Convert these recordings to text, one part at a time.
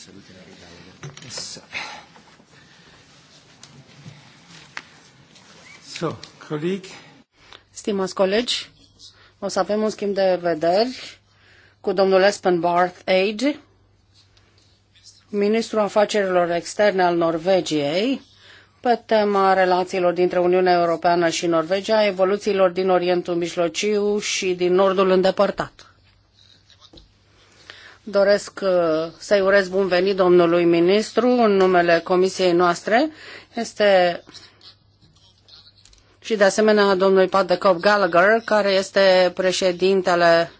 salute la So, so Stimați colegi, o să avem un schimb de vederi cu domnul Espen Barth Age, ministrul afacerilor externe al Norvegiei, pe tema relațiilor dintre Uniunea Europeană și Norvegia, evoluțiilor din Orientul Mijlociu și din Nordul îndepărtat. Doresc uh, să-i urez bun venit domnului ministru în numele comisiei noastre. Este și de asemenea domnului Pat de Gallagher, care este președintele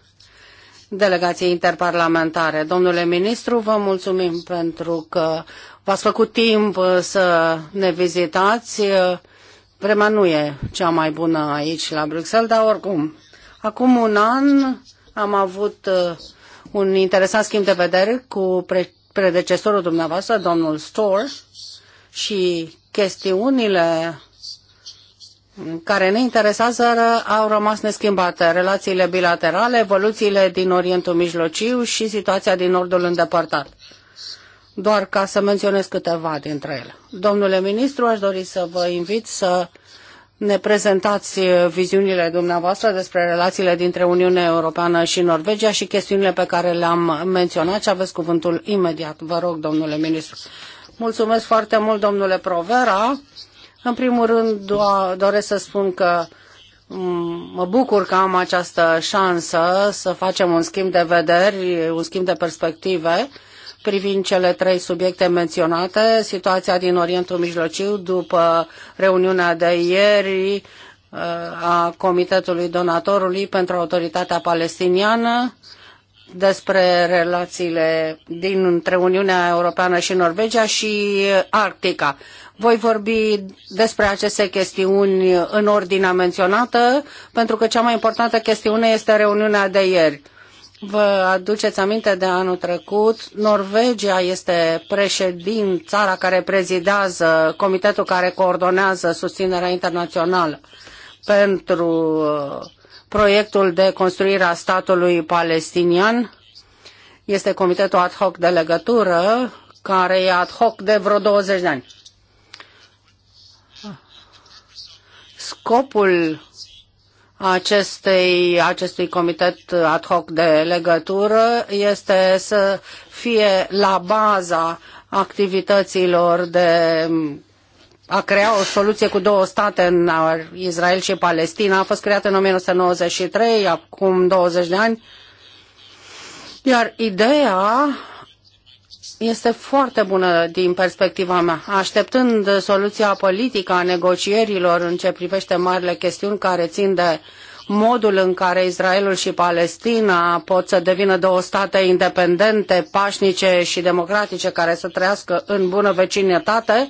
delegației interparlamentare. Domnule ministru, vă mulțumim pentru că v-ați făcut timp uh, să ne vizitați. Uh, vremea nu e cea mai bună aici la Bruxelles, dar oricum. Acum un an am avut uh, un interesant schimb de vedere cu pre- predecesorul dumneavoastră, domnul Store, și chestiunile care ne interesează au rămas neschimbate. Relațiile bilaterale, evoluțiile din Orientul Mijlociu și situația din Nordul îndepărtat. Doar ca să menționez câteva dintre ele. Domnule ministru, aș dori să vă invit să ne prezentați viziunile dumneavoastră despre relațiile dintre Uniunea Europeană și Norvegia și chestiunile pe care le-am menționat și aveți cuvântul imediat. Vă rog, domnule ministru. Mulțumesc foarte mult, domnule Provera. În primul rând, do- doresc să spun că mă bucur că am această șansă să facem un schimb de vederi, un schimb de perspective privind cele trei subiecte menționate, situația din Orientul Mijlociu după reuniunea de ieri uh, a Comitetului Donatorului pentru Autoritatea Palestiniană, despre relațiile dintre Uniunea Europeană și Norvegia și Arctica. Voi vorbi despre aceste chestiuni în ordinea menționată, pentru că cea mai importantă chestiune este reuniunea de ieri. Vă aduceți aminte de anul trecut, Norvegia este președin, țara care prezidează comitetul care coordonează susținerea internațională pentru uh, proiectul de construire a statului palestinian. Este comitetul ad hoc de legătură, care e ad hoc de vreo 20 de ani. Scopul acestei, acestui comitet ad hoc de legătură este să fie la baza activităților de a crea o soluție cu două state în Israel și Palestina. A fost creată în 1993, acum 20 de ani. Iar ideea este foarte bună din perspectiva mea. Așteptând soluția politică a negocierilor în ce privește marile chestiuni care țin de modul în care Israelul și Palestina pot să devină două state independente, pașnice și democratice care să trăiască în bună vecinătate,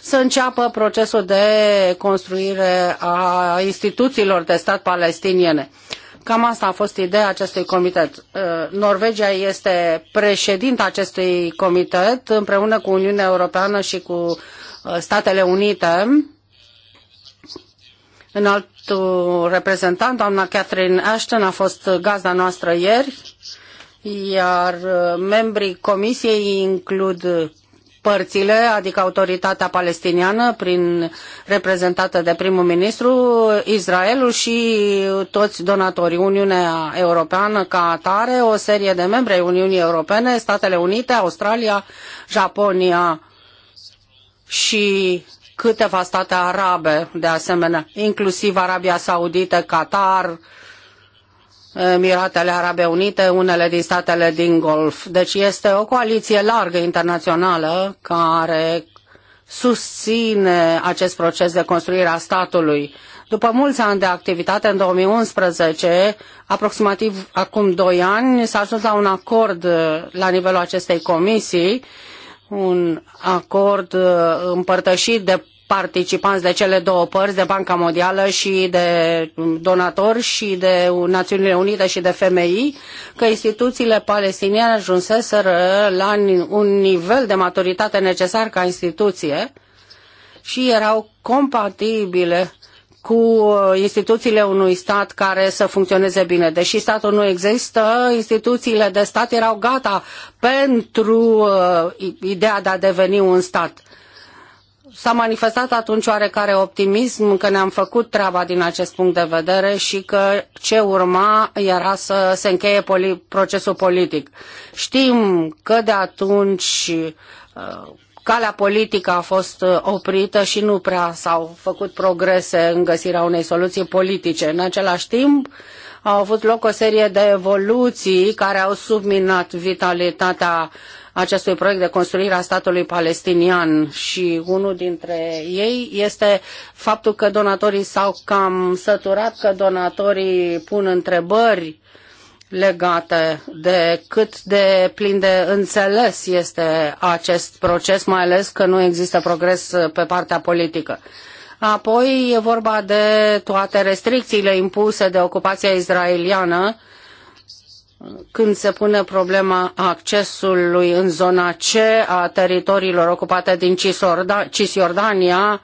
să înceapă procesul de construire a instituțiilor de stat palestiniene. Cam asta a fost ideea acestui comitet. Uh, Norvegia este președinta acestui comitet împreună cu Uniunea Europeană și cu uh, Statele Unite. În altul reprezentant, doamna Catherine Ashton, a fost gazda noastră ieri, iar uh, membrii comisiei includ părțile, adică autoritatea palestiniană, prin, reprezentată de primul ministru, Israelul și toți donatorii, Uniunea Europeană ca atare, o serie de membre ai Uniunii Europene, Statele Unite, Australia, Japonia și câteva state arabe, de asemenea, inclusiv Arabia Saudită, Qatar, uh, Emiratele Arabe Unite, unele din statele din Golf. Deci este o coaliție largă internațională care susține acest proces de construire a statului. După mulți ani de activitate, în 2011, aproximativ acum 2 ani, s-a ajuns la un acord uh, la nivelul acestei comisii, un acord uh, împărtășit de participanți de cele două părți, de Banca Mondială și de donatori și de Națiunile Unite și de FMI, că instituțiile palestiniene ajunseseră la un nivel de maturitate necesar ca instituție și erau compatibile cu instituțiile unui stat care să funcționeze bine. Deși statul nu există, instituțiile de stat erau gata pentru uh, ideea de a deveni un stat s-a manifestat atunci oarecare optimism că ne-am făcut treaba din acest punct de vedere și că ce urma era să se încheie poli- procesul politic. Știm că de atunci uh, calea politică a fost uh, oprită și nu prea s-au făcut progrese în găsirea unei soluții politice. În același timp, au avut loc o serie de evoluții care au subminat vitalitatea uh, acestui proiect de construire a statului palestinian și unul dintre ei este faptul că donatorii s-au cam săturat, că donatorii pun întrebări legate de cât de plin de înțeles este acest proces, mai ales că nu există progres pe partea politică. Apoi e vorba de toate restricțiile impuse de ocupația israeliană când se pune problema accesului în zona C a teritoriilor ocupate din Cisjordania,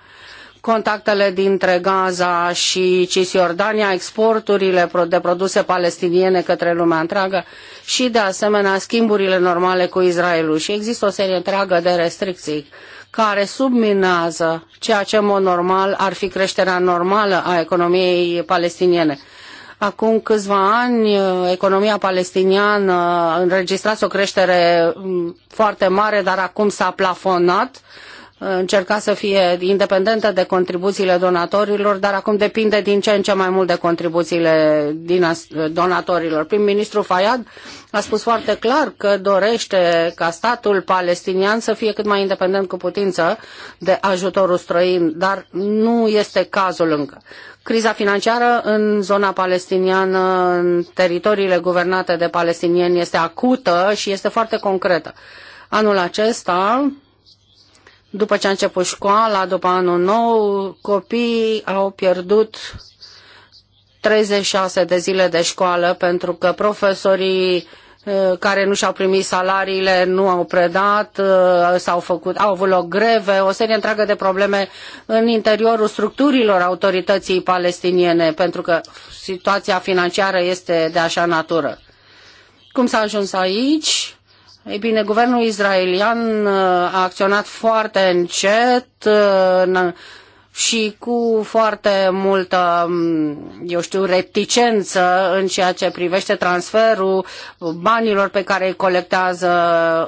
contactele dintre Gaza și Cisjordania, exporturile de produse palestiniene către lumea întreagă și, de asemenea, schimburile normale cu Israelul. Și există o serie întreagă de restricții care subminează ceea ce, în mod normal, ar fi creșterea normală a economiei palestiniene. Acum câțiva ani, uh, economia palestiniană înregistrat o creștere mm, foarte mare, dar acum s-a plafonat uh, încerca să fie independentă de contribuțiile donatorilor, dar acum depinde din ce în ce mai mult de contribuțiile din uh, donatorilor. Prim-ministru Fayad a spus foarte clar că dorește ca statul palestinian să fie cât mai independent cu putință de ajutorul străin, dar nu este cazul încă criza financiară în zona palestiniană, în teritoriile guvernate de palestinieni, este acută și este foarte concretă. Anul acesta, după ce a început școala, după anul nou, copiii au pierdut 36 de zile de școală pentru că profesorii Uh, care nu și-au primit salariile, nu au predat, uh, s-au făcut, au avut loc greve, o serie întreagă de probleme în interiorul structurilor autorității palestiniene, pentru că situația financiară este de așa natură. Cum s-a ajuns aici? Ei bine, guvernul israelian uh, a acționat foarte încet, și cu foarte multă, mm, eu știu, reticență în ceea ce privește transferul banilor pe care îi colectează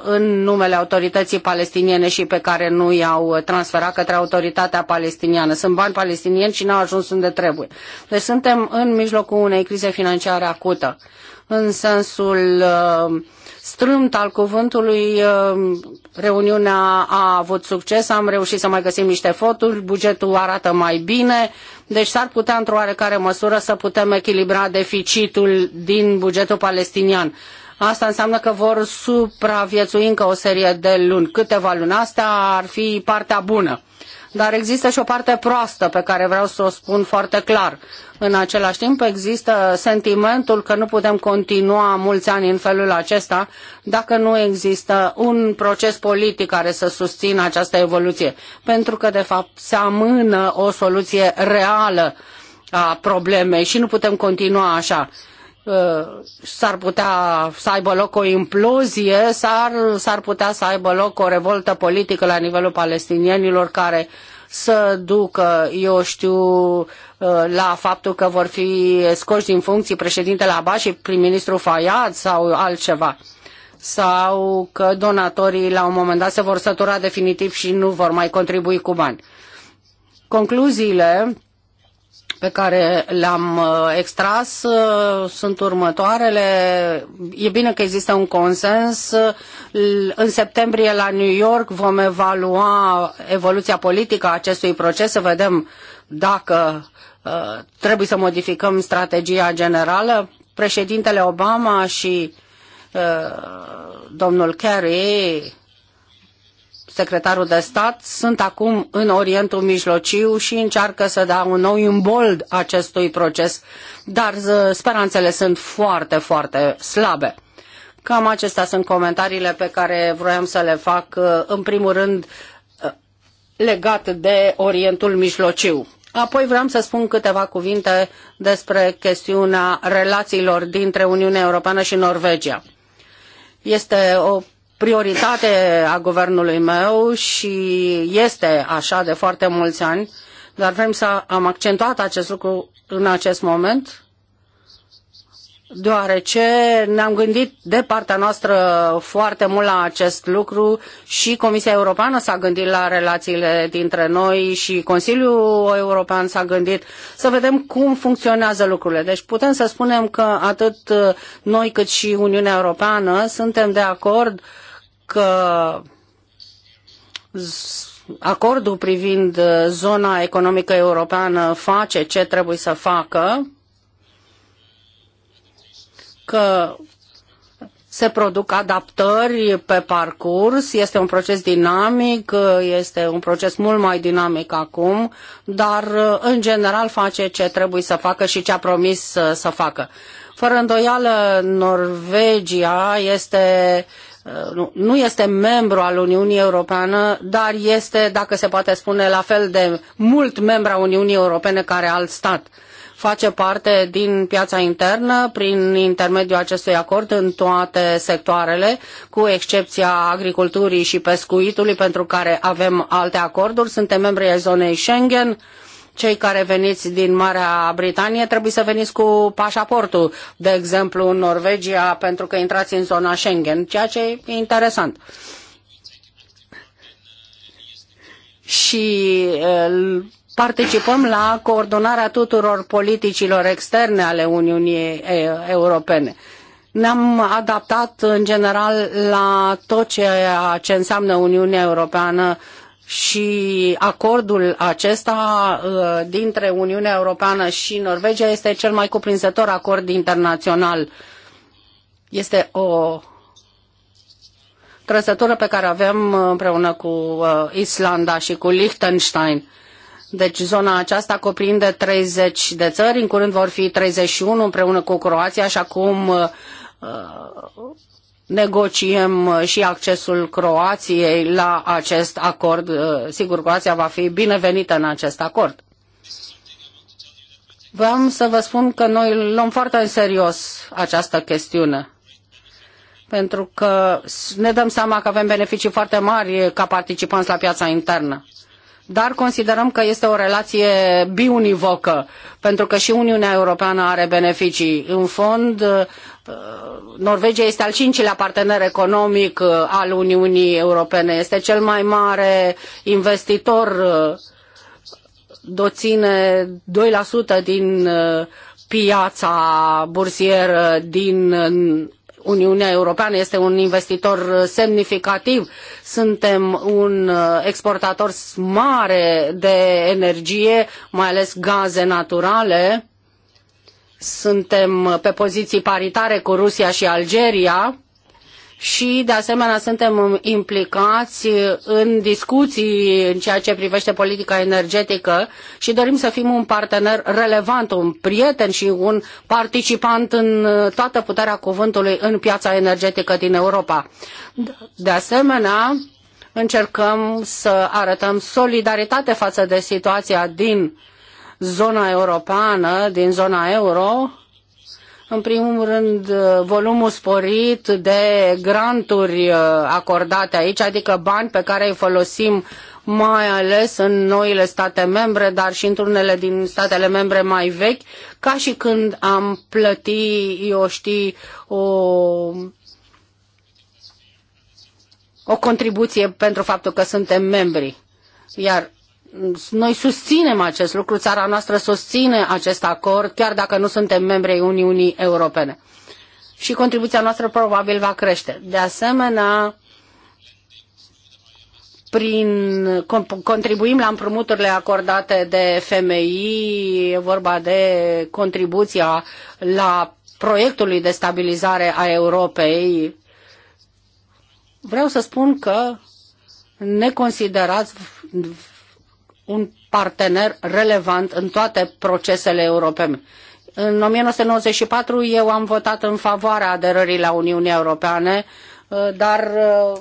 în numele autorității palestiniene și pe care nu i-au transferat către autoritatea palestiniană. Sunt bani palestinieni și n-au ajuns unde trebuie. Deci suntem în mijlocul unei crize financiare acută în sensul uh, strâmt al cuvântului. Uh, reuniunea a avut succes, am reușit să mai găsim niște foturi, bugetul arată mai bine, deci s-ar putea într-o oarecare măsură să putem echilibra deficitul din bugetul palestinian. Asta înseamnă că vor supraviețui încă o serie de luni. Câteva luni astea ar fi partea bună. Dar există și o parte proastă pe care vreau să o spun foarte clar. În același timp există sentimentul că nu putem continua mulți ani în felul acesta dacă nu există un proces politic care să susțină această evoluție. Pentru că, de fapt, se amână o soluție reală a problemei și nu putem continua așa. Uh, s-ar putea să aibă loc o implozie, s-ar, s-ar putea să aibă loc o revoltă politică la nivelul palestinienilor care să ducă, eu știu, uh, la faptul că vor fi scoși din funcții președintele Abbas și prim-ministru Fayad sau altceva sau că donatorii la un moment dat se vor sătura definitiv și nu vor mai contribui cu bani. Concluziile pe care le-am uh, extras uh, sunt următoarele. E bine că există un consens. În septembrie la New York vom evalua evoluția politică a acestui proces, să vedem dacă uh, trebuie să modificăm strategia generală. Președintele Obama și domnul Kerry secretarul de stat sunt acum în Orientul Mijlociu și încearcă să dea un nou imbold acestui proces, dar uh, speranțele sunt foarte, foarte slabe. Cam acestea sunt comentariile pe care vroiam să le fac, uh, în primul rând, uh, legat de Orientul Mijlociu. Apoi vreau să spun câteva cuvinte despre chestiunea relațiilor dintre Uniunea Europeană și Norvegia. Este o prioritate a guvernului meu și este așa de foarte mulți ani, dar vrem să am accentuat acest lucru în acest moment, deoarece ne-am gândit de partea noastră foarte mult la acest lucru și Comisia Europeană s-a gândit la relațiile dintre noi și Consiliul European s-a gândit să vedem cum funcționează lucrurile. Deci putem să spunem că atât noi cât și Uniunea Europeană suntem de acord uh, că acordul privind zona economică europeană face ce trebuie să facă, că se produc adaptări pe parcurs, este un proces dinamic, este un proces mult mai dinamic acum, dar în general face ce trebuie să facă și ce a promis să, să facă. Fără îndoială, Norvegia este uh, Uh, nu, este membru al Uniunii Europene, dar este, dacă se poate spune, la fel de mult membru al Uniunii Europene care alt stat. Face parte din piața internă prin intermediul acestui acord în toate sectoarele, cu excepția agriculturii și pescuitului, pentru care avem alte acorduri. Suntem membri ai zonei Schengen, uh, cei care veniți din Marea Britanie trebuie să veniți cu pașaportul, de exemplu în Norvegia, pentru că intrați în zona Schengen, ceea ce e interesant și uh, participăm la coordonarea tuturor politicilor externe ale Uniunii uh, Europene. Ne-am adaptat în general la tot ceea ce înseamnă Uniunea Europeană și acordul acesta uh, dintre Uniunea Europeană și Norvegia este cel mai cuprinzător acord internațional. Este o trăsătură pe care avem împreună cu uh, Islanda și cu Liechtenstein. Deci zona aceasta cuprinde 30 de țări, în curând vor fi 31 împreună cu Croația și acum uh, negociem uh, și accesul Croației la acest acord. Uh, sigur, Croația va fi binevenită în acest acord. Vreau să vă spun că noi luăm foarte în serios această chestiune pentru că ne dăm seama că avem beneficii foarte mari ca participanți la piața internă dar considerăm că este o relație biunivocă, pentru că și Uniunea Europeană are beneficii. În fond, uh, Norvegia este al cincilea partener economic uh, al Uniunii Europene, este cel mai mare investitor, uh, doține 2% din piața bursieră din Uniunea Europeană este un investitor semnificativ, suntem un uh, exportator mare de energie, mai ales gaze naturale, suntem pe poziții paritare cu Rusia și Algeria, și, de asemenea, suntem implicați în discuții în ceea ce privește politica energetică și dorim să fim un partener relevant, un prieten și un participant în toată puterea cuvântului în piața energetică din Europa. De asemenea, încercăm să arătăm solidaritate față de situația din zona europeană, din zona euro, în primul rând, uh, volumul sporit de granturi uh, acordate aici, adică bani pe care îi folosim mai ales în noile state membre, dar și într-unele din statele membre mai vechi, ca și când am plăti, eu știi, o o contribuție pentru faptul că suntem membri. Iar noi susținem acest lucru, țara noastră susține acest acord, chiar dacă nu suntem membri ai Uniunii Europene. Și contribuția noastră probabil va crește. De asemenea, prin, contribuim la împrumuturile acordate de FMI, e vorba de contribuția la proiectului de stabilizare a Europei. Vreau să spun că ne considerați un partener relevant în toate procesele europene. În 1994 eu am votat în favoarea aderării la Uniunea Europeană, uh, dar uh,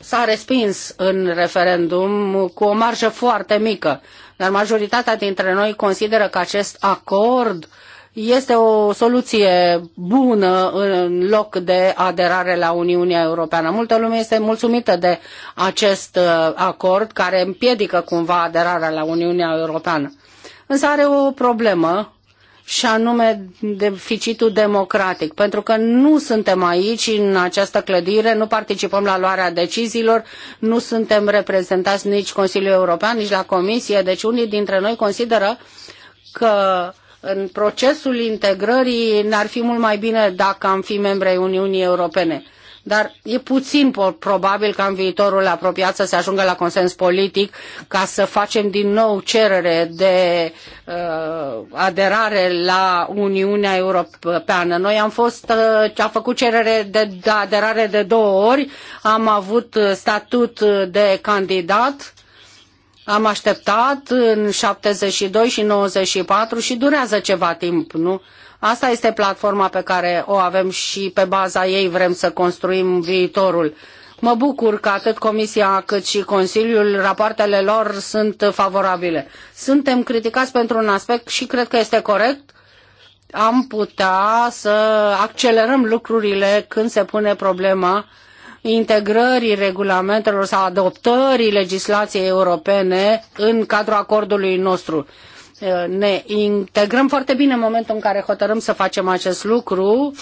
s-a respins în referendum cu o marjă foarte mică. Dar majoritatea dintre noi consideră că acest acord uh, este o soluție bună în loc de aderare la Uniunea Europeană. Multă lume este mulțumită de acest uh, acord care împiedică cumva aderarea la Uniunea Europeană. Însă are o problemă și anume deficitul democratic, pentru că nu suntem aici în această clădire, nu participăm la luarea deciziilor, nu suntem reprezentați nici Consiliul European, nici la Comisie, deci unii dintre noi consideră că uh, în procesul integrării n-ar fi mult mai bine dacă am fi ai Uniunii Europene. Dar e puțin probabil ca în viitorul apropiat să se ajungă la consens politic ca să facem din nou cerere de uh, aderare la Uniunea Europeană. Noi am fost, uh, am făcut cerere de, de aderare de două ori, am avut statut de candidat am așteptat în 72 și 94 și durează ceva timp, nu? Asta este platforma pe care o avem și pe baza ei vrem să construim viitorul. Mă bucur că atât Comisia cât și Consiliul, rapoartele lor sunt favorabile. Suntem criticați pentru un aspect și cred că este corect. Am putea să accelerăm lucrurile când se pune problema uh, integrării regulamentelor sau adoptării legislației europene în cadrul acordului nostru. Eh, ne integrăm foarte bine în momentul în care hotărâm să facem acest lucru,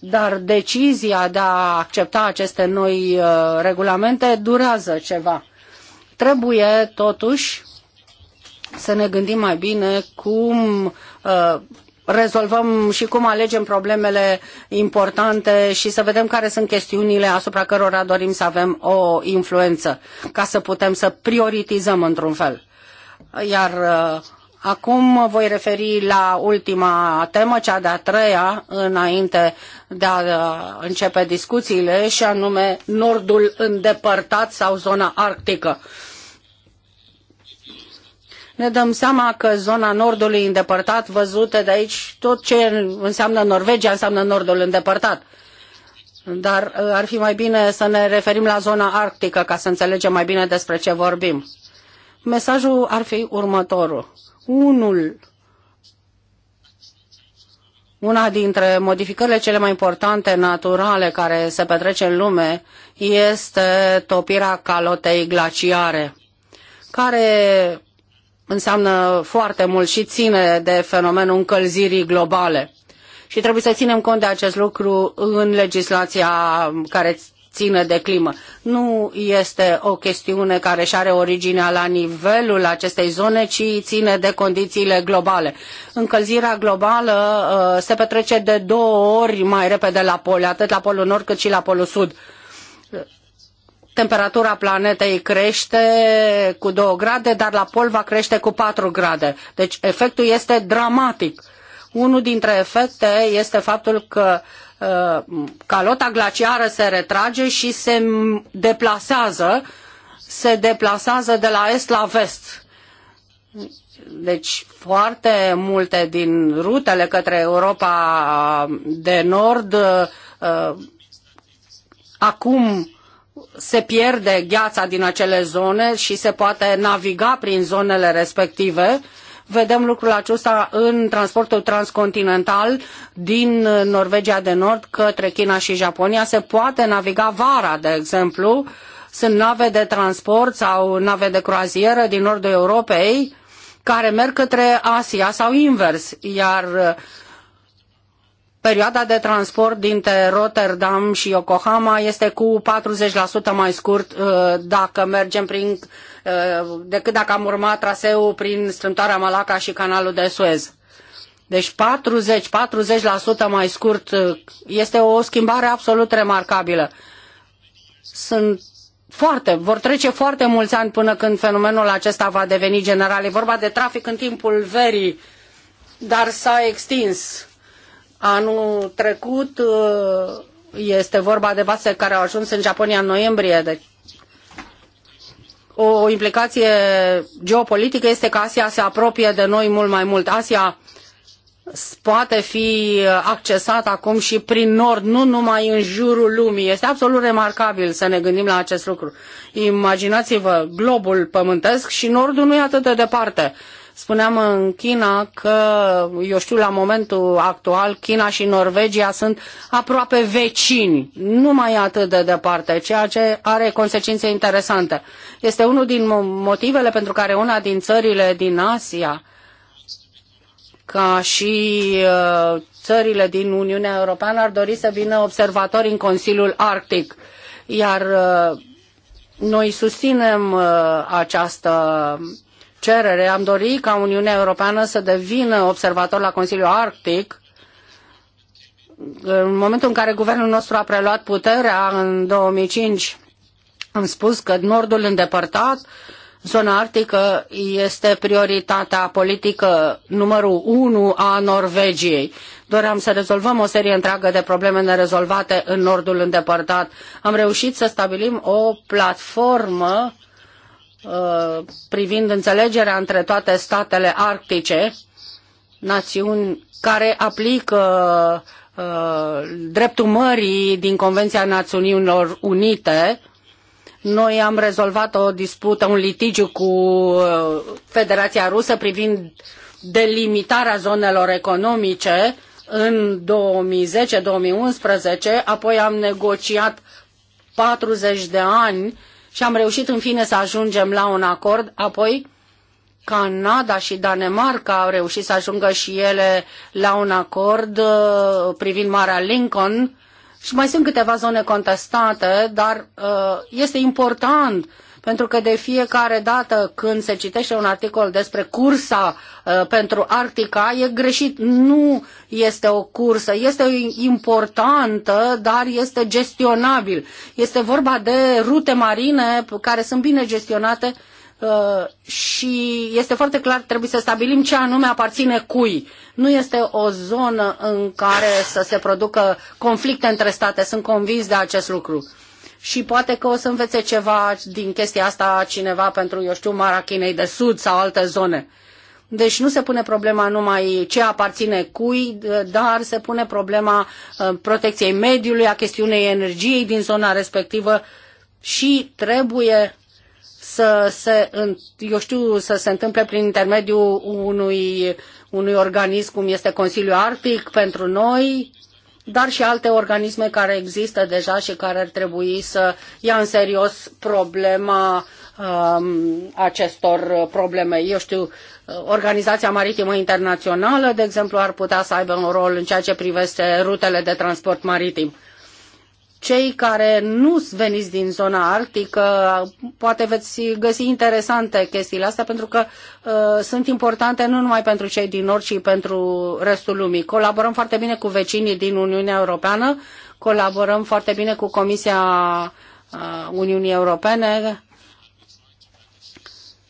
dar decizia de a accepta aceste noi eh, regulamente durează ceva. Trebuie totuși să ne gândim mai bine cum uh, rezolvăm și cum alegem problemele importante și să vedem care sunt chestiunile asupra cărora dorim să avem o influență, ca să putem să prioritizăm într-un fel. Iar uh, acum voi referi la ultima temă, cea de-a treia, înainte de a uh, începe discuțiile, și anume nordul îndepărtat sau zona arctică ne dăm seama că zona nordului îndepărtat, văzută de aici, tot ce înseamnă Norvegia înseamnă nordul îndepărtat. Dar uh, ar fi mai bine să ne referim la zona arctică ca să înțelegem mai bine despre ce vorbim. Mesajul ar fi următorul. Unul, una dintre modificările cele mai importante naturale care se petrece în lume este topirea calotei glaciare, care înseamnă foarte mult și ține de fenomenul încălzirii globale. Și trebuie să ținem cont de acest lucru în legislația care ține de climă. Nu este o chestiune care și are originea la nivelul acestei zone, ci ține de condițiile globale. Încălzirea globală uh, se petrece de două ori mai repede la pol, atât la polul nord cât și la polul sud temperatura planetei crește cu 2 grade, dar la pol va crește cu 4 grade. Deci efectul este dramatic. Unul dintre efecte este faptul că uh, calota glaciară se retrage și se deplasează, se deplasează de la est la vest. Deci foarte multe din rutele către Europa de Nord uh, acum se pierde gheața din acele zone și se poate naviga prin zonele respective. Vedem lucrul acesta în transportul transcontinental din Norvegia de Nord către China și Japonia. Se poate naviga vara, de exemplu. Sunt nave de transport sau nave de croazieră din nordul Europei care merg către Asia sau invers, iar uh, Perioada de transport dintre Rotterdam și Yokohama este cu 40% mai scurt uh, dacă mergem prin, uh, decât dacă am urmat traseul prin strâmtoarea Malaca și canalul de Suez. Deci 40, 40% mai scurt uh, este o schimbare absolut remarcabilă. Sunt foarte, vor trece foarte mulți ani până când fenomenul acesta va deveni general. E vorba de trafic în timpul verii, dar s-a extins Anul trecut uh, este vorba de vase care au ajuns în Japonia în noiembrie, deci o implicație geopolitică este că Asia se apropie de noi mult mai mult. Asia poate fi accesat acum și prin nord, nu numai în jurul lumii. Este absolut remarcabil să ne gândim la acest lucru. Imaginați-vă globul pământesc și nordul nu e atât de departe. Spuneam în China că, eu știu, la momentul actual, China și Norvegia sunt aproape vecini, nu mai atât de departe, ceea ce are consecințe interesante. Este unul din motivele pentru care una din țările din Asia, ca și uh, țările din Uniunea Europeană, ar dori să vină observatori în Consiliul Arctic. Iar uh, noi susținem uh, această cerere, am dorit ca Uniunea Europeană să devină observator la Consiliul Arctic. În momentul în care guvernul nostru a preluat puterea în 2005, am spus că Nordul îndepărtat, zona arctică, este prioritatea politică numărul unu a Norvegiei. Doream să rezolvăm o serie întreagă de probleme nerezolvate în Nordul îndepărtat. Am reușit să stabilim o platformă uh, Uh, privind înțelegerea între toate statele arctice, națiuni care aplică uh, dreptul mării din Convenția Națiunilor Unite. Noi am rezolvat o dispută, un litigiu cu uh, Federația Rusă privind delimitarea zonelor economice în 2010-2011, apoi am negociat 40 de ani și am reușit în fine să ajungem la un acord. Apoi, Canada și Danemarca au reușit să ajungă și ele la un acord uh, privind Marea Lincoln și mai sunt câteva zone contestate, dar uh, este important pentru că de fiecare dată când se citește un articol despre cursa uh, pentru Arctica, e greșit. Nu este o cursă, este importantă, dar este gestionabil. Este vorba de rute marine care sunt bine gestionate uh, și este foarte clar, trebuie să stabilim ce anume aparține cui. Nu este o zonă în care să se producă conflicte între state, sunt convins de acest lucru și poate că o să învețe ceva din chestia asta cineva pentru, eu știu, mara Chinei de Sud sau alte zone. Deci nu se pune problema numai ce aparține cui, dar se pune problema uh, protecției mediului, a chestiunei energiei din zona respectivă și trebuie să se, eu știu, să se întâmple prin intermediul unui, unui organism cum este Consiliul Arctic pentru noi, dar și alte organisme care există deja și care ar trebui să ia în serios problema um, acestor probleme. Eu știu, uh, Organizația Maritimă Internațională, de exemplu, ar putea să aibă un rol în ceea ce privește rutele de transport maritim cei care nu veniți din zona arctică, poate veți găsi interesante chestiile astea, pentru că uh, sunt importante nu numai pentru cei din nord, ci pentru restul lumii. Colaborăm foarte bine cu vecinii din Uniunea Europeană, colaborăm foarte bine cu Comisia uh, Uniunii Europene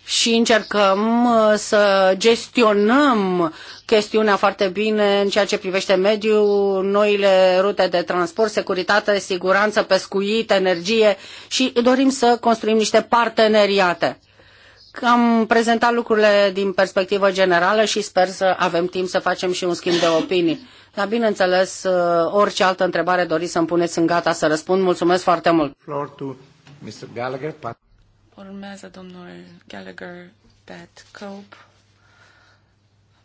și încercăm uh, să gestionăm chestiunea foarte bine în ceea ce privește mediul, noile rute de transport, securitate, siguranță, pescuit, energie și dorim să construim niște parteneriate. Am prezentat lucrurile din perspectivă generală și sper să avem timp să facem și un schimb de opinii. Dar bineînțeles, uh, orice altă întrebare doriți să-mi puneți, sunt gata să răspund. Mulțumesc foarte mult. Urmează domnul Gallagher, Pat Cope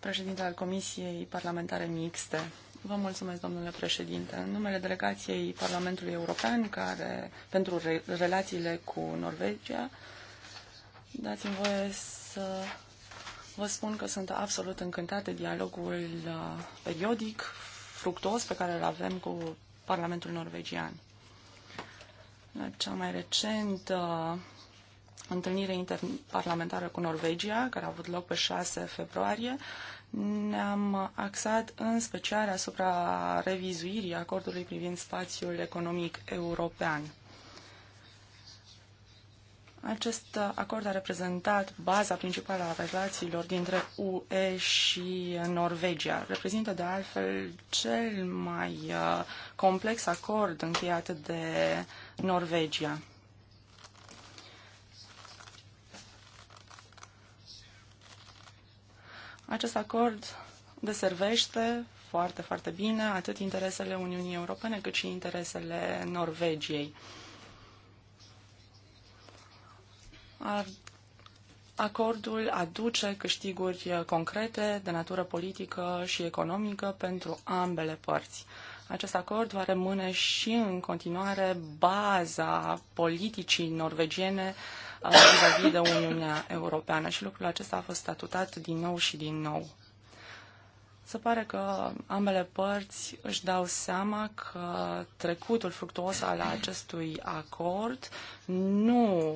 președinte al Comisiei Parlamentare Mixte. Vă mulțumesc, domnule președinte. În numele delegației Parlamentului European care, pentru re, relațiile cu Norvegia, dați-mi voie să vă spun că sunt absolut încântat de dialogul uh, periodic, fructuos pe care îl avem cu Parlamentul norvegian. La cea mai recentă uh, întâlnire interparlamentară cu Norvegia, care a avut loc pe 6 februarie, ne-am axat în special asupra revizuirii acordului privind spațiul economic european. Acest acord a reprezentat baza principală a relațiilor dintre UE și Norvegia. Reprezintă de altfel cel mai uh, complex acord încheiat de Norvegia. Acest acord deservește foarte, foarte bine atât interesele Uniunii Europene cât și interesele Norvegiei. Acordul aduce câștiguri concrete de natură politică și economică pentru ambele părți. Acest acord va rămâne și în continuare baza politicii norvegiene uh, vis-a-vis de Uniunea Europeană și lucrul acesta a fost statutat din nou și din nou. Se pare că ambele părți își dau seama că trecutul fructuos al acestui acord nu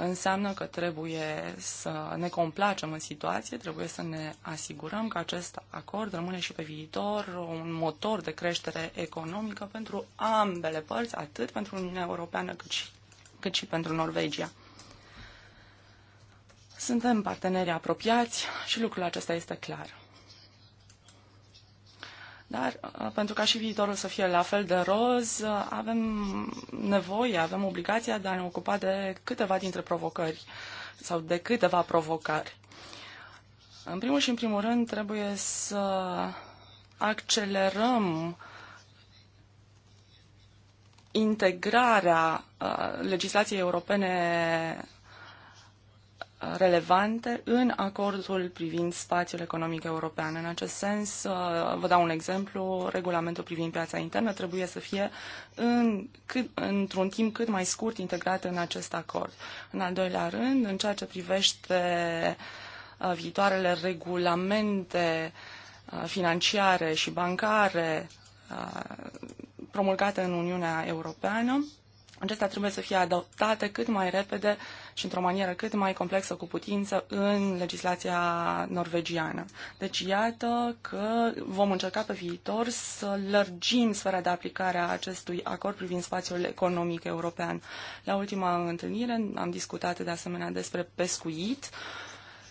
înseamnă că trebuie să ne complacem în situație, trebuie să ne asigurăm că acest acord rămâne și pe viitor un motor de creștere economică pentru ambele părți, atât pentru Uniunea Europeană cât și cât și pentru Norvegia. Suntem parteneri apropiați și lucrul acesta este clar. Dar uh, pentru ca și viitorul să fie la fel de roz, uh, avem nevoie, avem obligația de a ne ocupa de câteva dintre provocări sau de câteva provocări. În primul și în primul rând trebuie să accelerăm uh, integrarea uh, legislației europene uh, relevante în acordul privind spațiul economic european. În acest sens, uh, vă dau un exemplu, regulamentul privind piața internă trebuie să fie în, cât, într-un timp cât mai scurt integrat în acest acord. În al doilea rând, în ceea ce privește viitoarele regulamente financiare și bancare promulgate în Uniunea Europeană. Acestea trebuie să fie adoptate cât mai repede și într-o manieră cât mai complexă cu putință în legislația norvegiană. Deci iată că vom încerca pe viitor să lărgim sfera de aplicare a acestui acord privind spațiul economic european. La ultima întâlnire am discutat de asemenea despre pescuit. Uh,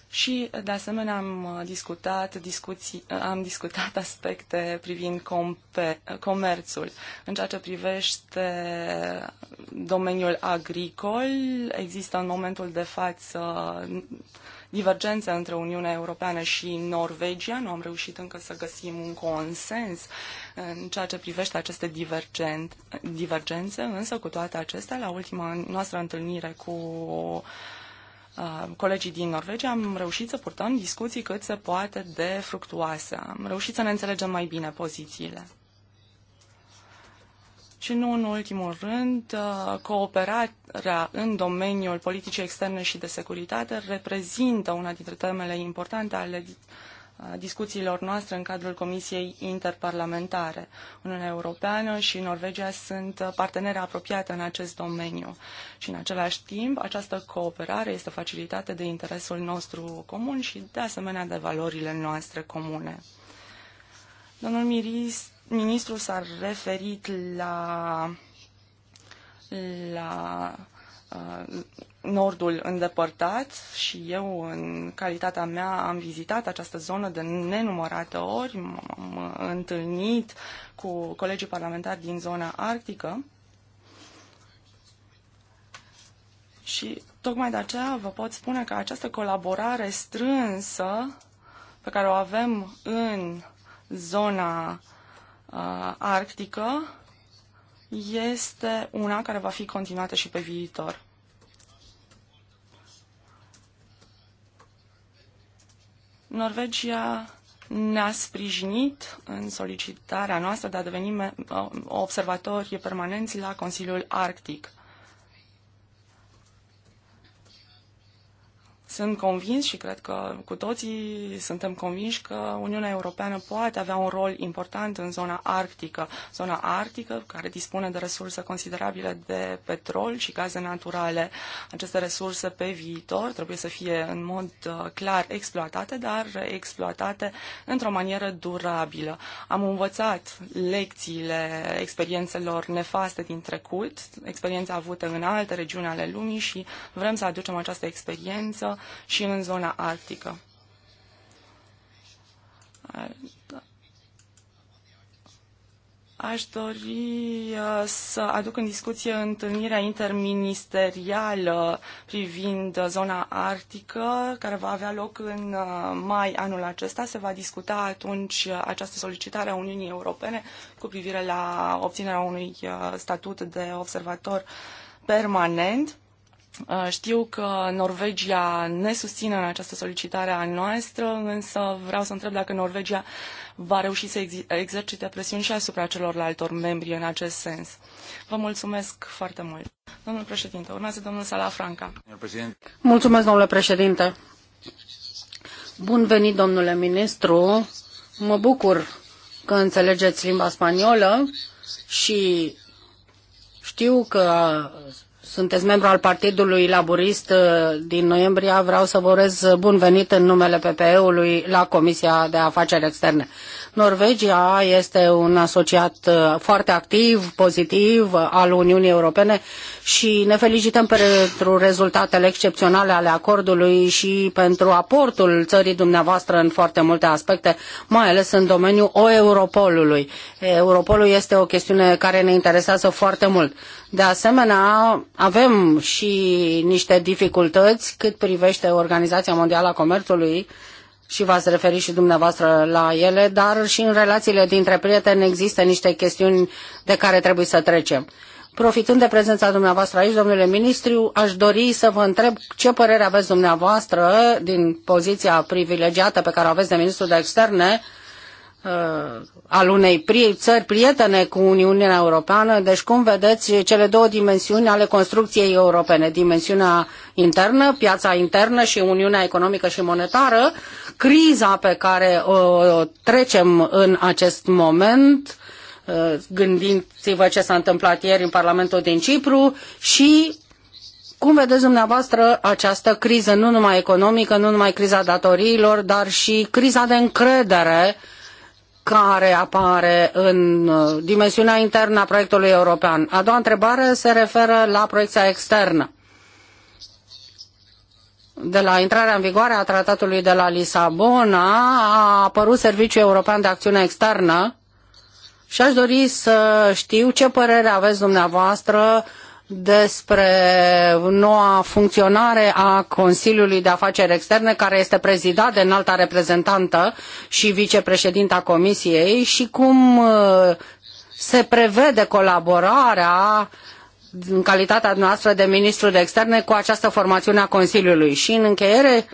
și, de asemenea, am uh, discutat, discuții, uh, am discutat aspecte privind compe, uh, comerțul. În ceea ce privește domeniul agricol, există în momentul de față divergențe între Uniunea Europeană și Norvegia. Nu am reușit încă să găsim un consens în ceea ce privește aceste divergențe, însă cu toate acestea, la ultima noastră întâlnire cu Uh, colegii din Norvegia am reușit să purtăm discuții cât se poate de fructuoase. Am reușit să ne înțelegem mai bine pozițiile. Și nu în ultimul rând, uh, cooperarea în domeniul politicii externe și de securitate reprezintă una dintre temele importante ale discuțiilor noastre în cadrul Comisiei Interparlamentare. Uniunea Europeană și Norvegia sunt parteneri apropiate în acest domeniu și în același timp această cooperare este facilitată de interesul nostru comun și de asemenea de valorile noastre comune. Domnul Miris, ministru s-a referit la, la Uh, nordul îndepărtat și eu, în calitatea mea, am vizitat această zonă de nenumărate ori, m-am întâlnit cu colegii parlamentari din zona arctică și tocmai de aceea vă pot spune că această colaborare strânsă pe care o avem în zona uh, arctică este una care va fi continuată și pe viitor. Norvegia ne-a sprijinit în solicitarea noastră de a deveni observatori permanenți la Consiliul Arctic. Sunt convins și cred că cu toții suntem convinși că Uniunea Europeană poate avea un rol important în zona arctică. Zona arctică care dispune de resurse considerabile de petrol și gaze naturale. Aceste resurse pe viitor trebuie să fie în mod uh, clar exploatate, dar exploatate într-o manieră durabilă. Am învățat lecțiile experiențelor nefaste din trecut, experiențe avute în alte regiuni ale lumii și vrem să aducem această experiență și în zona arctică. Aș dori uh, să aduc în discuție întâlnirea interministerială privind zona arctică, care va avea loc în uh, mai anul acesta. Se va discuta atunci această solicitare a Uniunii Europene cu privire la obținerea unui uh, statut de observator permanent. Uh, știu că Norvegia ne susține în această solicitare a noastră, însă vreau să întreb dacă Norvegia va reuși să exercite presiuni și asupra celorlaltor membri în acest sens. Vă mulțumesc foarte mult. Domnul președinte, urmează domnul Salafranca. Mulțumesc, domnule președinte. Bun venit, domnule ministru. Mă bucur că înțelegeți limba spaniolă și știu că sunteți membru al Partidului Laburist uh, din noiembrie, vreau să vă urez bun venit în numele PPE-ului la Comisia de Afaceri Externe. Norvegia este un asociat uh, foarte activ, pozitiv uh, al Uniunii Europene și ne felicităm pentru rezultatele excepționale ale acordului și pentru aportul țării dumneavoastră în foarte multe aspecte, mai ales în domeniul o Europolului. Europolul este o chestiune care ne interesează foarte mult. De asemenea, avem și niște dificultăți cât privește Organizația Mondială a Comerțului, și v-ați referit și dumneavoastră la ele, dar și în relațiile dintre prieteni există niște chestiuni de care trebuie să trecem. Profitând de prezența dumneavoastră aici, domnule ministru, aș dori să vă întreb ce părere aveți dumneavoastră din poziția privilegiată pe care o aveți de ministru de externe uh, Uh, al unei pri- țări prietene cu Uniunea Europeană. Deci cum vedeți cele două dimensiuni ale construcției europene, dimensiunea internă, piața internă și Uniunea Economică și Monetară, criza pe care o trecem în acest moment, uh, gândiți-vă ce s-a întâmplat ieri în Parlamentul din Cipru și cum vedeți dumneavoastră această criză, nu numai economică, nu numai criza datoriilor, dar și criza de încredere uh, care apare în uh, dimensiunea internă a proiectului european. A doua întrebare se referă la proiecția externă. De la intrarea în vigoare a tratatului de la Lisabona a apărut Serviciul European de Acțiune Externă și aș dori să știu ce părere aveți dumneavoastră despre noua funcționare a Consiliului de Afaceri Externe, care este prezidat de înalta reprezentantă și vicepreședinta Comisiei și cum uh, se prevede colaborarea în calitatea noastră de ministru de externe cu această formațiune a Consiliului. Și în încheiere,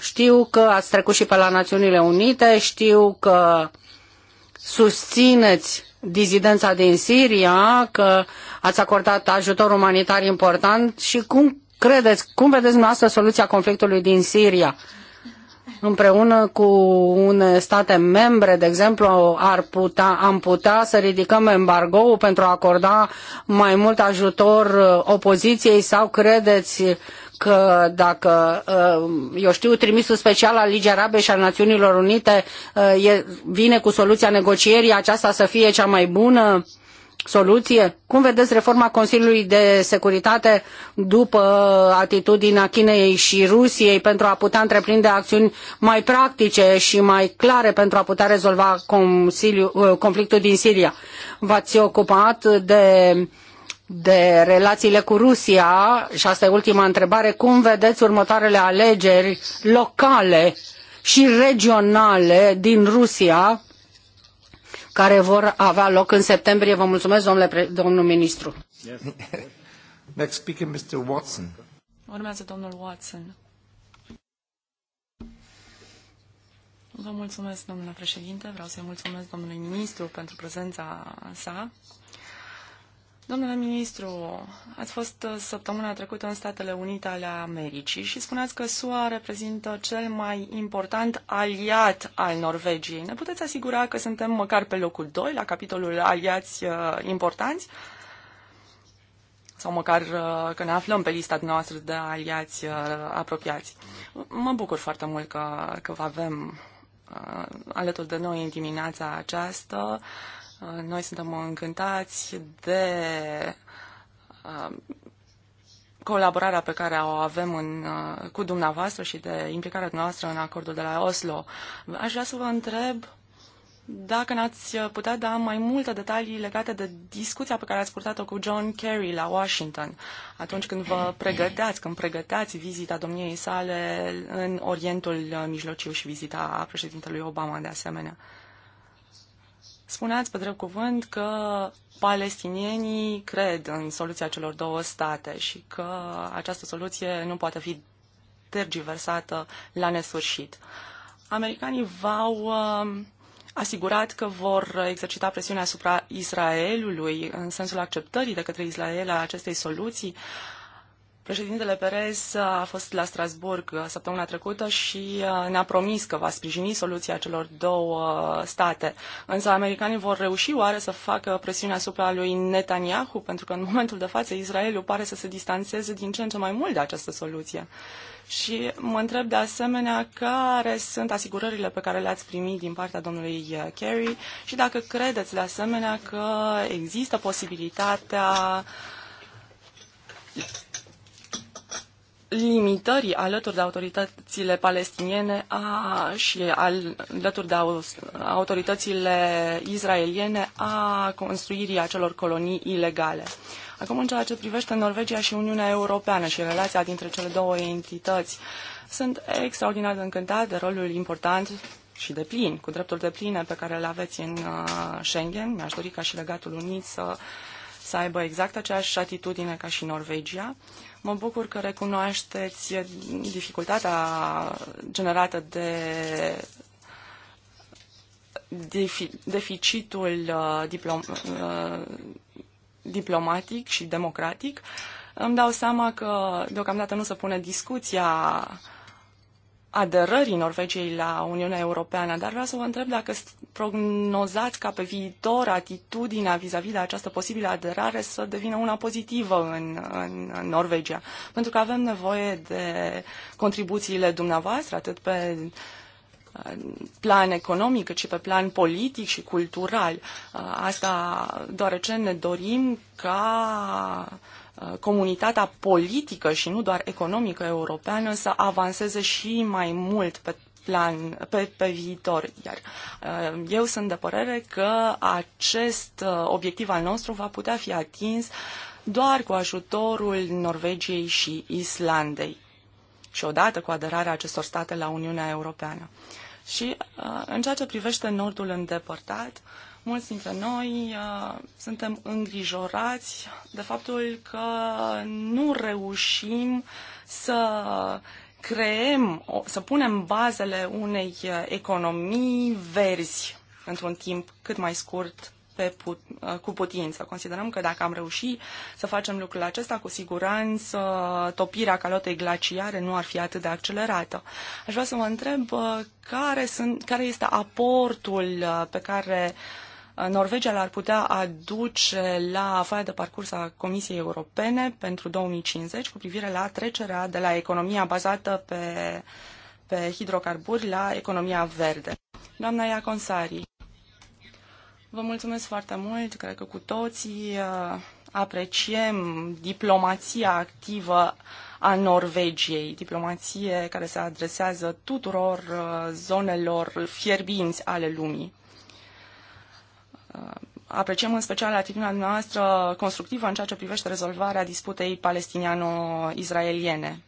știu că ați trecut și pe la Națiunile Unite, știu că susțineți dizidența din Siria, că ați acordat ajutor umanitar important și cum credeți, cum vedeți dumneavoastră soluția conflictului din Siria? Împreună cu un state membre, de exemplu, ar putea, am putea să ridicăm embargoul pentru a acorda mai mult ajutor uh, opoziției sau credeți că dacă, uh, eu știu, trimisul special al Ligii Arabe și al Națiunilor Unite uh, vine cu soluția negocierii, aceasta să fie cea mai bună soluție? Cum vedeți reforma Consiliului de Securitate după atitudinea Chinei și Rusiei pentru a putea întreprinde acțiuni mai practice și mai clare pentru a putea rezolva uh, conflictul din Siria? V-ați ocupat de uh, de relațiile cu Rusia, și asta e ultima întrebare, cum vedeți următoarele alegeri locale și regionale din Rusia care vor avea loc în septembrie? Vă mulțumesc, domnule, domnul ministru. Next speaker, Mr. Watson. Urmează domnul Watson. Vă mulțumesc, domnule președinte. Vreau să-i mulțumesc domnului ministru pentru prezența sa Domnule ministru, ați fost uh, săptămâna trecută în Statele Unite ale Americii și spuneați că SUA reprezintă cel mai important aliat al Norvegiei. Ne puteți asigura că suntem măcar pe locul 2 la capitolul aliați uh, importanți? sau măcar uh, că ne aflăm pe lista noastră de aliați apropiați. Mă bucur foarte mult că, că vă avem alături de noi în dimineața aceasta. Uh, Uh, noi suntem încântați de uh, colaborarea pe care o avem în, uh, cu dumneavoastră și de implicarea noastră în acordul de la Oslo. Aș vrea să vă întreb dacă n-ați putea da mai multe detalii legate de discuția pe care ați purtat-o cu John Kerry la Washington atunci când vă pregăteați, când pregăteați vizita domniei sale în Orientul Mijlociu și vizita președintelui Obama de asemenea. Spuneați pe drept cuvânt că palestinienii cred în soluția celor două state și că această soluție nu poate fi tergiversată la nesfârșit. Americanii v-au um, asigurat că vor exercita presiunea asupra Israelului în sensul acceptării de către Israel a acestei soluții. Uh, Președintele Perez a fost la Strasburg uh, săptămâna trecută și uh, ne-a promis că va sprijini soluția celor două uh, state. Însă americanii vor reuși oare să facă presiune asupra lui Netanyahu, pentru că în momentul de față Israelul pare să se distanțeze din ce în ce mai mult de această soluție. Și mă întreb de asemenea care sunt asigurările pe care le-ați primit din partea domnului Kerry și dacă credeți de asemenea că există posibilitatea limitării alături de autoritățile palestiniene a, și al, alături de autoritățile izraeliene a construirii acelor colonii ilegale. Acum, în ceea ce privește Norvegia și Uniunea Europeană și relația dintre cele două entități, sunt extraordinar de încântat de rolul important și de plin, cu drepturi de pline pe care le aveți în uh, Schengen. Mi-aș dori ca și Legatul Unit să, să aibă exact aceeași atitudine ca și Norvegia. Uh, Mă bucur că recunoașteți dificultatea generată de deficitul uh, diplom, uh, diplomatic și democratic. Îmi dau seama că deocamdată nu se pune discuția aderării Norvegiei la Uniunea Europeană, dar vreau să vă întreb dacă prognozați ca pe viitor atitudinea vis-a-vis -vis de această posibilă aderare să devină una pozitivă în, în, în Norvegia, pentru că avem nevoie de contribuțiile dumneavoastră, atât pe uh, plan economic, cât și pe plan politic și cultural. Uh, asta deoarece ne dorim ca Uh, comunitatea politică și nu doar economică europeană să avanseze și mai mult pe plan pe, pe viitor. Iar uh, eu sunt de părere că acest uh, obiectiv al nostru va putea fi atins doar cu ajutorul Norvegiei și Islandei și odată cu aderarea acestor state la Uniunea Europeană. Și în ceea ce privește nordul îndepărtat, Mulți dintre noi uh, suntem îngrijorați de faptul că nu reușim să creem, să punem bazele unei economii verzi într-un timp cât mai scurt pe put, uh, cu putință. Considerăm că dacă am reușit să facem lucrul acesta, cu siguranță topirea calotei glaciare nu ar fi atât de accelerată. Aș vrea să mă întreb uh, care, sunt, care este aportul uh, pe care uh, Norvegia l-ar putea aduce la faia de parcurs a Comisiei Europene pentru 2050 cu privire la trecerea de la economia bazată pe, pe hidrocarburi la economia verde. Doamna Iaconsari, vă mulțumesc foarte mult, cred că cu toții uh, apreciem diplomația activă a Norvegiei, diplomație care se adresează tuturor uh, zonelor fierbinți ale lumii. Uh, apreciem în special atitudinea noastră constructivă în ceea ce privește rezolvarea disputei palestiniano-izraeliene.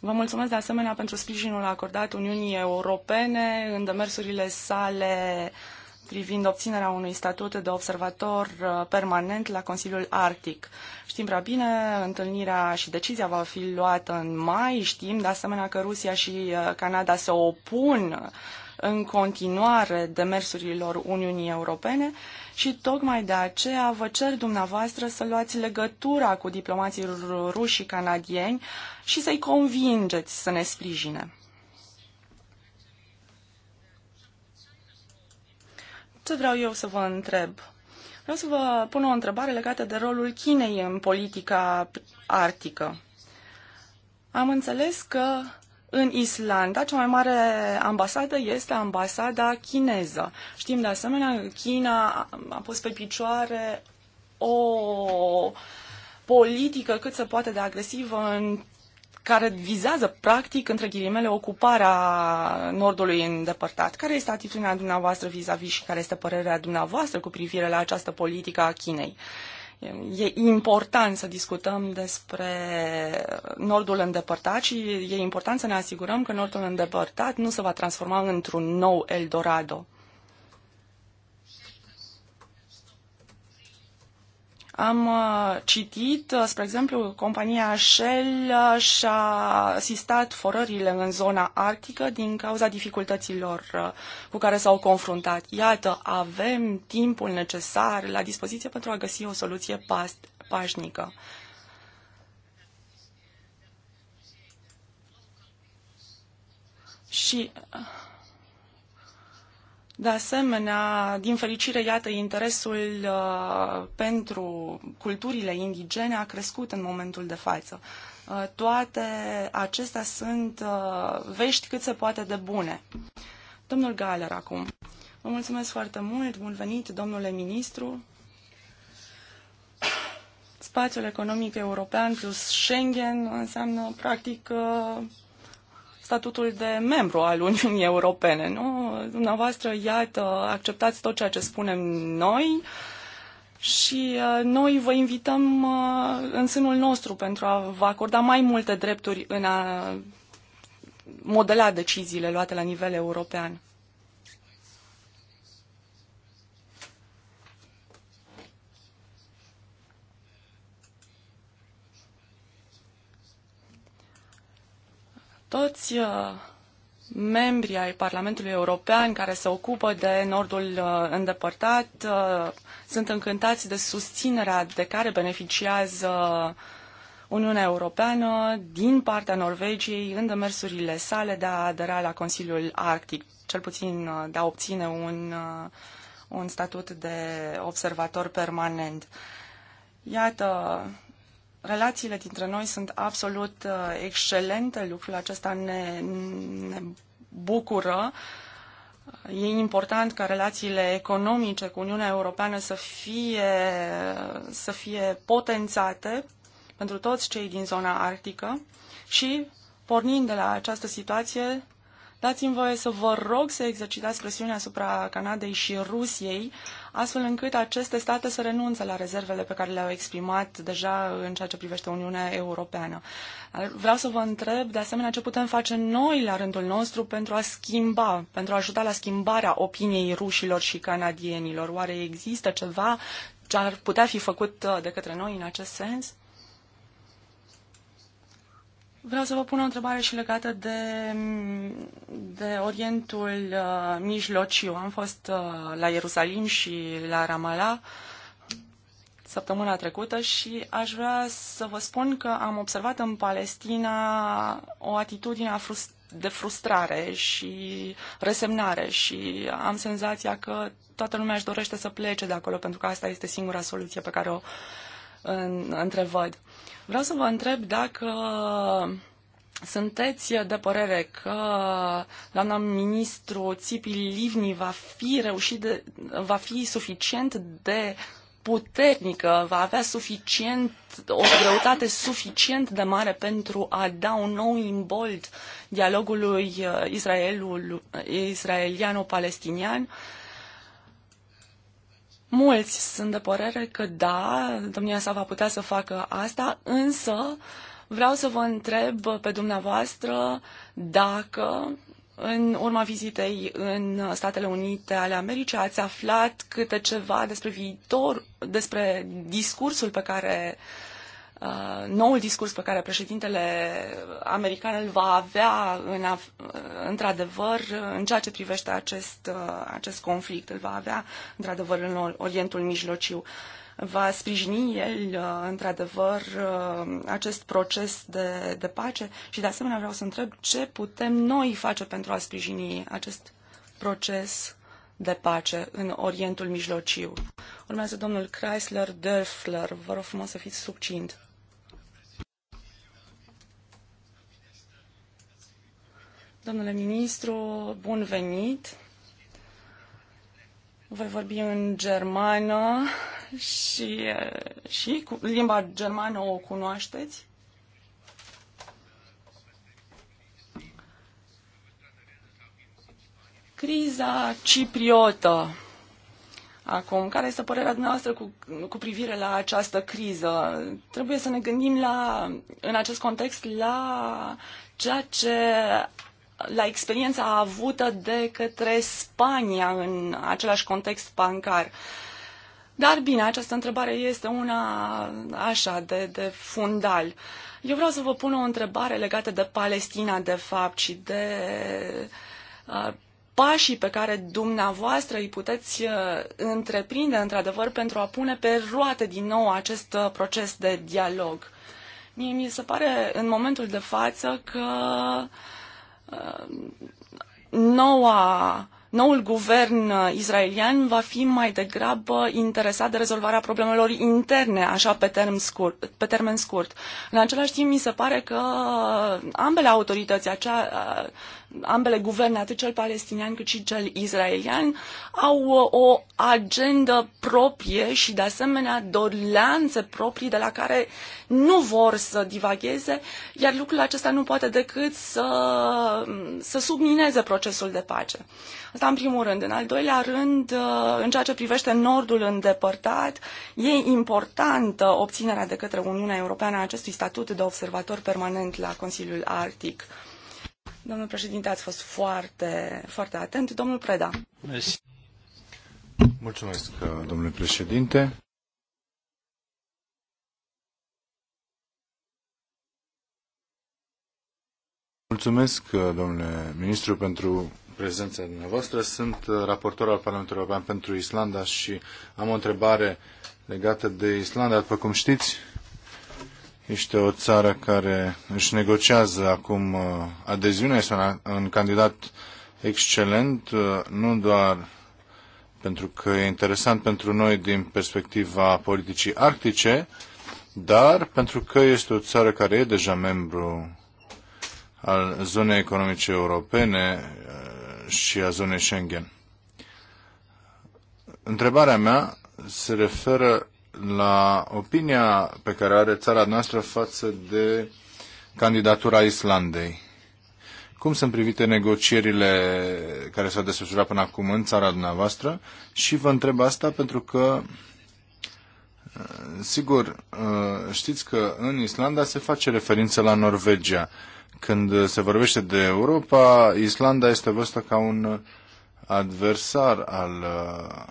Vă mulțumesc de asemenea pentru sprijinul acordat Uniunii Europene în demersurile sale privind obținerea unui statut de observator uh, permanent la Consiliul Arctic. Știm prea bine, întâlnirea și decizia va fi luată în mai. Știm de asemenea că Rusia și uh, Canada se opun în continuare demersurilor Uniunii Europene și tocmai de aceea vă cer dumneavoastră să luați legătura cu diplomații ruși și canadieni și să-i convingeți să ne sprijine. Ce vreau eu să vă întreb? Vreau să vă pun o întrebare legată de rolul Chinei în politica arctică. Am înțeles că în Islanda, cea mai mare ambasadă este ambasada chineză. Știm de asemenea că China a pus pe picioare o politică cât se poate de agresivă în care vizează, practic, între ghilimele, ocuparea Nordului îndepărtat. Care este atitudinea dumneavoastră vis-a-vis -vis și care este părerea dumneavoastră cu privire la această politică a Chinei? Uh, E important să discutăm despre nordul îndepărtat și e important să ne asigurăm că nordul îndepărtat nu se va transforma într-un nou Eldorado. Am uh, citit, uh, spre exemplu, compania Shell uh, și-a asistat forările în zona arctică din cauza dificultăților cu care s-au confruntat. Iată, avem timpul necesar la dispoziție pentru a găsi o soluție pașnică. Și de asemenea, din fericire, iată, interesul uh, pentru culturile indigene a crescut în momentul de față. Uh, toate acestea sunt uh, vești cât se poate de bune. Domnul Galer acum. Vă mulțumesc foarte mult, bun venit, domnule ministru. Spațiul economic european plus Schengen înseamnă, practic, uh, statutul de membru al Uniunii Europene, nu? Dumneavoastră, iată, acceptați tot ceea ce spunem noi și uh, noi vă invităm uh, în sânul nostru pentru a vă acorda mai multe drepturi în a modela deciziile luate la nivel european. Toți uh, membrii ai Parlamentului European care se ocupă de Nordul uh, îndepărtat uh, sunt încântați de susținerea de care beneficiază Uniunea Europeană din partea Norvegiei în demersurile sale de a adera la Consiliul Arctic, cel puțin de a obține un, un statut de observator permanent. Iată, Relațiile dintre noi sunt absolut uh, excelente, lucrul acesta ne, ne bucură. E important ca relațiile economice cu Uniunea Europeană să fie, să fie potențate pentru toți cei din zona arctică și, pornind de la această situație, dați-mi voie să vă rog să exercitați presiunea asupra Canadei și Rusiei uh, astfel încât aceste state să renunțe la rezervele pe care le-au exprimat deja în ceea ce privește Uniunea Europeană. Vreau să vă întreb, de asemenea, ce putem face noi la rândul nostru pentru a schimba, pentru a ajuta la schimbarea opiniei rușilor și canadienilor. Oare există ceva ce ar putea fi făcut uh, de către noi în acest sens? Vreau să vă pun o întrebare și legată de, de Orientul uh, Mijlociu. Am fost uh, la Ierusalim și la Ramallah săptămâna trecută și aș vrea să vă spun că am observat în Palestina o atitudine de frustrare și resemnare și am senzația că toată lumea își dorește să plece de acolo pentru că asta este singura soluție pe care o uh, în, întrevăd. Vreau să vă întreb dacă sunteți de părere că doamna ministru Țipi Livni va fi reușit de, va fi suficient de puternică, va avea suficient, o greutate suficient de mare pentru a da un nou imbold dialogului uh, israelian uh, israeliano-palestinian Mulți sunt de părere că da, domnia sa va putea să facă asta, însă vreau să vă întreb pe dumneavoastră dacă în urma vizitei în Statele Unite ale Americii ați aflat câte ceva despre viitor, despre discursul pe care uh, Uh, noul discurs pe care președintele american îl va avea în, uh, într-adevăr în ceea ce privește acest, uh, acest conflict, îl va avea într-adevăr în Orientul Mijlociu. Va sprijini el, într-adevăr, acest proces de, de pace și, de asemenea, vreau să întreb ce putem noi face pentru a sprijini acest proces de pace în Orientul Mijlociu. Urmează domnul Chrysler Dörfler. Vă rog frumos să fiți subcint. Domnule ministru, bun venit! Voi vorbi în germană și, și cu limba germană o cunoașteți. Criza cipriotă acum. Care este părerea dumneavoastră cu, cu privire la această criză? Trebuie să ne gândim la, în acest context la ceea ce la experiența avută de către Spania în același context bancar. Dar bine, această întrebare este una așa de, de fundal. Eu vreau să vă pun o întrebare legată de Palestina, de fapt, și de uh, pașii pe care dumneavoastră îi puteți întreprinde, într-adevăr, pentru a pune pe roate din nou acest proces de dialog. Mie mi se pare în momentul de față că uh, noua, noul guvern uh, israelian va fi mai degrabă interesat de rezolvarea problemelor interne, așa pe termen scurt. Pe termen scurt. În același timp, mi se pare că ambele autorități, acea, ambele guverne, atât cel palestinian cât și cel israelian, au uh, o agendă proprie și de asemenea dorleanțe proprii de la care nu vor să divagheze, iar lucrul acesta nu poate decât să, să submineze procesul de pace. Asta în primul rând. În al doilea rând, uh, în ceea ce privește Nordul îndepărtat, e importantă obținerea de către Uniunea Europeană a acestui statut de observator permanent la Consiliul Arctic. Domnul președinte, ați fost foarte, foarte atent. Domnul Preda. Mulțumesc, domnule președinte. Mulțumesc, domnule ministru, pentru prezența dumneavoastră. Sunt raportor al Parlamentului European pentru Islanda și am o întrebare legată de Islanda. După cum știți, este o țară care își negociază acum uh, adeziunea, este un, un candidat excelent, uh, nu doar pentru că e interesant pentru noi din perspectiva politicii arctice, dar pentru că este o țară care e deja membru al zonei economice europene uh, și a zonei Schengen. Întrebarea mea se referă la opinia pe care are țara noastră față de candidatura Islandei. Cum sunt privite negocierile care s-au desfășurat până acum în țara dumneavoastră? Și vă întreb asta pentru că, uh, sigur, uh, știți că în Islanda se face referință la Norvegia. Când se vorbește de Europa, Islanda este văzută ca un adversar al uh,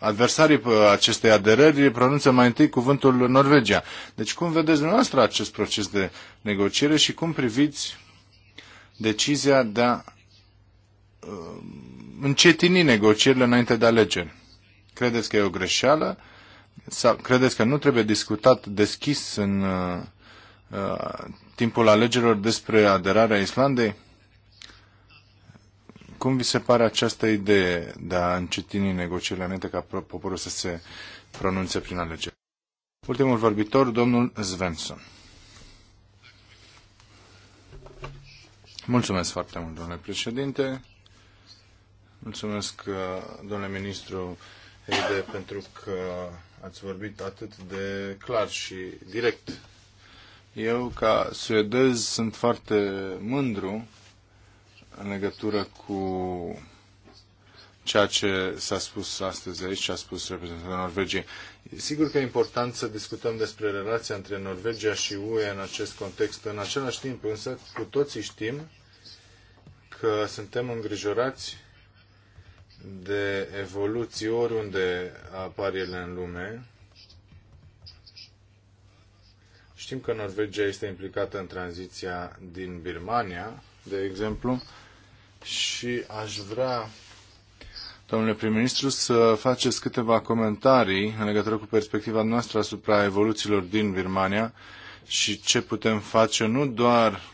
adversarii acestei aderări pronunță mai întâi cuvântul Norvegia. Deci cum vedeți dumneavoastră acest proces de negociere și cum priviți decizia de a uh, încetini negocierile înainte de alegeri? Credeți că e o greșeală? Sau credeți că nu trebuie discutat deschis în uh, uh timpul alegerilor despre aderarea Islandei? Cum vi se pare această idee de a încetini negocierile înainte ca poporul să se pronunțe prin alegeri? Ultimul vorbitor, domnul Svensson. Mulțumesc foarte mult, domnule președinte. Mulțumesc, uh, domnule ministru Heide, pentru că ați vorbit atât de clar și direct. Eu, ca suedez, sunt foarte mândru în legătură cu ceea ce s-a spus astăzi aici, ce a spus reprezentantul Norvegiei. Sigur că e important să discutăm despre relația între Norvegia și UE în acest context. În același timp, însă, cu toții știm că suntem îngrijorați de evoluții oriunde apar ele în lume. Știm că Norvegia este implicată în tranziția din Birmania, de exemplu, și aș vrea, domnule prim-ministru, să faceți câteva comentarii în legătură cu perspectiva noastră asupra evoluțiilor din Birmania și ce putem face nu doar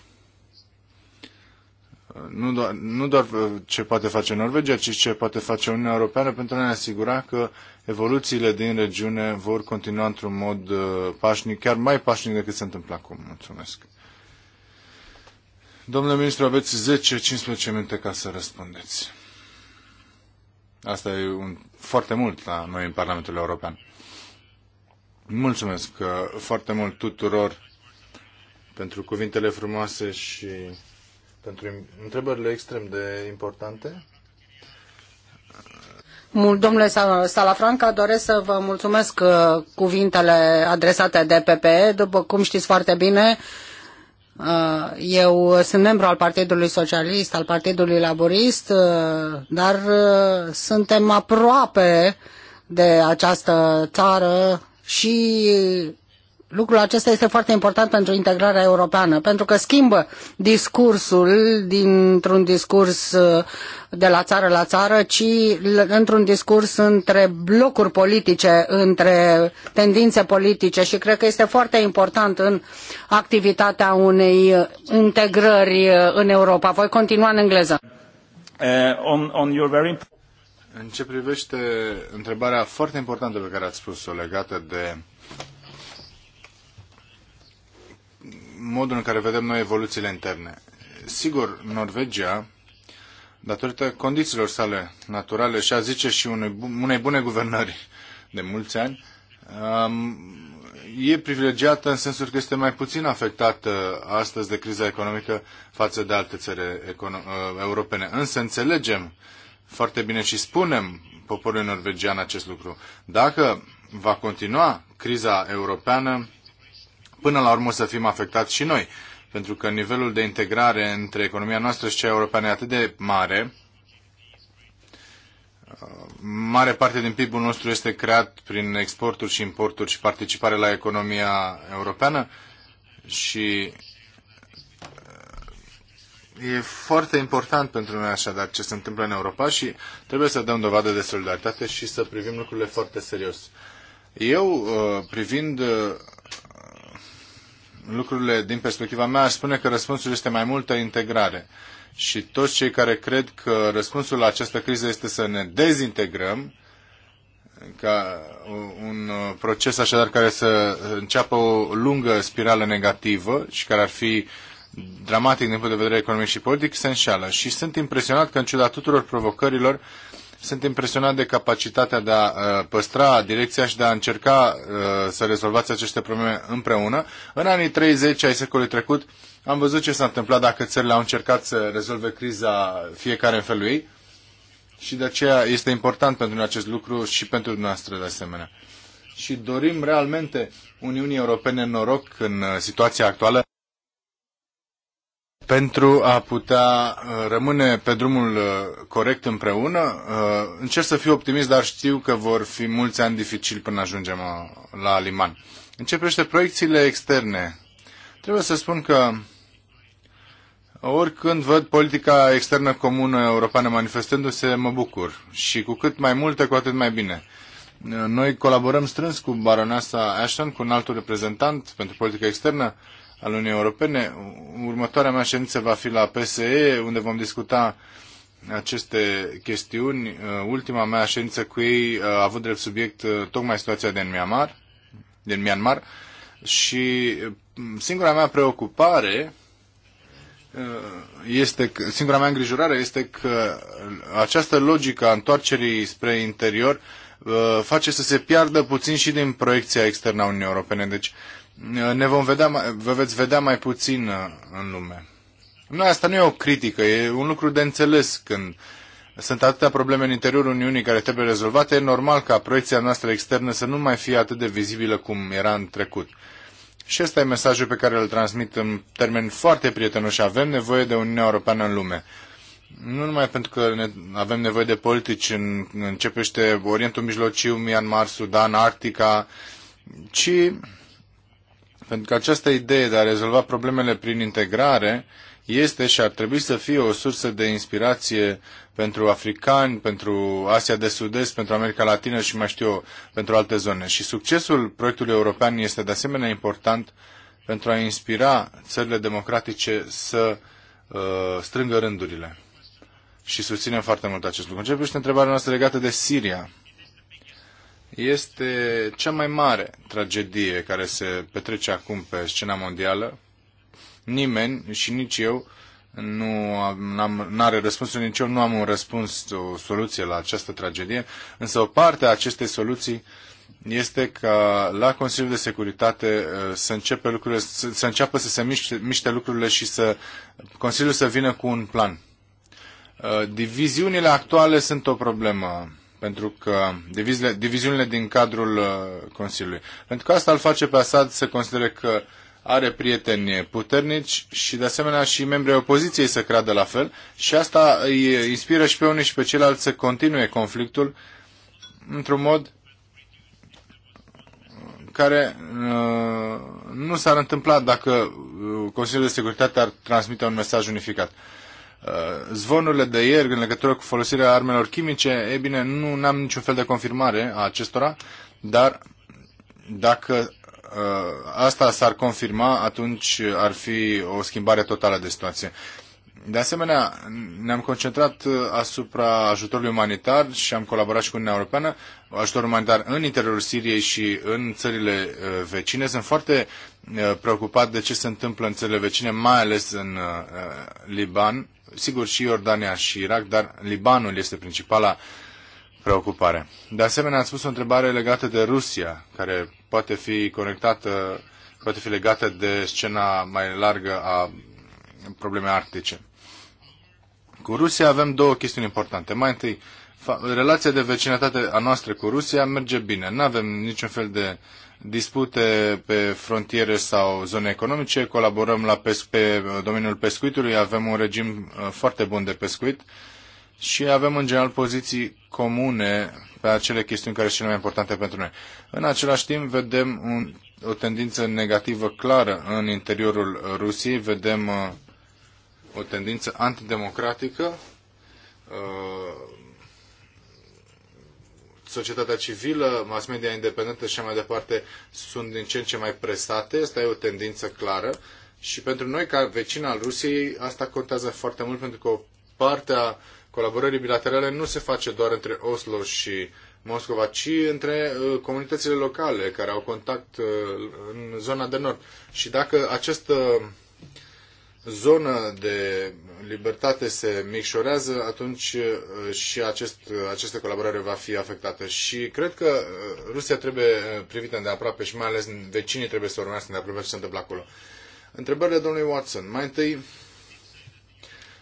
nu doar, nu doar ce poate face Norvegia, ci ce poate face Uniunea Europeană pentru a ne asigura că evoluțiile din regiune vor continua într-un mod uh, pașnic, chiar mai pașnic decât se întâmplă acum. Mulțumesc. Domnule ministru, aveți 10-15 minute ca să răspundeți. Asta e un, foarte mult la noi în Parlamentul European. Mulțumesc uh, foarte mult tuturor pentru cuvintele frumoase și pentru întrebările extrem de importante. Domnule Salafranca, doresc să vă mulțumesc uh, cuvintele adresate de PPE. După cum știți foarte bine, Uh, eu sunt membru al Partidului Socialist, al Partidului Laborist, uh, dar uh, suntem aproape de această țară și Lucrul acesta este foarte important pentru integrarea europeană, pentru că schimbă discursul dintr-un discurs uh, de la țară la țară, ci într-un discurs între blocuri politice, între tendințe politice și cred că este foarte important în activitatea unei uh, integrări uh, în Europa. Voi continua în engleză. Uh, on, on your very... În ce privește întrebarea foarte importantă pe care ați spus-o legată de modul în care vedem noi evoluțiile interne. Sigur, Norvegia, datorită condițiilor sale naturale și a zice și unei, unei bune guvernări de mulți ani, e privilegiată în sensul că este mai puțin afectată astăzi de criza economică față de alte țări uh, europene. Însă înțelegem foarte bine și spunem poporului norvegian acest lucru. Dacă va continua criza europeană, până la urmă să fim afectați și noi. Pentru că nivelul de integrare între economia noastră și cea europeană e atât de mare, uh, mare parte din PIB-ul nostru este creat prin exporturi și importuri și participare la economia europeană și uh, e foarte important pentru noi așadar ce se întâmplă în Europa și trebuie să dăm dovadă de solidaritate și să privim lucrurile foarte serios. Eu, uh, privind lucrurile din perspectiva mea, aș spune că răspunsul este mai multă integrare. Și toți cei care cred că răspunsul la această criză este să ne dezintegrăm, ca un proces așadar care să înceapă o lungă spirală negativă și care ar fi dramatic din punct de vedere economic și politic, se înșeală. Și sunt impresionat că, în ciuda tuturor provocărilor, sunt impresionat de capacitatea de a uh, păstra direcția și de a încerca uh, să rezolvați aceste probleme împreună. În anii 30 ai secolului trecut am văzut ce s-a întâmplat dacă țările au încercat să rezolve criza fiecare în felul ei și de aceea este important pentru acest lucru și pentru dumneavoastră de asemenea. Și dorim realmente Uniunii Europene noroc în uh, situația actuală pentru a putea uh, rămâne pe drumul uh, corect împreună. Uh, încerc să fiu optimist, dar știu că vor fi mulți ani dificili până ajungem la liman. Începește proiecțiile externe. Trebuie să spun că oricând văd politica externă comună europeană manifestându-se, mă bucur. Și cu cât mai multe, cu atât mai bine. Noi colaborăm strâns cu baronasa Ashton, cu un alt reprezentant pentru politica externă, al Uniunii Europene. Următoarea mea ședință va fi la PSE, unde vom discuta aceste chestiuni. Uh, ultima mea ședință cu ei uh, a avut drept subiect uh, tocmai situația din Myanmar, din Myanmar și singura mea preocupare este că, singura mea îngrijorare este că această logică a întoarcerii spre interior face să se piardă puțin și din proiecția externă a Uniunii Europene. Deci ne vom vedea, vă veți vedea mai puțin uh, în lume. Nu, asta nu e o critică, e un lucru de înțeles când sunt atâtea probleme în interiorul Uniunii care trebuie rezolvate, e normal ca proiecția noastră externă să nu mai fie atât de vizibilă cum era în trecut. Și ăsta e mesajul pe care îl transmit în termeni foarte prietenoși. Avem nevoie de Uniunea Europeană în lume. Nu numai pentru că ne, avem nevoie de politici în, începește Orientul Mijlociu, Myanmar, Sudan, Arctica, ci pentru că această idee de a rezolva problemele prin integrare este și ar trebui să fie o sursă de inspirație pentru africani, pentru Asia de Sud-Est, pentru America Latină și mai știu eu, pentru alte zone. Și succesul proiectului european este de asemenea important pentru a inspira țările democratice să uh, strângă rândurile. Și susținem foarte mult acest lucru. Începește întrebarea noastră legată de Siria este cea mai mare tragedie care se petrece acum pe scena mondială. Nimeni și nici eu nu am, are răspunsul, nici eu nu am un răspuns, o soluție la această tragedie, însă o parte a acestei soluții este ca la Consiliul de Securitate uh, să, începe lucrurile, să, să înceapă să se miște, miște lucrurile și să Consiliul să vină cu un plan. Uh, diviziunile actuale sunt o problemă pentru că divizile, diviziunile din cadrul uh, Consiliului. Pentru că asta îl face pe Assad să considere că are prieteni puternici și de asemenea și membrii opoziției să creadă la fel și asta îi inspiră și pe unii și pe ceilalți să continue conflictul într-un mod care uh, nu s-ar întâmpla dacă uh, Consiliul de Securitate ar transmite un mesaj unificat. Uh, zvonurile de ieri în legătură cu folosirea armelor chimice, e bine, nu am niciun fel de confirmare a acestora, dar dacă uh, asta s-ar confirma, atunci ar fi o schimbare totală de situație. De asemenea, ne-am concentrat uh, asupra ajutorului umanitar și am colaborat și cu Uniunea Europeană, Ajutorul umanitar în interiorul Siriei și în țările vecine. Sunt foarte preocupat de ce se întâmplă în țările vecine, mai ales în Liban sigur și Iordania și Irak, dar Libanul este principala preocupare. De asemenea, ați spus o întrebare legată de Rusia, care poate fi conectată, poate fi legată de scena mai largă a problemei arctice. Cu Rusia avem două chestiuni importante. Mai întâi, relația de vecinătate a noastră cu Rusia merge bine. Nu avem niciun fel de dispute pe frontiere sau zone economice, colaborăm la pes- pe uh, domeniul pescuitului, avem un regim uh, foarte bun de pescuit și avem în general poziții comune pe acele chestiuni care sunt cele mai importante pentru noi. În același timp vedem un, o tendință negativă clară în interiorul Rusiei, vedem uh, o tendință antidemocratică uh, societatea civilă, mass media independentă și mai departe sunt din ce în ce mai presate. Asta e o tendință clară. Și pentru noi, ca vecin al Rusiei, asta contează foarte mult pentru că o parte a colaborării bilaterale nu se face doar între Oslo și Moscova, ci între uh, comunitățile locale care au contact uh, în zona de nord. Și dacă această uh, zonă de libertate se micșorează, atunci uh, și acest, uh, această colaborare va fi afectată. Și cred că uh, Rusia trebuie privită de aproape și mai ales vecinii trebuie să urmească aproape ce se întâmplă acolo. Întrebările domnului Watson. Mai întâi,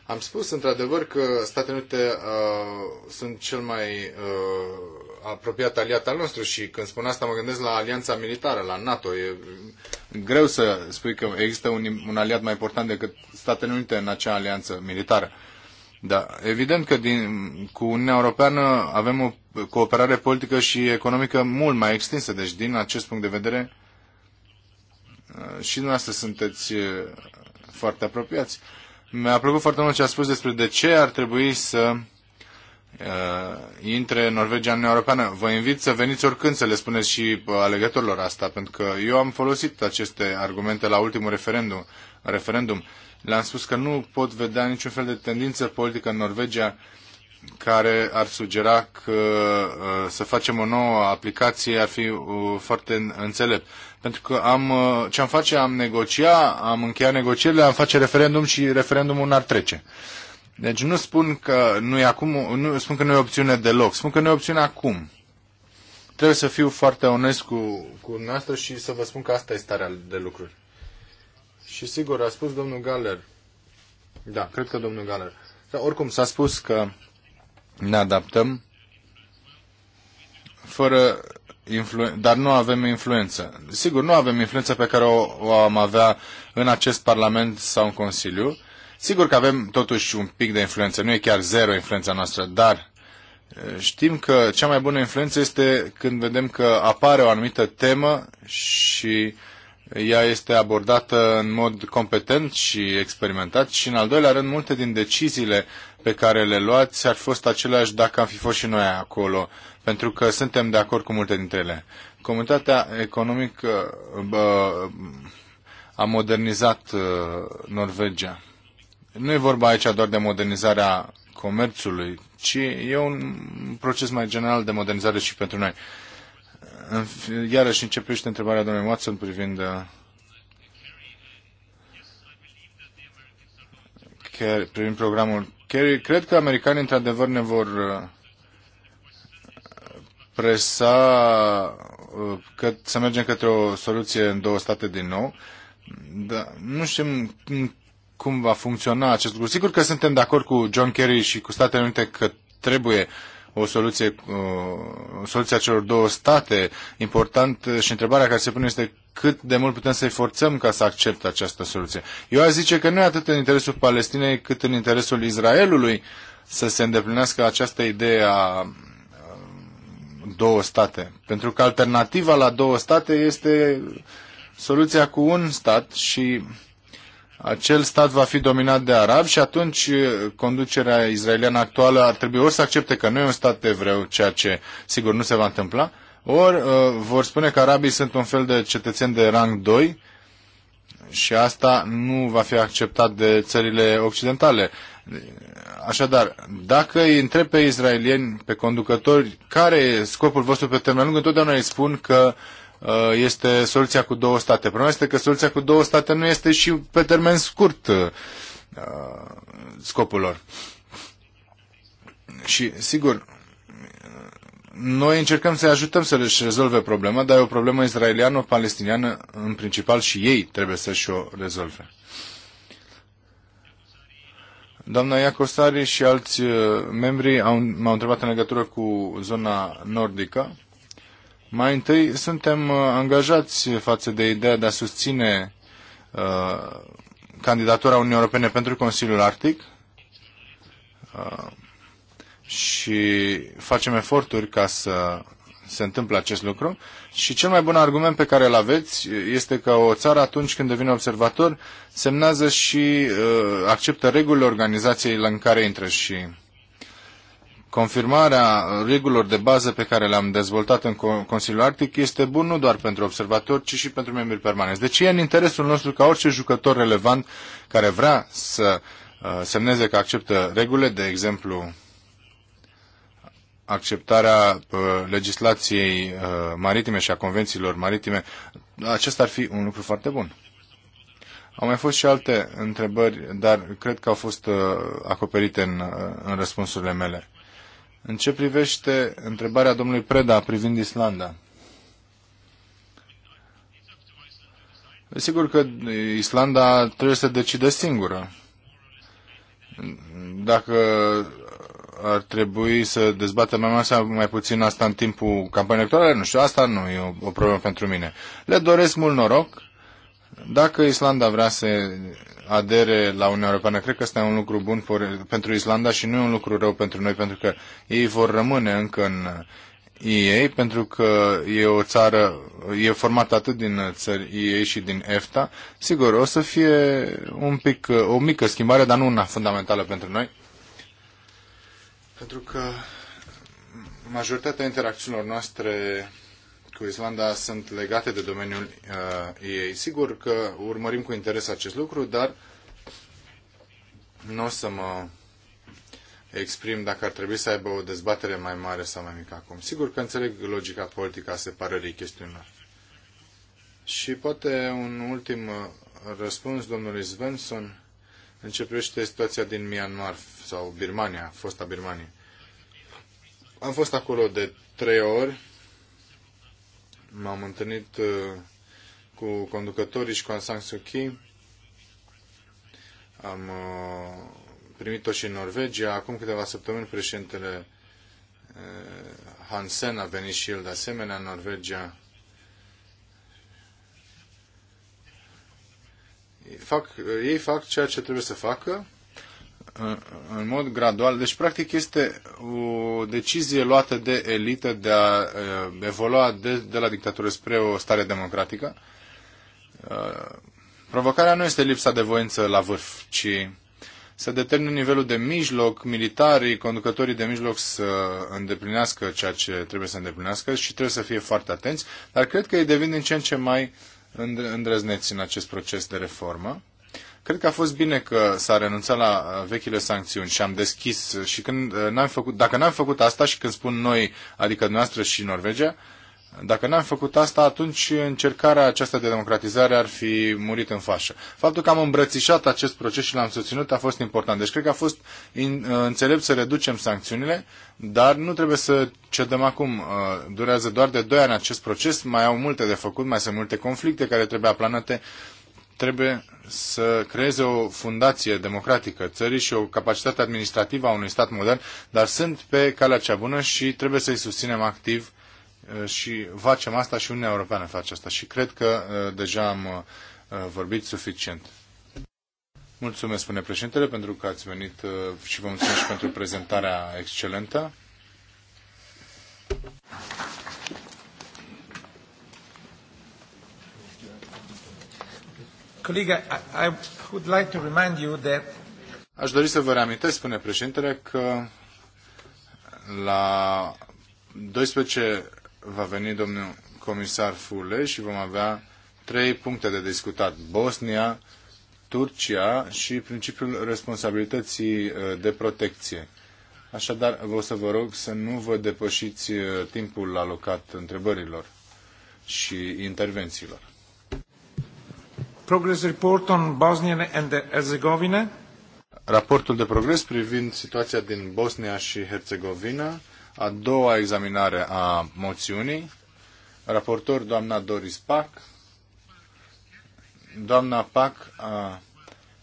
am spus într-adevăr că Statele Unite uh, sunt cel mai uh, apropiat aliat al nostru și când spun asta mă gândesc la alianța militară, la NATO. E greu să spui că există un, un aliat mai important decât Statele Unite în acea alianță militară. Da, evident că din, cu Uniunea Europeană avem o cooperare politică și economică mult mai extinsă, deci din acest punct de vedere și dumneavoastră sunteți uh, foarte apropiați. Mi-a plăcut foarte mult ce a spus despre de ce ar trebui să uh, intre Norvegia în Uniunea Europeană. Vă invit să veniți oricând să le spuneți și uh, alegătorilor asta, pentru că eu am folosit aceste argumente la ultimul referendum. referendum. Le-am spus că nu pot vedea niciun fel de tendință politică în Norvegia care ar sugera că uh, să facem o nouă aplicație ar fi uh, foarte înțelept. Pentru că am, uh, ce am face, am negocia, am încheiat negocierile, am face referendum și referendumul n-ar trece. Uh, deci nu spun că nu e acum, nu spun că nu e opțiune deloc, spun că nu e opțiune acum. Trebuie să fiu foarte onest cu, cu noastră și să vă spun că asta e starea de lucruri. Și sigur, a spus domnul Galer. Da, cred că domnul Galer. Dar oricum s-a spus că ne adaptăm fără influ- dar nu avem influență. Sigur, nu avem influența pe care o, o am avea în acest Parlament sau în Consiliu, Sigur că avem totuși un pic de influență, nu e chiar zero influența noastră, dar știm că cea mai bună influență este când vedem că apare o anumită temă și ea este abordată în mod competent și experimentat și în al doilea rând multe din deciziile pe care le luați ar fost aceleași dacă am fi fost și noi acolo, pentru că suntem de acord cu multe dintre ele. Comunitatea economică bă, a modernizat uh, Norvegia. Nu e vorba aici doar de modernizarea comerțului, ci e un proces mai general de modernizare și pentru noi. Iarăși începește întrebarea domnului Watson privind uh, privind programul Kerry. Cred că americanii într-adevăr ne vor uh, presa uh, că, să mergem către o soluție în două state din nou. Da, nu știm cum va funcționa acest lucru. Sigur că suntem de acord cu John Kerry și cu Statele Unite că trebuie o soluție, uh, o soluție a celor două state. Important și întrebarea care se pune este cât de mult putem să-i forțăm ca să accepte această soluție. Eu aș zice că nu e atât în interesul Palestinei cât în interesul Israelului să se îndeplinească această idee a uh, două state. Pentru că alternativa la două state este soluția cu un stat și acel stat va fi dominat de arabi și atunci conducerea israeliană actuală ar trebui ori să accepte că nu e un stat evreu, ceea ce sigur nu se va întâmpla, ori uh, vor spune că arabii sunt un fel de cetățeni de rang 2 și asta nu va fi acceptat de țările occidentale. Așadar, dacă îi întreb pe israelieni, pe conducători, care e scopul vostru pe termen lung, întotdeauna îi spun că uh, Uh, este soluția cu două state. Problema este că soluția cu două state nu este și pe termen scurt uh, scopul lor. Și, sigur, noi încercăm să-i ajutăm să își rezolve problema, dar e o problemă israeliană, palestiniană în principal și ei trebuie să-și o rezolve. Doamna Iacosari și alți uh, membri m-au întrebat în legătură cu zona nordică. Mai întâi, suntem uh, angajați față de ideea de a susține uh, candidatura Uniunii Europene pentru Consiliul Arctic uh, și facem eforturi ca să se întâmple acest lucru. Și cel mai bun argument pe care îl aveți este că o țară atunci când devine observator semnează și uh, acceptă regulile organizației în care intră și confirmarea regulilor de bază pe care le-am dezvoltat în Consiliul Arctic este bun nu doar pentru observatori, ci și pentru membrii permanenți. Deci e în interesul nostru ca orice jucător relevant care vrea să uh, semneze că acceptă regulile, de exemplu acceptarea uh, legislației uh, maritime și a convențiilor maritime, acesta ar fi un lucru foarte bun. Au mai fost și alte întrebări, dar cred că au fost acoperite în, în răspunsurile mele. În ce privește întrebarea domnului Preda privind Islanda? Sigur că Islanda trebuie să decide singură. Dacă ar trebui să dezbatem mai mult sau mai puțin asta în timpul campaniei electorale, nu știu, asta nu e o, o problemă pentru mine. Le doresc mult noroc. Dacă Islanda vrea să adere la Uniunea Europeană. Cred că ăsta e un lucru bun pentru Islanda și nu e un lucru rău pentru noi, pentru că ei vor rămâne încă în EA, pentru că e o țară, e formată atât din țări EA și din EFTA. Sigur, o să fie un pic, o mică schimbare, dar nu una fundamentală pentru noi. Pentru că majoritatea interacțiunilor noastre cu Islanda sunt legate de domeniul uh, ei. Sigur că urmărim cu interes acest lucru, dar nu o să mă exprim dacă ar trebui să aibă o dezbatere mai mare sau mai mică acum. Sigur că înțeleg logica politică a separării chestiunilor. Și poate un ultim uh, răspuns domnului Svensson în ce privește situația din Myanmar sau Birmania, fosta Birmanie. Am fost acolo de trei ori M-am întâlnit uh, cu conducătorii și cu Aung San Suu Kyi. Am uh, primit-o și în Norvegia. Acum câteva săptămâni președintele uh, Hansen a venit și el de asemenea în Norvegia. Fac, ei fac ceea ce trebuie să facă în mod gradual. Deci, practic, este o decizie luată de elită de a uh, evolua de, de la dictatură spre o stare democratică. Uh, provocarea nu este lipsa de voință la vârf, ci să determine nivelul de mijloc, militarii, conducătorii de mijloc să îndeplinească ceea ce trebuie să îndeplinească și trebuie să fie foarte atenți, dar cred că ei devin din ce în ce mai îndrăzneți în acest proces de reformă. Cred că a fost bine că s-a renunțat la uh, vechile sancțiuni și am deschis uh, și când uh, n-am făcut, dacă n-am făcut asta și când spun noi, adică dumneavoastră și Norvegia, dacă n-am făcut asta, atunci încercarea aceasta de democratizare ar fi murit în fașă. Faptul că am îmbrățișat acest proces și l-am susținut a fost important. Deci cred că a fost înțelept să reducem sancțiunile, dar nu trebuie să cedăm acum. Durează doar de 2 ani acest proces, mai au multe de făcut, mai sunt multe conflicte care trebuie aplanate trebuie să creeze o fundație democratică țării și o capacitate administrativă a unui stat modern, dar sunt pe calea cea bună și trebuie să-i susținem activ uh, și facem asta și Uniunea Europeană face asta și cred că uh, deja am uh, vorbit suficient. Mulțumesc, spune președintele, pentru că ați venit și vă mulțumesc și pentru prezentarea excelentă. I, Aș dori să vă reamintesc, spune președintele, că la 12 va veni domnul comisar Fule și vom avea trei puncte de discutat. Bosnia, Turcia și principiul responsabilității uh, de protecție. Așadar, vă să vă rog să nu vă depășiți uh, timpul alocat întrebărilor și intervențiilor. Progress Report on Bosnia and Herzegovina. Raportul de progres privind situația din Bosnia și Herzegovina, a doua examinare a moțiunii. Raportor doamna Doris Pac. Doamna Pac a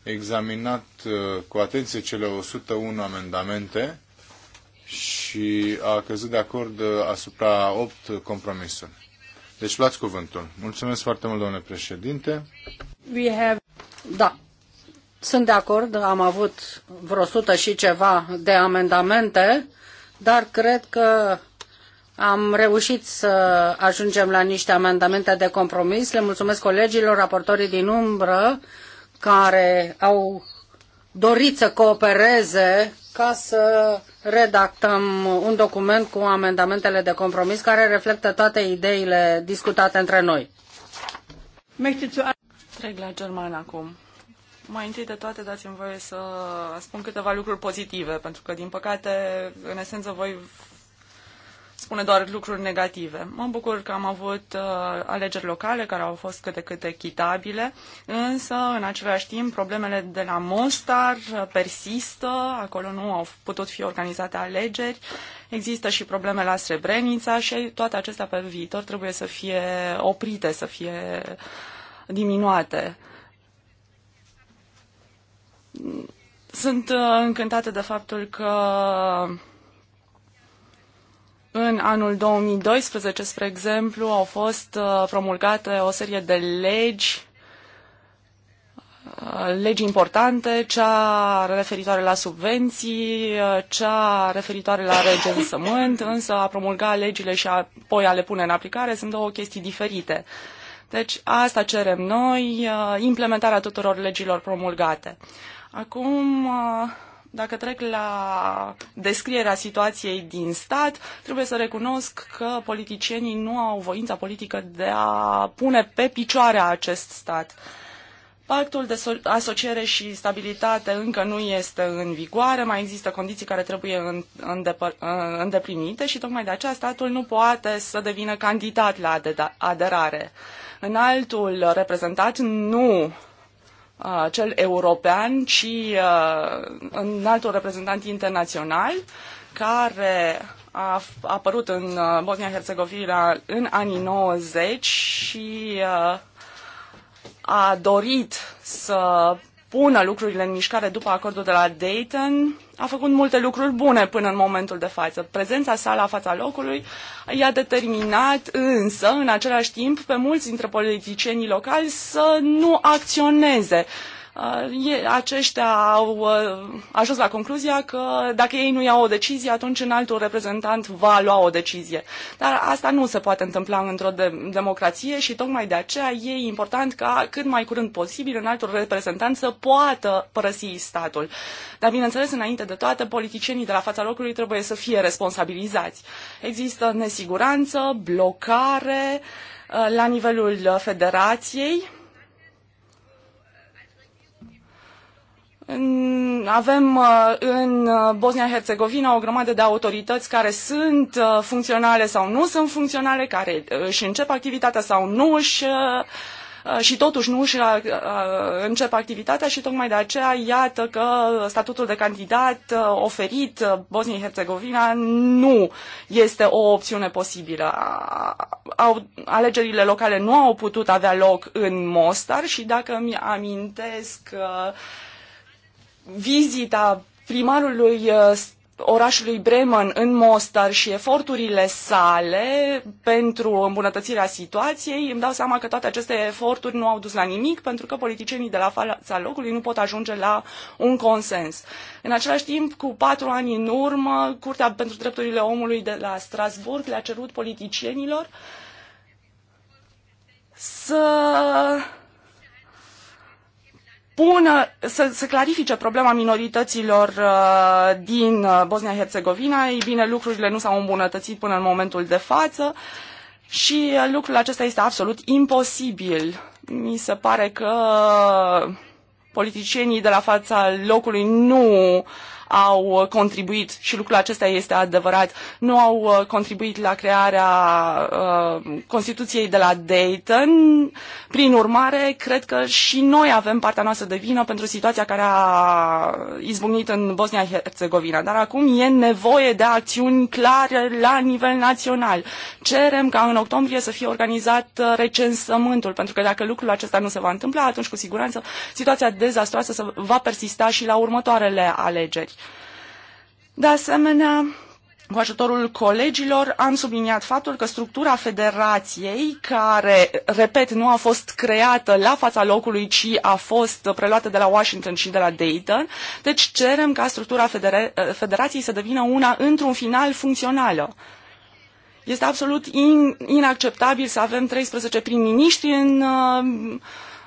examinat uh, cu atenție cele 101 amendamente și a căzut de acord uh, asupra 8 compromisuri. Deci luați cuvântul. Mulțumesc foarte mult, domnule președinte. We have... Da, sunt de acord, am avut vreo sută și ceva de amendamente, dar cred că am reușit să ajungem la niște amendamente de compromis. Le mulțumesc colegilor, raportorii din umbră, care au dorit să coopereze ca să redactăm un document cu amendamentele de compromis care reflectă toate ideile discutate între noi. Trec la german acum. Mai întâi de toate dați-mi voie să spun câteva lucruri pozitive, pentru că, din păcate, în esență, voi spune doar lucruri negative. Mă bucur că am avut uh, alegeri locale care au fost câte cât echitabile, însă, în același timp, problemele de la Mostar persistă, acolo nu au putut fi organizate alegeri, există și probleme la Srebrenica și toate acestea pe viitor trebuie să fie oprite, să fie uh, diminuate. Sunt uh, încântată de faptul că în anul 2012, spre exemplu, au fost uh, promulgate o serie de legi uh, legi importante, cea referitoare la subvenții, cea referitoare la regensământ, însă a promulga legile și apoi a le pune în aplicare sunt două chestii diferite. Uh, deci asta cerem noi, uh, implementarea tuturor legilor promulgate. Acum, uh, dacă trec la descrierea situației din stat, trebuie să recunosc că politicienii nu au voința politică de a pune pe picioare acest stat. Pactul de asociere și stabilitate încă nu este în vigoare, mai există condiții care trebuie uh, îndeplinite și tocmai de aceea statul nu poate să devină candidat la aderare. Înaltul reprezentat nu uh, cel european, ci uh, înaltul reprezentant internațional care a apărut în uh, Bosnia-Herzegovina în anii 90 și a dorit să pună lucrurile în mișcare după acordul de la Dayton a făcut multe lucruri bune până în momentul de față. Prezența sa la fața locului i-a determinat însă, în același timp, pe mulți dintre politicienii locali să nu acționeze uh, Uh, aceștia au uh, ajuns la concluzia că dacă ei nu iau o decizie, atunci în altul reprezentant va lua o decizie. Dar asta nu se poate întâmpla într-o de- democrație și tocmai de aceea e important ca cât mai curând posibil în altul reprezentant să poată părăsi statul. Dar bineînțeles, înainte de toate, politicienii de la fața locului trebuie să fie responsabilizați. Există nesiguranță, blocare uh, la nivelul federației, Avem uh, în uh, Bosnia-Herzegovina o grămadă de autorități care sunt uh, funcționale sau nu sunt funcționale, care își încep activitatea sau nu își și totuși nu își încep activitatea și tocmai de aceea iată că statutul de candidat oferit Bosniei-Herzegovina nu este o opțiune posibilă. Alegerile locale nu au putut avea loc în Mostar și dacă mi amintesc vizita primarului uh, orașului Bremen în Mostar și eforturile sale pentru îmbunătățirea situației, îmi dau seama că toate aceste eforturi nu au dus la nimic, pentru că politicienii de la fața locului nu pot ajunge la un consens. În același timp, cu patru ani în urmă, Curtea pentru Drepturile Omului de la Strasburg le-a cerut politicienilor să pună, să, să clarifice problema minorităților uh, din uh, Bosnia-Herzegovina. Ei bine, lucrurile nu s-au îmbunătățit până în momentul de față și uh, lucrul acesta este absolut imposibil. Mi se pare că uh, politicienii de la fața locului nu au uh, contribuit, și lucrul acesta este adevărat, nu au uh, contribuit la crearea uh, Constituției de la Dayton. Prin urmare, cred că și noi avem partea noastră de vină pentru situația care a izbucnit în Bosnia-Herzegovina. Dar acum e nevoie de acțiuni clare la nivel național. Cerem ca în octombrie să fie organizat recensământul, pentru că dacă lucrul acesta nu se va întâmpla, atunci cu siguranță situația dezastroasă va persista și la următoarele alegeri. De asemenea, cu ajutorul colegilor am subliniat faptul că structura federației, care, repet, nu a fost creată la fața locului, ci a fost preluată de la Washington și de la Dayton, deci cerem ca structura federa- federației să devină una, într-un final, funcțională. Este absolut in- inacceptabil să avem 13 prim-ministri în uh,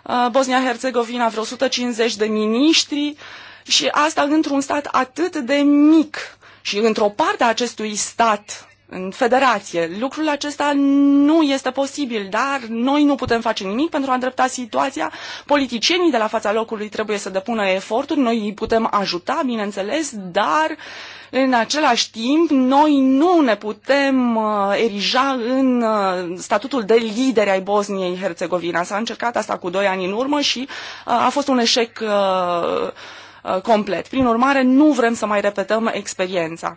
uh Bosnia-Herzegovina, vreo 150 de miniștri, uh, și asta într-un stat atât de mic și într-o parte a acestui stat în federație. Lucrul acesta nu este posibil, dar noi nu putem face nimic pentru a îndrepta situația. Politicienii de la fața locului trebuie să depună eforturi, noi îi putem ajuta, bineînțeles, dar în același timp noi nu ne putem uh, erija în uh, statutul de lideri ai Bosniei-Herzegovina. S-a încercat asta cu doi ani în urmă și uh, a fost un eșec uh, Uh, complet. Prin urmare, nu vrem să mai repetăm experiența.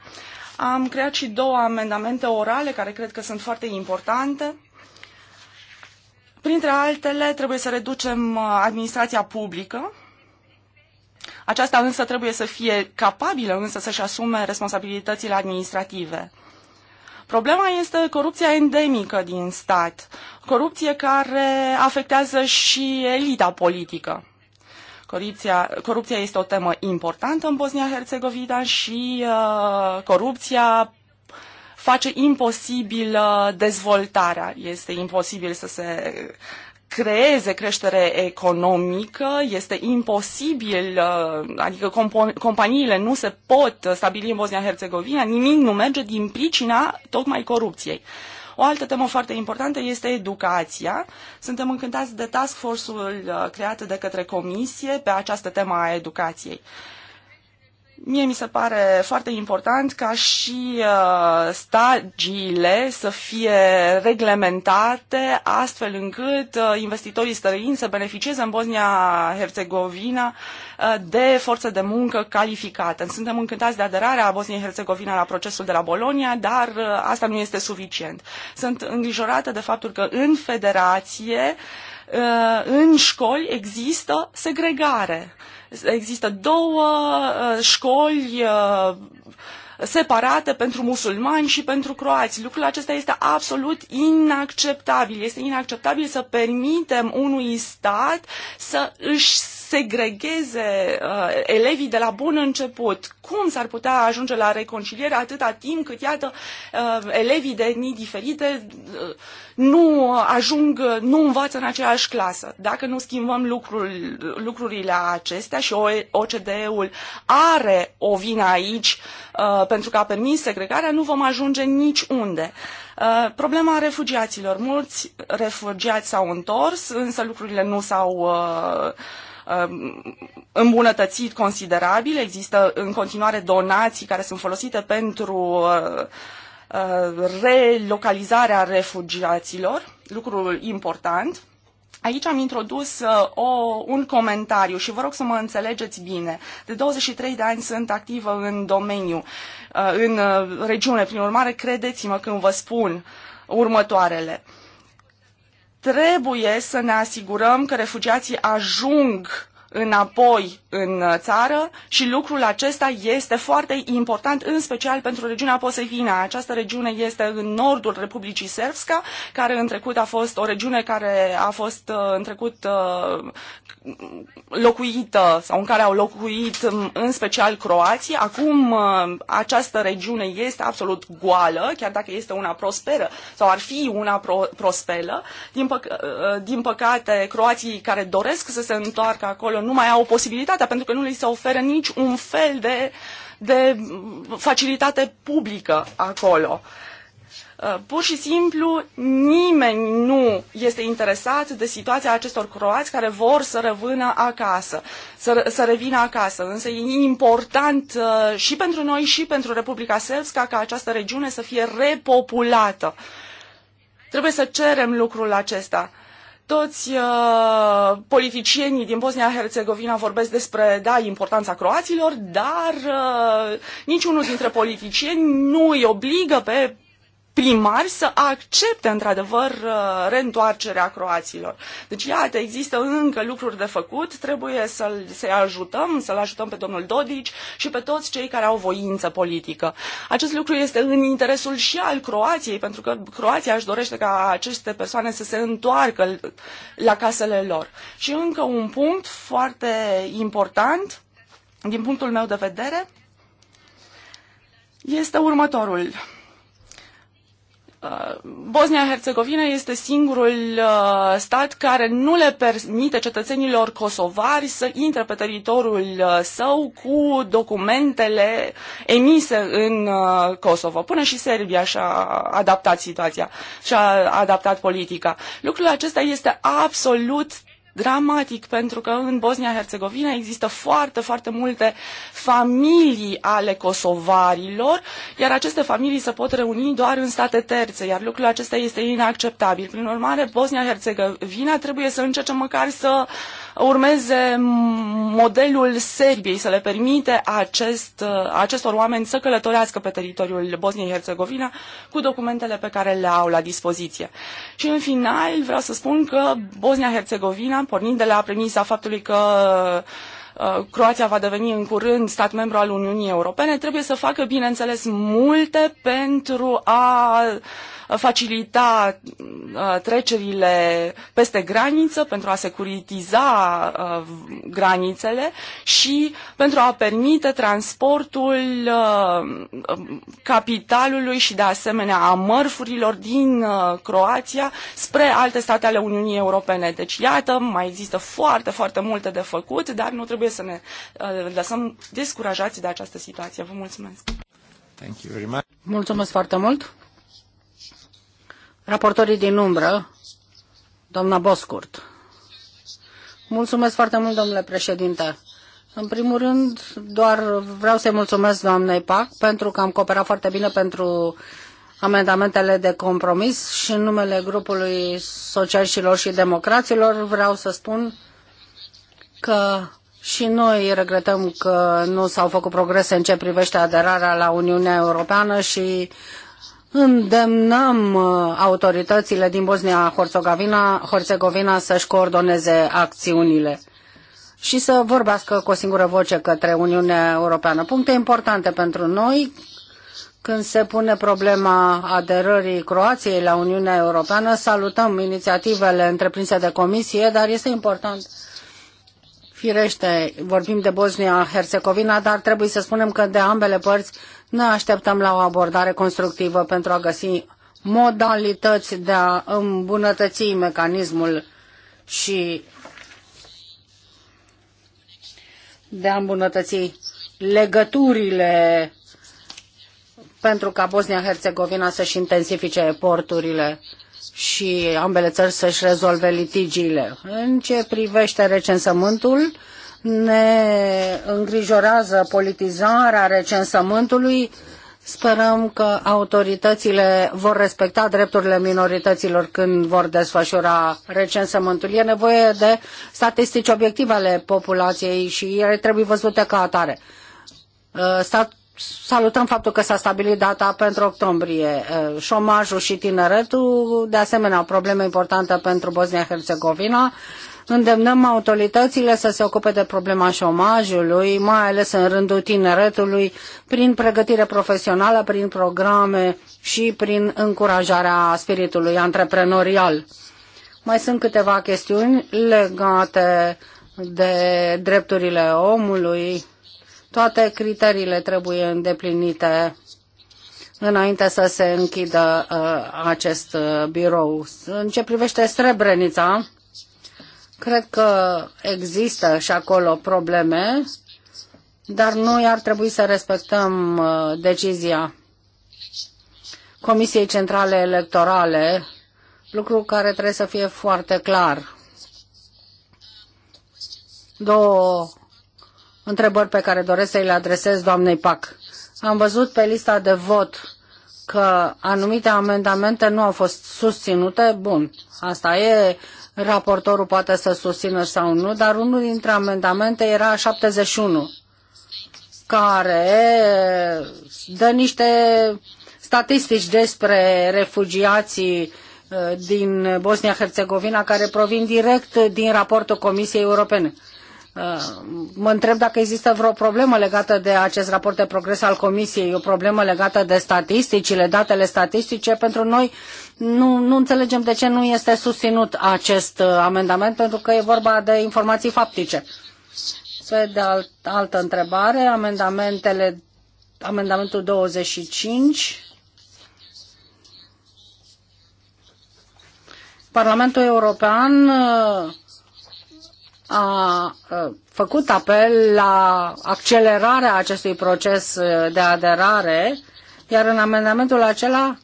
Am creat și două amendamente orale care cred că sunt foarte importante. Printre altele, trebuie să reducem uh, administrația publică. Aceasta însă trebuie să fie capabilă însă să-și asume responsabilitățile administrative. Problema este corupția endemică din stat, corupție care afectează și elita politică. Corupția, corupția este o temă importantă în Bosnia-Herzegovina și uh, corupția face imposibil uh, dezvoltarea. Este imposibil să se creeze creștere economică, este imposibil, uh, adică companiile nu se pot stabili în Bosnia-Herzegovina, nimic nu merge din pricina tocmai corupției. O altă temă foarte importantă este educația. Suntem încântați de task force-ul uh, creat de către comisie pe această temă a educației. Mie mi se pare foarte important ca și uh, stagiile să fie reglementate astfel încât uh, investitorii străini să beneficieze în Bosnia-Herzegovina uh, de forță de muncă calificată. Suntem încântați de aderarea Bosniei-Herzegovina la procesul de la Bolonia, dar asta nu este suficient. Sunt îngrijorată de faptul că în federație, în școli există segregare. Există două uh, școli uh, separate pentru musulmani și pentru croați. Lucrul acesta este absolut inacceptabil. Este inacceptabil să permitem unui stat să își segregheze uh, elevii de la bun început. Cum s-ar putea ajunge la reconciliere atâta timp cât, iată, uh, elevii de etnii diferite uh, nu ajung, nu învață în aceeași clasă. Dacă nu schimbăm lucrul, lucrurile acestea și OCDE-ul are o vină aici uh, pentru că a permis segregarea, nu vom ajunge niciunde. Uh, problema refugiaților. Mulți refugiați s-au întors, însă lucrurile nu s-au uh, Um, îmbunătățit considerabil. Există în continuare donații care sunt folosite pentru uh, uh, relocalizarea refugiaților, lucru important. Aici am introdus uh, o, un comentariu și vă rog să mă înțelegeți bine. De 23 de ani sunt activă în domeniu, în regiune. Prin urmare, credeți-mă când vă spun următoarele. Trebuie să ne asigurăm că refugiații ajung înapoi în uh, țară și lucrul acesta este foarte important, în special pentru regiunea Posevina. Această regiune este în nordul Republicii Serbska, care în trecut a fost o regiune care a fost uh, în trecut uh, locuită sau în care au locuit um, în special croații. Acum această regiune este absolut goală, chiar dacă este una prosperă sau ar fi una pro prosperă. Din, păc din păcate, croații care doresc să se întoarcă acolo nu mai au posibilitatea societatea, pentru că nu li se oferă nici un fel de, de facilitate publică acolo. Uh, pur și simplu nimeni nu este interesat de situația acestor croați care vor să revină acasă, să, să revină acasă. Însă e important uh, și pentru noi și pentru Republica Srpska ca această regiune să fie repopulată. Trebuie să cerem lucrul acesta toți uh, politicienii din Bosnia-Herzegovina vorbesc despre, da, importanța croaților, dar uh, niciunul dintre politicieni nu îi obligă pe primari să accepte într-adevăr uh, reîntoarcerea croaților. Deci, iată, există încă lucruri de făcut, trebuie să-l, să-i ajutăm, să-l ajutăm pe domnul Dodici și pe toți cei care au voință politică. Acest lucru este în interesul și al Croației, pentru că Croația își dorește ca aceste persoane să se întoarcă la casele lor. Și încă un punct foarte important, din punctul meu de vedere, este următorul Uh, Bosnia-Herzegovina este singurul uh, stat care nu le permite cetățenilor kosovari să intre pe teritoriul uh, său cu documentele emise în Kosovo. Până și Serbia și-a adaptat situația și-a adaptat politica. Lucrul acesta este absolut dramatic pentru că în Bosnia-Herzegovina există foarte, foarte multe familii ale kosovarilor, iar aceste familii se pot reuni doar în state terțe, iar lucrul acesta este inacceptabil. Prin urmare, Bosnia-Herzegovina trebuie să încerce măcar să uh, urmeze modelul Serbiei, să le permite acest, uh, acestor oameni să călătorească pe teritoriul Bosniei-Herzegovina cu documentele pe care le au la dispoziție. Și în final vreau să spun că Bosnia-Herzegovina, pornind de la premisa faptului că uh, Croația va deveni în curând stat membru al Uniunii Europene, trebuie să facă, bineînțeles, multe pentru a facilita uh, trecerile peste graniță, pentru a securitiza uh, granițele și pentru a permite transportul uh, capitalului și de asemenea a mărfurilor din Croația spre alte state ale Uniunii Europene. Deci, iată, mai există foarte, foarte multe de făcut, dar nu trebuie să ne lăsăm descurajați de această situație. Vă mulțumesc! Thank you very much. Mulțumesc foarte mult! raportorii din umbră, doamna Boscurt. Mulțumesc foarte mult, domnule președinte. În primul rând, doar vreau să-i mulțumesc doamnei PAC pentru că am cooperat foarte bine pentru amendamentele de compromis și în numele grupului socialiștilor și democraților vreau să spun că și noi regretăm că nu s-au făcut progrese în ce privește aderarea la Uniunea Europeană și Îndemnăm uh, autoritățile din Bosnia-Herzegovina să-și coordoneze acțiunile și să vorbească cu o singură voce către Uniunea Europeană. Puncte importante pentru noi când se pune problema aderării Croației la Uniunea Europeană, salutăm inițiativele întreprinse de comisie, dar este important Firește, vorbim de Bosnia-Herzegovina, dar trebuie să spunem că de ambele părți ne așteptăm la o abordare constructivă pentru a găsi modalități de a îmbunătăți mecanismul și de a îmbunătăți legăturile pentru ca Bosnia-Herzegovina să-și intensifice eforturile și ambele țări să-și rezolve litigiile. În ce privește recensământul, ne îngrijorează politizarea recensământului. Sperăm că autoritățile vor respecta drepturile minorităților când vor desfășura recensământul. E nevoie de statistici obiective ale populației și ele trebuie văzute ca atare. Uh, Stat salutăm faptul că s-a stabilit data pentru octombrie. Uh, șomajul și tineretul, de asemenea, o problemă importantă pentru Bosnia-Herzegovina îndemnăm autoritățile să se ocupe de problema șomajului, mai ales în rândul tineretului, prin pregătire profesională, prin programe și prin încurajarea spiritului antreprenorial. Mai sunt câteva chestiuni legate de drepturile omului. Toate criteriile trebuie îndeplinite înainte să se închidă uh, acest uh, birou. În ce privește Srebrenița, Cred că există și acolo probleme, dar noi ar trebui să respectăm uh, decizia Comisiei Centrale Electorale, lucru care trebuie să fie foarte clar. Două întrebări pe care doresc să le adresez doamnei Pac. Am văzut pe lista de vot că anumite amendamente nu au fost susținute. Bun, asta e raportorul poate să susțină sau nu, dar unul dintre amendamente era 71, care dă niște statistici despre refugiații uh, din Bosnia-Herzegovina care provin direct din raportul Comisiei Europene. Uh, mă întreb dacă există vreo problemă legată de acest raport de progres al Comisiei, o problemă legată de statisticile, datele statistice. Pentru noi nu, nu înțelegem de ce nu este susținut acest uh, amendament, pentru că e vorba de informații faptice. Pe de alt, altă întrebare, amendamentele, amendamentul 25. Parlamentul European uh, a uh, făcut apel la accelerarea acestui proces de aderare, iar în amendamentul acela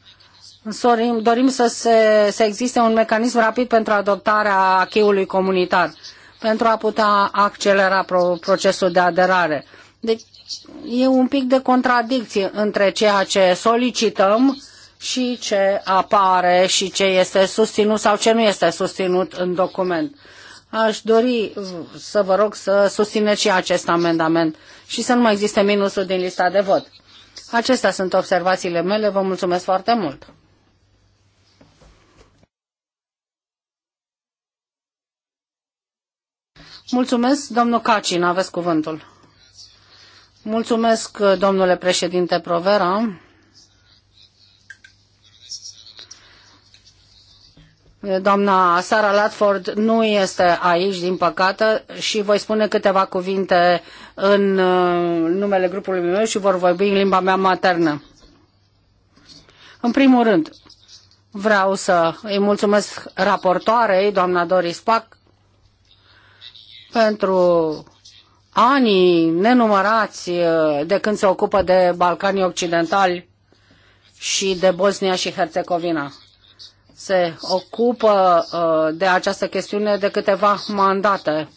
Sorim, dorim să, se, să existe un mecanism rapid pentru adoptarea acheiului comunitar, pentru a putea accelera pro, procesul de aderare. Deci e un pic de contradicție între ceea ce solicităm și ce apare și ce este susținut sau ce nu este susținut în document. Aș dori să vă rog să susțineți și acest amendament și să nu mai existe minusul din lista de vot. Acestea sunt observațiile mele. Vă mulțumesc foarte mult! Mulțumesc, domnul Cacin, aveți cuvântul. Mulțumesc, domnule președinte Provera. Doamna Sara Latford nu este aici, din păcate, și voi spune câteva cuvinte în numele grupului meu și vor vorbi în limba mea maternă. În primul rând, vreau să îi mulțumesc raportoarei, doamna Doris Pac, pentru anii nenumărați eh, de când se ocupă de Balcanii Occidentali și de Bosnia și Herțegovina. Se ocupă eh, de această chestiune de câteva mandate.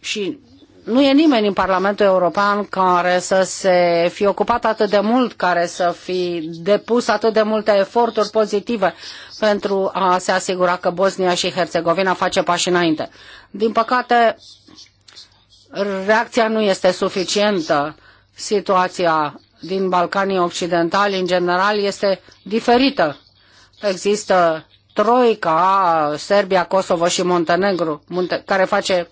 Și nu e nimeni în Parlamentul European care să se fi ocupat atât de mult, care să fi depus atât de multe eforturi pozitive pentru a se asigura că Bosnia și Herțegovina face pași înainte. Din păcate, reacția nu este suficientă. Situația din Balcanii Occidentali, în general, este diferită. Există troica, Serbia, Kosovo și Montenegru, care face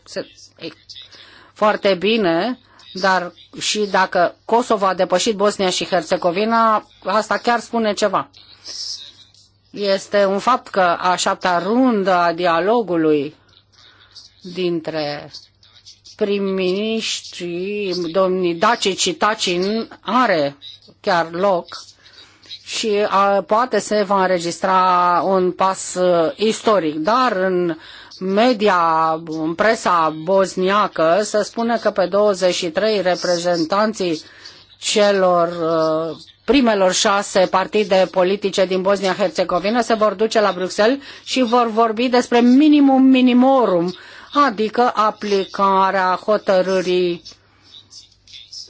foarte bine, dar și dacă Kosovo a depășit Bosnia și Herțegovina, asta chiar spune ceva. Este un fapt că a șaptea rundă a dialogului dintre prim ministri domnii Daci și Tacin, are chiar loc și a, poate se va înregistra un pas uh, istoric, dar în media, în presa bosniacă, se spune că pe 23 reprezentanții celor uh, primelor șase partide politice din Bosnia-Herzegovina se vor duce la Bruxelles și vor vorbi despre minimum minimorum, adică aplicarea hotărârii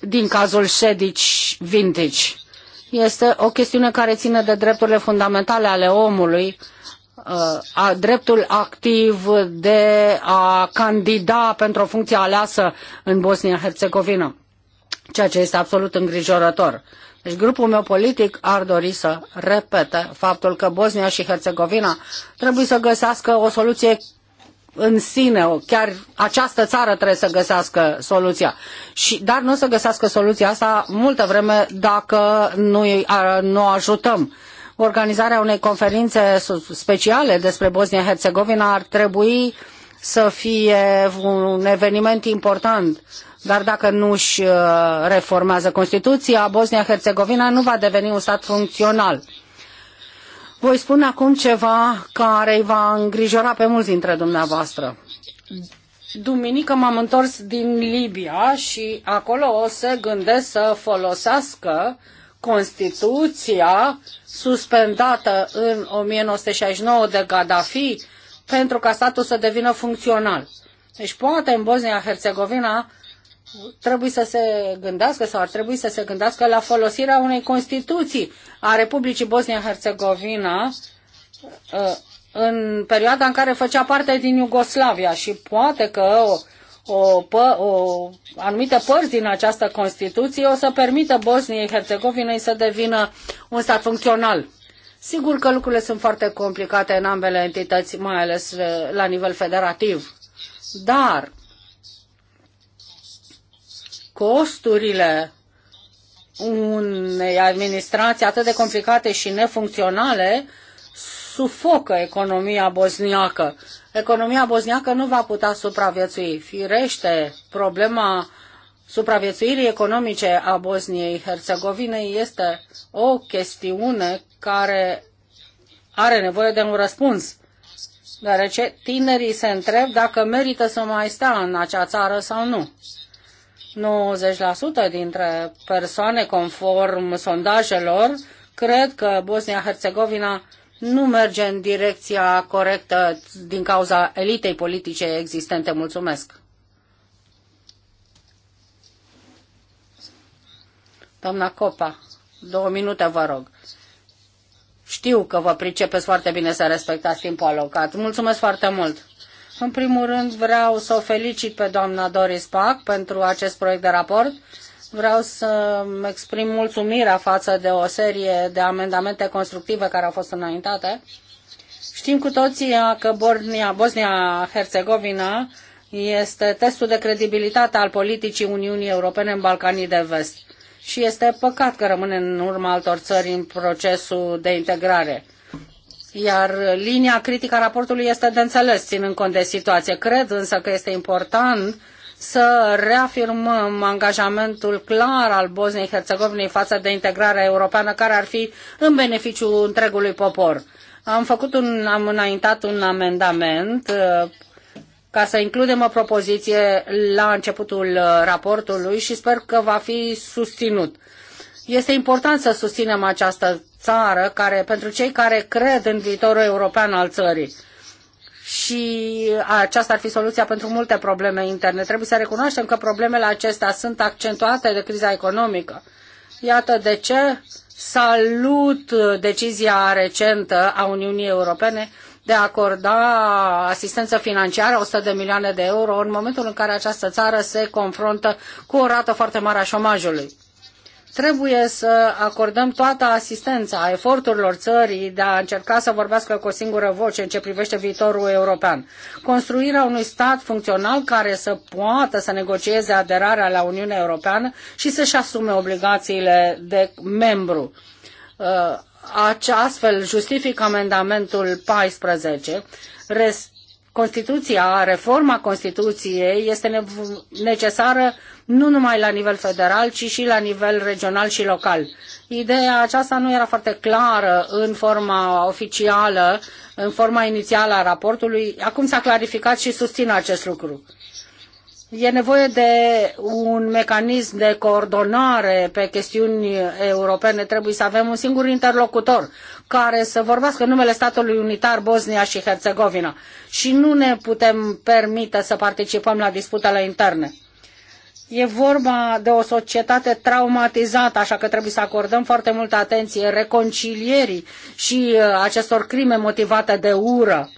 din cazul Sedici Vintage. Este o chestiune care ține de drepturile fundamentale ale omului, uh, a, dreptul activ de a candida pentru o funcție aleasă în Bosnia-Herzegovina ceea ce este absolut îngrijorător. Deci grupul meu politic ar dori să repete faptul că Bosnia și Herțegovina trebuie să găsească o soluție în sine, chiar această țară trebuie să găsească soluția. Și, dar nu o să găsească soluția asta multă vreme dacă nu, nu ajutăm. Organizarea unei conferințe speciale despre Bosnia-Herzegovina ar trebui să fie un eveniment important dar dacă nu își uh, reformează Constituția, Bosnia-Herzegovina nu va deveni un stat funcțional. Voi spune acum ceva care îi va îngrijora pe mulți dintre dumneavoastră. Duminică m-am întors din Libia și acolo o se gândesc să folosească Constituția suspendată în 1969 de Gaddafi pentru ca statul să devină funcțional. Deci poate în Bosnia-Herzegovina trebuie să se gândească sau ar trebui să se gândească la folosirea unei Constituții a Republicii Bosnia-Herzegovina uh, în perioada în care făcea parte din Iugoslavia și poate că o, o, o, anumite părți din această Constituție o să permită Bosniei Herzegovinei să devină un stat funcțional. Sigur că lucrurile sunt foarte complicate în ambele entități, mai ales uh, la nivel federativ. Dar costurile unei administrații atât de complicate și nefuncționale sufocă economia bosniacă. Economia bosniacă nu va putea supraviețui. Firește, problema supraviețuirii economice a Bosniei Herțegovinei este o chestiune care are nevoie de un răspuns, deoarece tinerii se întreb dacă merită să mai stea în acea țară sau nu. 90% dintre persoane, conform sondajelor, cred că Bosnia-Herzegovina nu merge în direcția corectă din cauza elitei politice existente. Mulțumesc. Doamna Copa, două minute vă rog. Știu că vă pricepeți foarte bine să respectați timpul alocat. Mulțumesc foarte mult. În primul rând vreau să o felicit pe doamna Doris Pac pentru acest proiect de raport. Vreau să exprim mulțumirea față de o serie de amendamente constructive care au fost înaintate. Știm cu toții că Bosnia-Herzegovina este testul de credibilitate al politicii Uniunii Europene în Balcanii de Vest și este păcat că rămâne în urma altor țări în procesul de integrare. Iar linia critică a raportului este de înțeles, ținând cont de situație. Cred însă că este important să reafirmăm angajamentul clar al Bosniei Herțegovinei față de integrarea europeană, care ar fi în beneficiu întregului popor. Am făcut un, am înaintat un amendament uh, ca să includem o propoziție la începutul uh, raportului și sper că va fi susținut. Este important să susținem această țară care, pentru cei care cred în viitorul european al țării. Și aceasta ar fi soluția pentru multe probleme interne. Trebuie să recunoaștem că problemele acestea sunt accentuate de criza economică. Iată de ce salut decizia recentă a Uniunii Europene de a acorda asistență financiară, 100 de milioane de euro, în momentul în care această țară se confruntă cu o rată foarte mare a șomajului. Trebuie să acordăm toată asistența a eforturilor țării de a încerca să vorbească cu o singură voce în ce privește viitorul european. Construirea unui stat funcțional care să poată să negocieze aderarea la Uniunea Europeană și să-și asume obligațiile de membru uh, astfel justific amendamentul 14, rest, Constituția, reforma Constituției este necesară nu numai la nivel federal, ci și la nivel regional și local. Ideea aceasta nu era foarte clară în forma oficială, în forma inițială a raportului. Acum s-a clarificat și susțin acest lucru. E nevoie de un mecanism de coordonare pe chestiuni europene. Trebuie să avem un singur interlocutor care să vorbească numele statului unitar Bosnia și Herțegovina. Și nu ne putem permite să participăm la disputele interne. E vorba de o societate traumatizată, așa că trebuie să acordăm foarte multă atenție reconcilierii și uh, acestor crime motivate de ură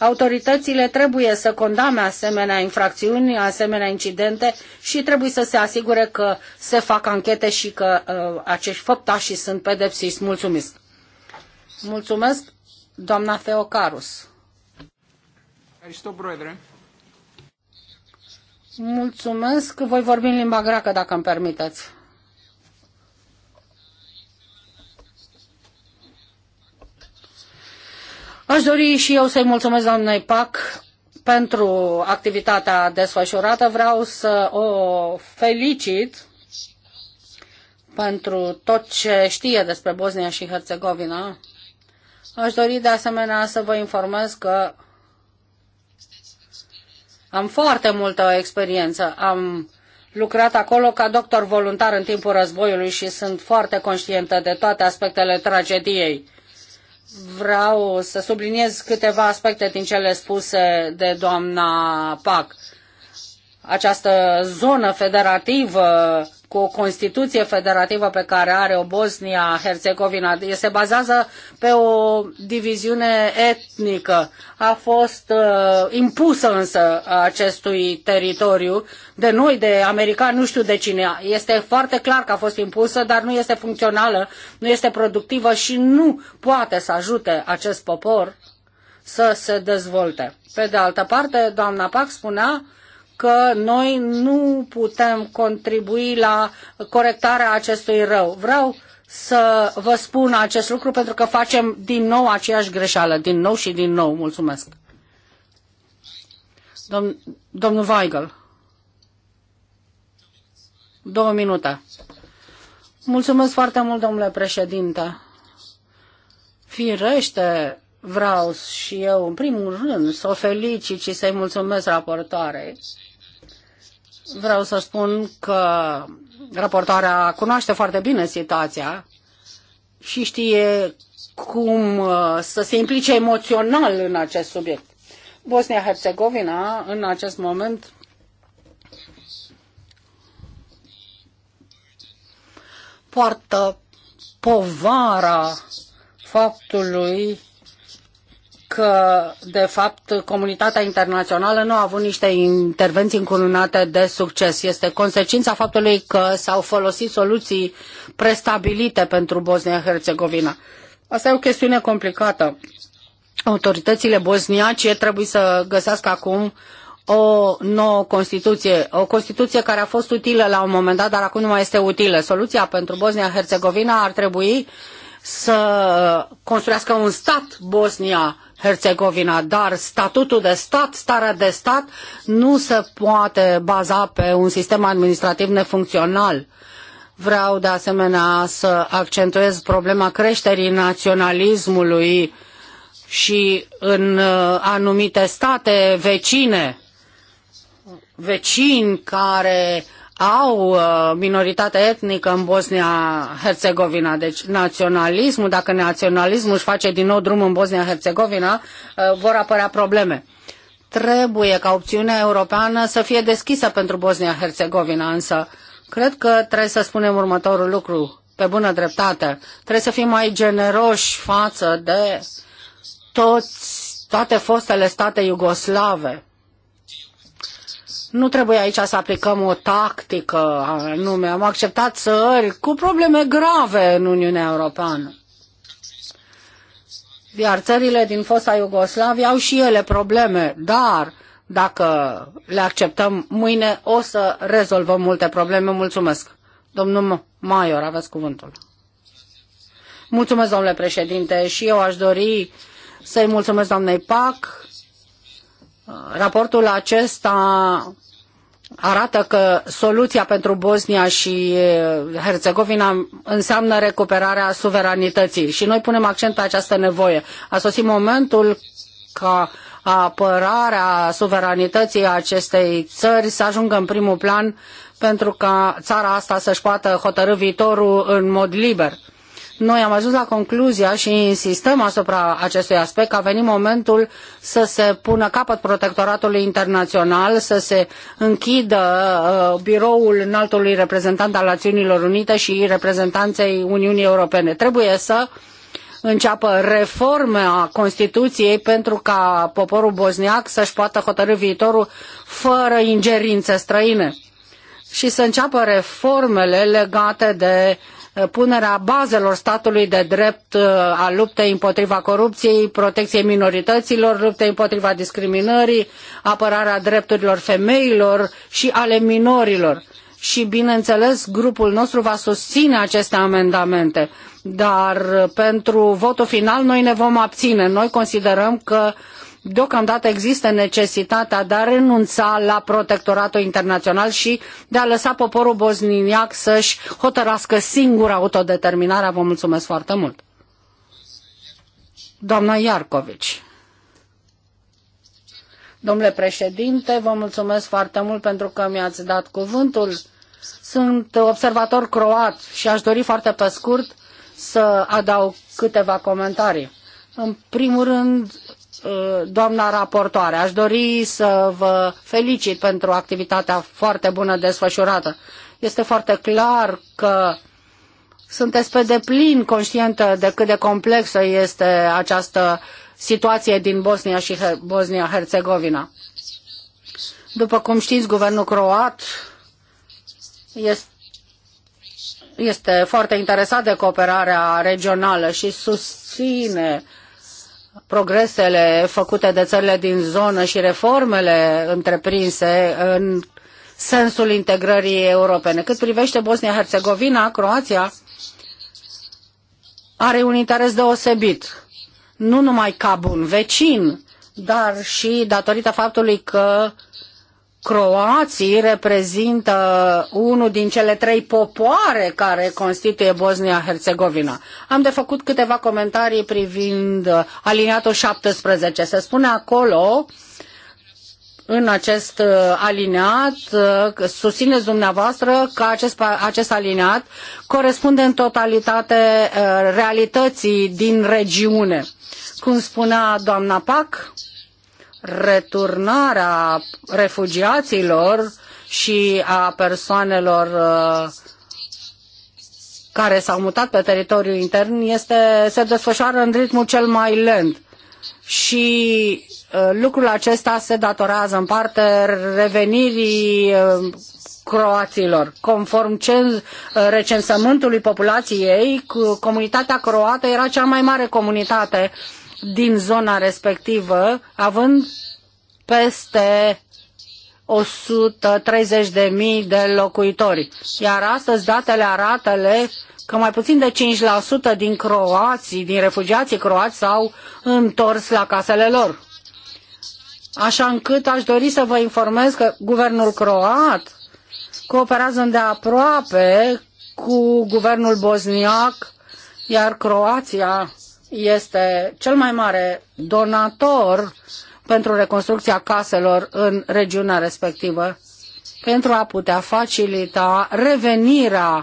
Autoritățile trebuie să condamne asemenea infracțiuni, asemenea incidente și trebuie să se asigure că se fac anchete și că uh, acești făptași sunt pedepsiți. Mulțumesc! Mulțumesc, doamna Feocarus! Mulțumesc, voi vorbi în limba greacă, dacă îmi permiteți. Aș dori și eu să-i mulțumesc doamnei PAC pentru activitatea desfășurată. Vreau să o felicit pentru tot ce știe despre Bosnia și Herțegovina. Aș dori de asemenea să vă informez că am foarte multă experiență. Am lucrat acolo ca doctor voluntar în timpul războiului și sunt foarte conștientă de toate aspectele tragediei vreau să subliniez câteva aspecte din cele spuse de doamna Pac. Această zonă federativă cu o Constituție federativă pe care are o Bosnia, Herțegovina, se bazează pe o diviziune etnică. A fost uh, impusă însă acestui teritoriu de noi, de americani, nu știu de cine. Este foarte clar că a fost impusă, dar nu este funcțională, nu este productivă și nu poate să ajute acest popor să se dezvolte. Pe de altă parte, doamna Pac spunea că noi nu putem contribui la corectarea acestui rău. Vreau să vă spun acest lucru pentru că facem din nou aceeași greșeală, din nou și din nou. Mulțumesc. Dom domnul Weigel. Două minute. Mulțumesc foarte mult, domnule președinte. Firește, vreau și eu, în primul rând, să o felicit și să-i mulțumesc raportoarei Vreau să spun că raportarea cunoaște foarte bine situația și știe cum uh, să se implice emoțional în acest subiect. Bosnia-Herzegovina, în acest moment, poartă povara faptului că, de fapt, comunitatea internațională nu a avut niște intervenții încununate de succes. Este consecința faptului că s-au folosit soluții prestabilite pentru Bosnia-Herzegovina. Asta e o chestiune complicată. Autoritățile bosniace trebuie să găsească acum o nouă Constituție, o Constituție care a fost utilă la un moment dat, dar acum nu mai este utilă. Soluția pentru Bosnia-Herzegovina ar trebui să construiască un stat Bosnia Herțegovina, dar statutul de stat, starea de stat, nu se poate baza pe un sistem administrativ nefuncțional. Vreau de asemenea să accentuez problema creșterii naționalismului și în uh, anumite state vecine, vecini care uh, au uh, minoritate etnică în Bosnia-Herzegovina. Deci naționalismul, dacă naționalismul își face din nou drum în Bosnia-Herzegovina, uh, vor apărea probleme. Trebuie ca opțiunea europeană să fie deschisă pentru Bosnia-Herzegovina, însă cred că trebuie să spunem următorul lucru, pe bună dreptate. Trebuie să fim mai generoși față de toți, toate fostele state iugoslave nu trebuie aici să aplicăm o tactică anume. Am acceptat țări cu probleme grave în Uniunea Europeană. Iar țările din fosta Iugoslavia au și ele probleme, dar dacă le acceptăm mâine, o să rezolvăm multe probleme. Mulțumesc. Domnul Maior, aveți cuvântul. Mulțumesc, domnule președinte, și eu aș dori să-i mulțumesc doamnei PAC Raportul acesta arată că soluția pentru Bosnia și Herțegovina înseamnă recuperarea suveranității și noi punem accent pe această nevoie. A sosit momentul ca apărarea suveranității acestei țări să ajungă în primul plan pentru ca țara asta să-și poată hotărî viitorul în mod liber. Noi am ajuns la concluzia și insistăm asupra acestui aspect că a venit momentul să se pună capăt protectoratului internațional, să se închidă uh, biroul înaltului reprezentant al Națiunilor Unite și reprezentanței Uniunii Europene. Trebuie să înceapă reforma Constituției pentru ca poporul bosniac să-și poată hotărî viitorul fără ingerințe străine și să înceapă reformele legate de Uh, punerea bazelor statului de drept uh, a luptei împotriva corupției, protecției minorităților, luptei împotriva discriminării, apărarea drepturilor femeilor și ale minorilor. Și, bineînțeles, grupul nostru va susține aceste amendamente, dar uh, pentru votul final noi ne vom abține. Noi considerăm că uh, Deocamdată există necesitatea de a renunța la protectoratul internațional și de a lăsa poporul bosniac să-și hotărască singur autodeterminarea. Vă mulțumesc foarte mult. Doamna Iarcovici. Domnule președinte, vă mulțumesc foarte mult pentru că mi-ați dat cuvântul. Sunt observator croat și aș dori foarte pe scurt să adaug câteva comentarii. În primul rând, Uh, doamna raportoare. Aș dori să vă felicit pentru activitatea foarte bună desfășurată. Este foarte clar că sunteți pe deplin conștientă de cât de complexă este această situație din Bosnia și Bosnia-Herzegovina. După cum știți, guvernul croat este, foarte interesat de cooperarea regională și susține uh, progresele făcute de țările din zonă și reformele întreprinse în sensul integrării europene. Cât privește Bosnia-Herzegovina, Croația are un interes deosebit, nu numai ca bun vecin, dar și datorită faptului că Croații reprezintă unul din cele trei popoare care constituie Bosnia-Herzegovina. Am de făcut câteva comentarii privind uh, aliniatul 17. Se spune acolo în acest uh, aliniat, uh, susțineți dumneavoastră că acest, acest aliniat corespunde în totalitate realității din regiune. Cum spunea doamna Pac, returnarea refugiaților și a persoanelor uh, care s-au mutat pe teritoriul intern este, se desfășoară în ritmul cel mai lent. Și uh, lucrul acesta se datorează în parte revenirii uh, croaților. Conform recensământului populației, comunitatea croată era cea mai mare comunitate uh, din zona respectivă, având peste 130.000 de locuitori. Iar astăzi datele arată că mai puțin de 5% din croații, din refugiații croați s-au întors la casele lor. Așa încât aș dori să vă informez că guvernul croat cooperează îndeaproape cu guvernul bosniac, iar Croația este cel mai mare donator pentru reconstrucția caselor în regiunea respectivă, pentru a putea facilita revenirea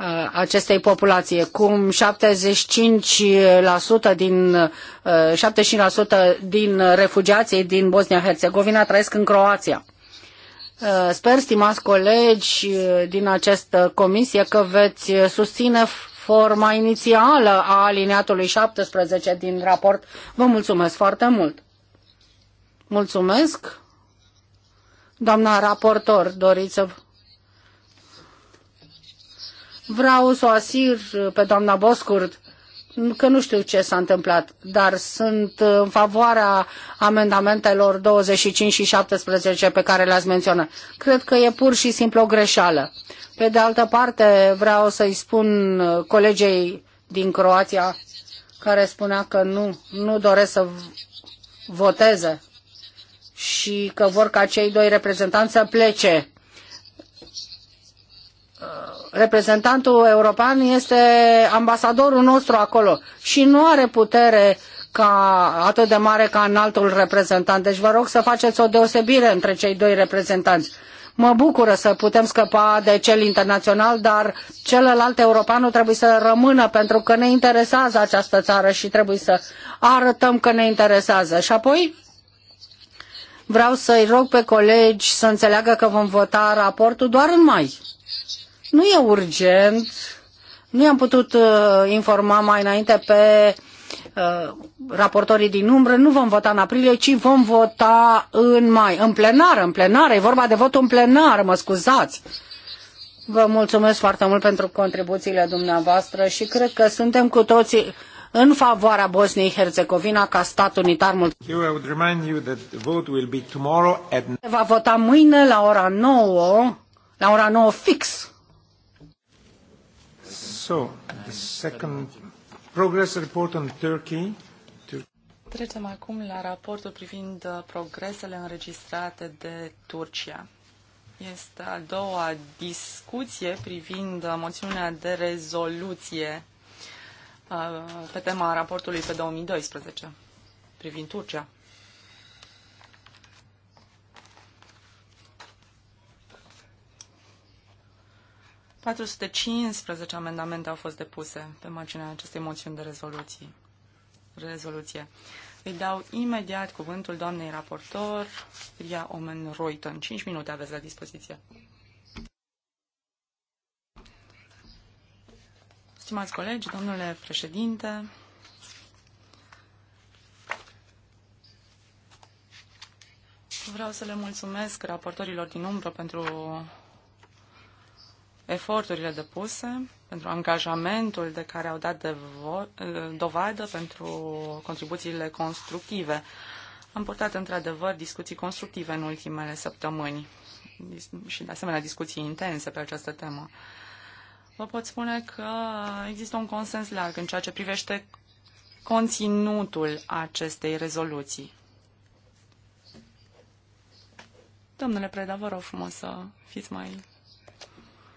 uh, acestei populații, cum 75% din 75% uh, din refugiații din Bosnia-Herzegovina trăiesc în Croația. Uh, sper, stimați colegi din această comisie, că veți susține forma inițială a alineatului 17 din raport. Vă mulțumesc foarte mult! Mulțumesc! Doamna raportor, doriți să... Vreau să o asir pe doamna Boscurt că nu știu ce s-a întâmplat, dar sunt în favoarea amendamentelor 25 și 17 pe care le-ați menționat. Cred că e pur și simplu o greșeală. Pe de altă parte, vreau să-i spun uh, colegei din Croația care spunea că nu, nu doresc să voteze și că vor ca cei doi reprezentanți să plece. Uh, reprezentantul european este ambasadorul nostru acolo și nu are putere ca, atât de mare ca în altul reprezentant. Deci vă rog să faceți o deosebire între cei doi reprezentanți. Mă bucură să putem scăpa de cel internațional, dar celălalt european trebuie să rămână pentru că ne interesează această țară și trebuie să arătăm că ne interesează. Și apoi vreau să-i rog pe colegi să înțeleagă că vom vota raportul doar în mai. Nu e urgent, nu i-am putut uh, informa mai înainte pe uh, Uh, raportorii din umbră, nu vom vota în aprilie, ci vom vota în mai, în plenară, în plenară, e vorba de vot în plenară, mă scuzați. Vă mulțumesc foarte mult pentru contribuțiile dumneavoastră și cred că suntem cu toții în favoarea Bosniei Herzegovina ca stat unitar. Se Va vota mâine la ora 9, la ora 9 fix. So, the second Progress report on Turkey. Trecem acum la raportul privind uh, progresele înregistrate de Turcia. Este a doua discuție privind uh, moțiunea de rezoluție uh, pe tema raportului pe 2012 privind Turcia. 415 amendamente au fost depuse pe marginea acestei moțiuni de rezoluții. rezoluție. Îi dau imediat cuvântul doamnei raportor, Ria Omen Reuten. 5 minute aveți la dispoziție. Stimați colegi, domnule președinte, vreau să le mulțumesc raportorilor din umbră pentru eforturile depuse, pentru angajamentul de care au dat de dovadă, pentru contribuțiile constructive. Am purtat într-adevăr discuții constructive în ultimele săptămâni și de asemenea discuții intense pe această temă. Vă pot spune că există un consens larg în ceea ce privește conținutul acestei rezoluții. Domnule Preda, vă rog frumos să fiți mai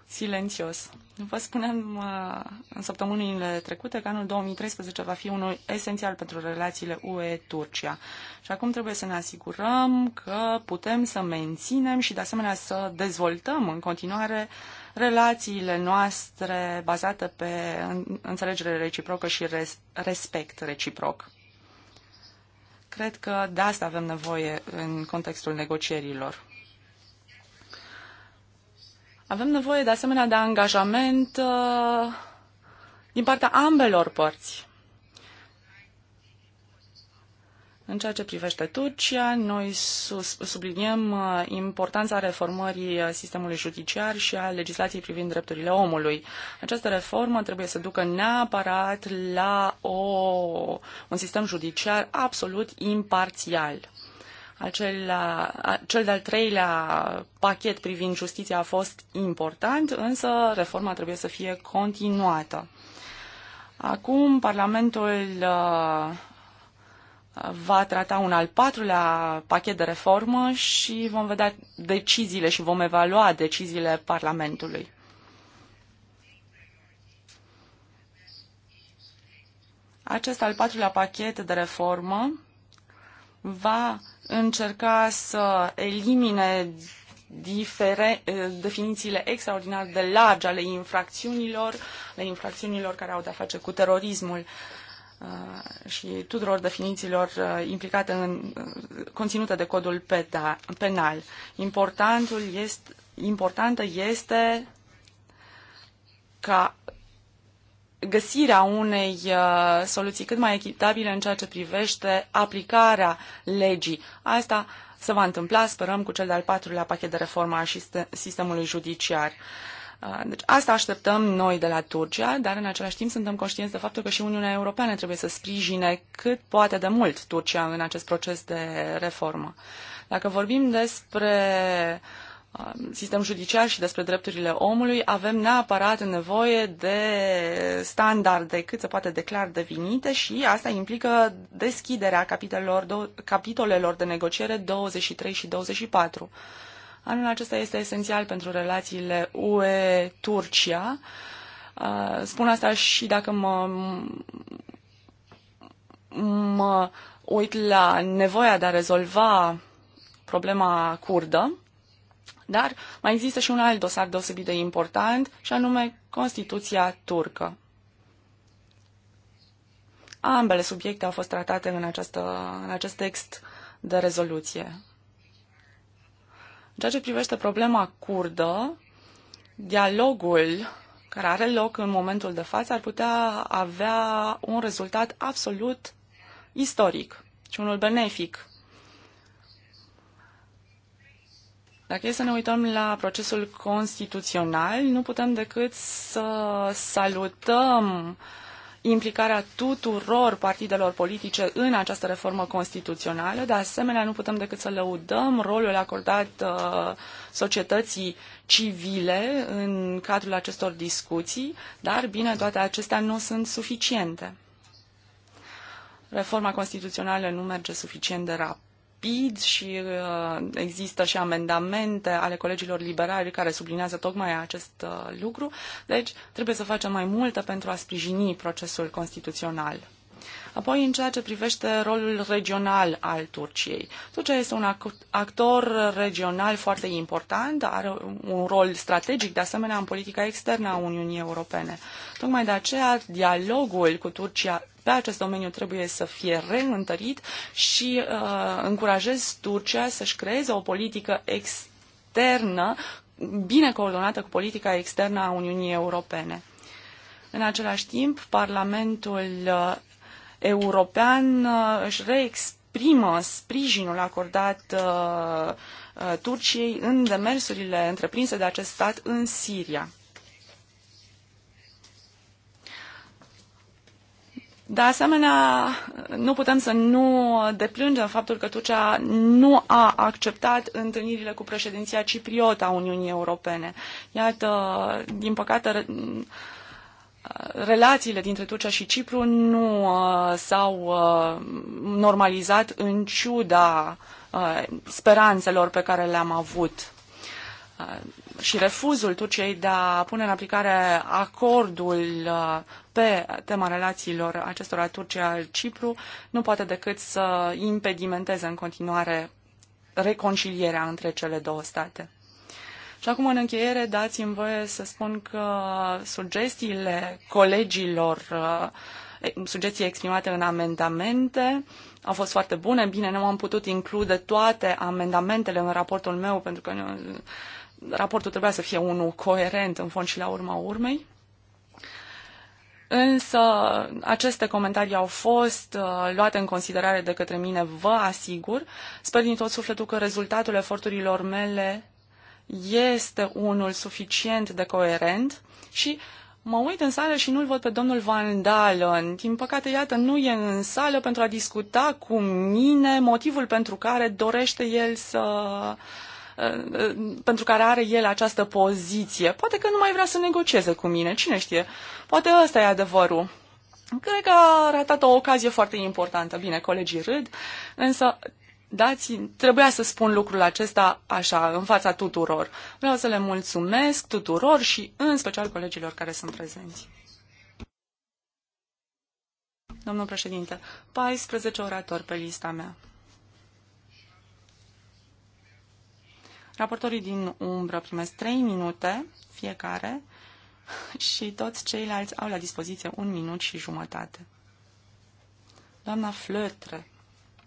silențios. Vă spuneam uh, în săptămânile trecute că anul 2013 va fi unul esențial pentru relațiile UE-Turcia. Și acum trebuie să ne asigurăm că putem să menținem și de asemenea să dezvoltăm în continuare relațiile noastre bazate pe înțelegere reciprocă și respect reciproc. Cred că de asta avem nevoie în contextul negocierilor. Avem nevoie de asemenea de angajament uh, din partea ambelor părți. În ceea ce privește Turcia, noi subliniem uh, importanța reformării uh, sistemului judiciar și a legislației privind drepturile omului. Această reformă trebuie să ducă neapărat la o, un sistem judiciar absolut imparțial. Acelea, cel de-al treilea pachet privind justiția a fost important, însă reforma trebuie să fie continuată. Acum Parlamentul uh, va trata un al patrulea pachet de reformă și vom vedea deciziile și vom evalua deciziile Parlamentului. Acest al patrulea pachet de reformă va încerca să elimine difere, definițiile extraordinar de largi ale infracțiunilor, ale infracțiunilor care au de-a face cu terorismul uh, și tuturor definițiilor uh, implicate în, uh, conținute de codul penal. Importantul este, importantă este ca găsirea unei uh, soluții cât mai echitabile în ceea ce privește aplicarea legii. Asta se va întâmpla, sperăm, cu cel de-al patrulea pachet de reformă a sistemului judiciar. Uh, deci asta așteptăm noi de la Turcia, dar în același timp suntem conștienți de faptul că și Uniunea Europeană trebuie să sprijine cât poate de mult Turcia în acest proces de reformă. Dacă vorbim despre uh, Um, sistem judiciar și despre drepturile omului, avem neapărat nevoie de standarde cât se poate declar devinite și asta implică deschiderea capitolelor, capitolelor de negociere 23 și 24. Anul acesta este esențial pentru relațiile UE-Turcia. Uh, spun asta și dacă mă, mă uit la nevoia de a rezolva problema curdă, dar mai există și un alt dosar deosebit de important, și anume Constituția turcă. Ambele subiecte au fost tratate în, această, în acest text de rezoluție. În ceea ce privește problema curdă, dialogul care are loc în momentul de față ar putea avea un rezultat absolut istoric și unul benefic Dacă e să ne uităm la procesul constituțional, nu putem decât să salutăm implicarea tuturor partidelor politice în această reformă constituțională. De asemenea, nu putem decât să lăudăm rolul acordat uh, societății civile în cadrul acestor discuții, dar, bine, toate acestea nu sunt suficiente. Reforma constituțională nu merge suficient de rap- rapid și uh, există și amendamente ale colegilor liberali care sublinează tocmai acest uh, lucru. Deci trebuie să facem mai multe pentru a sprijini procesul constituțional. Apoi, în ceea ce privește rolul regional al Turciei. Turcia este un actor regional foarte important, are un rol strategic, de asemenea, în politica externă a Uniunii Europene. Tocmai de aceea, dialogul cu Turcia pe acest domeniu trebuie să fie reîntărit și uh, încurajez Turcia să-și creeze o politică externă bine coordonată cu politica externă a Uniunii Europene. În același timp, Parlamentul uh, european uh, își reexprimă sprijinul acordat uh, uh, Turciei în demersurile întreprinse de acest stat în Siria. De asemenea, nu putem să nu deplângem faptul că Turcia nu a acceptat întâlnirile cu președinția cipriotă a Uniunii Europene. Iată, din păcate, relațiile dintre Turcia și Cipru nu uh, s-au uh, normalizat în ciuda uh, speranțelor pe care le-am avut. Uh, și refuzul Turciei de a pune în aplicare acordul uh, pe tema relațiilor acestora Turcia-Cipru nu poate decât să impedimenteze în continuare reconcilierea între cele două state. Și acum, în încheiere, dați-mi voie să spun că sugestiile colegilor, uh, sugestii exprimate în amendamente, au fost foarte bune. Bine, nu am putut include toate amendamentele în raportul meu, pentru că uh, raportul trebuia să fie unul coerent în fond și la urma urmei. Însă aceste comentarii au fost uh, luate în considerare de către mine, vă asigur. Sper din tot sufletul că rezultatul eforturilor mele este unul suficient de coerent și mă uit în sală și nu-l văd pe domnul Van Dalen. Din păcate, iată, nu e în sală pentru a discuta cu mine motivul pentru care dorește el să pentru care are el această poziție. Poate că nu mai vrea să negocieze cu mine, cine știe. Poate ăsta e adevărul. Cred că a ratat o ocazie foarte importantă. Bine, colegii râd, însă dați, trebuia să spun lucrul acesta așa, în fața tuturor. Vreau să le mulțumesc tuturor și în special colegilor care sunt prezenți. Domnul președinte, 14 oratori pe lista mea. Raportorii din umbră primesc 3 minute fiecare și toți ceilalți au la dispoziție un minut și jumătate. Doamna Flătre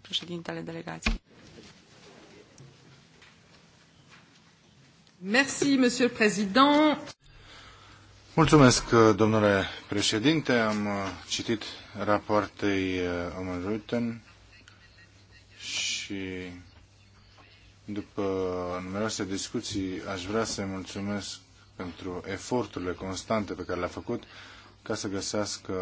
președintele delegației. Merci, monsieur président. Mulțumesc, domnule președinte. Am uh, citit rapoartei uh, Oman Ruiten și după numeroase discuții aș vrea să-i mulțumesc pentru eforturile constante pe care le-a făcut ca să găsească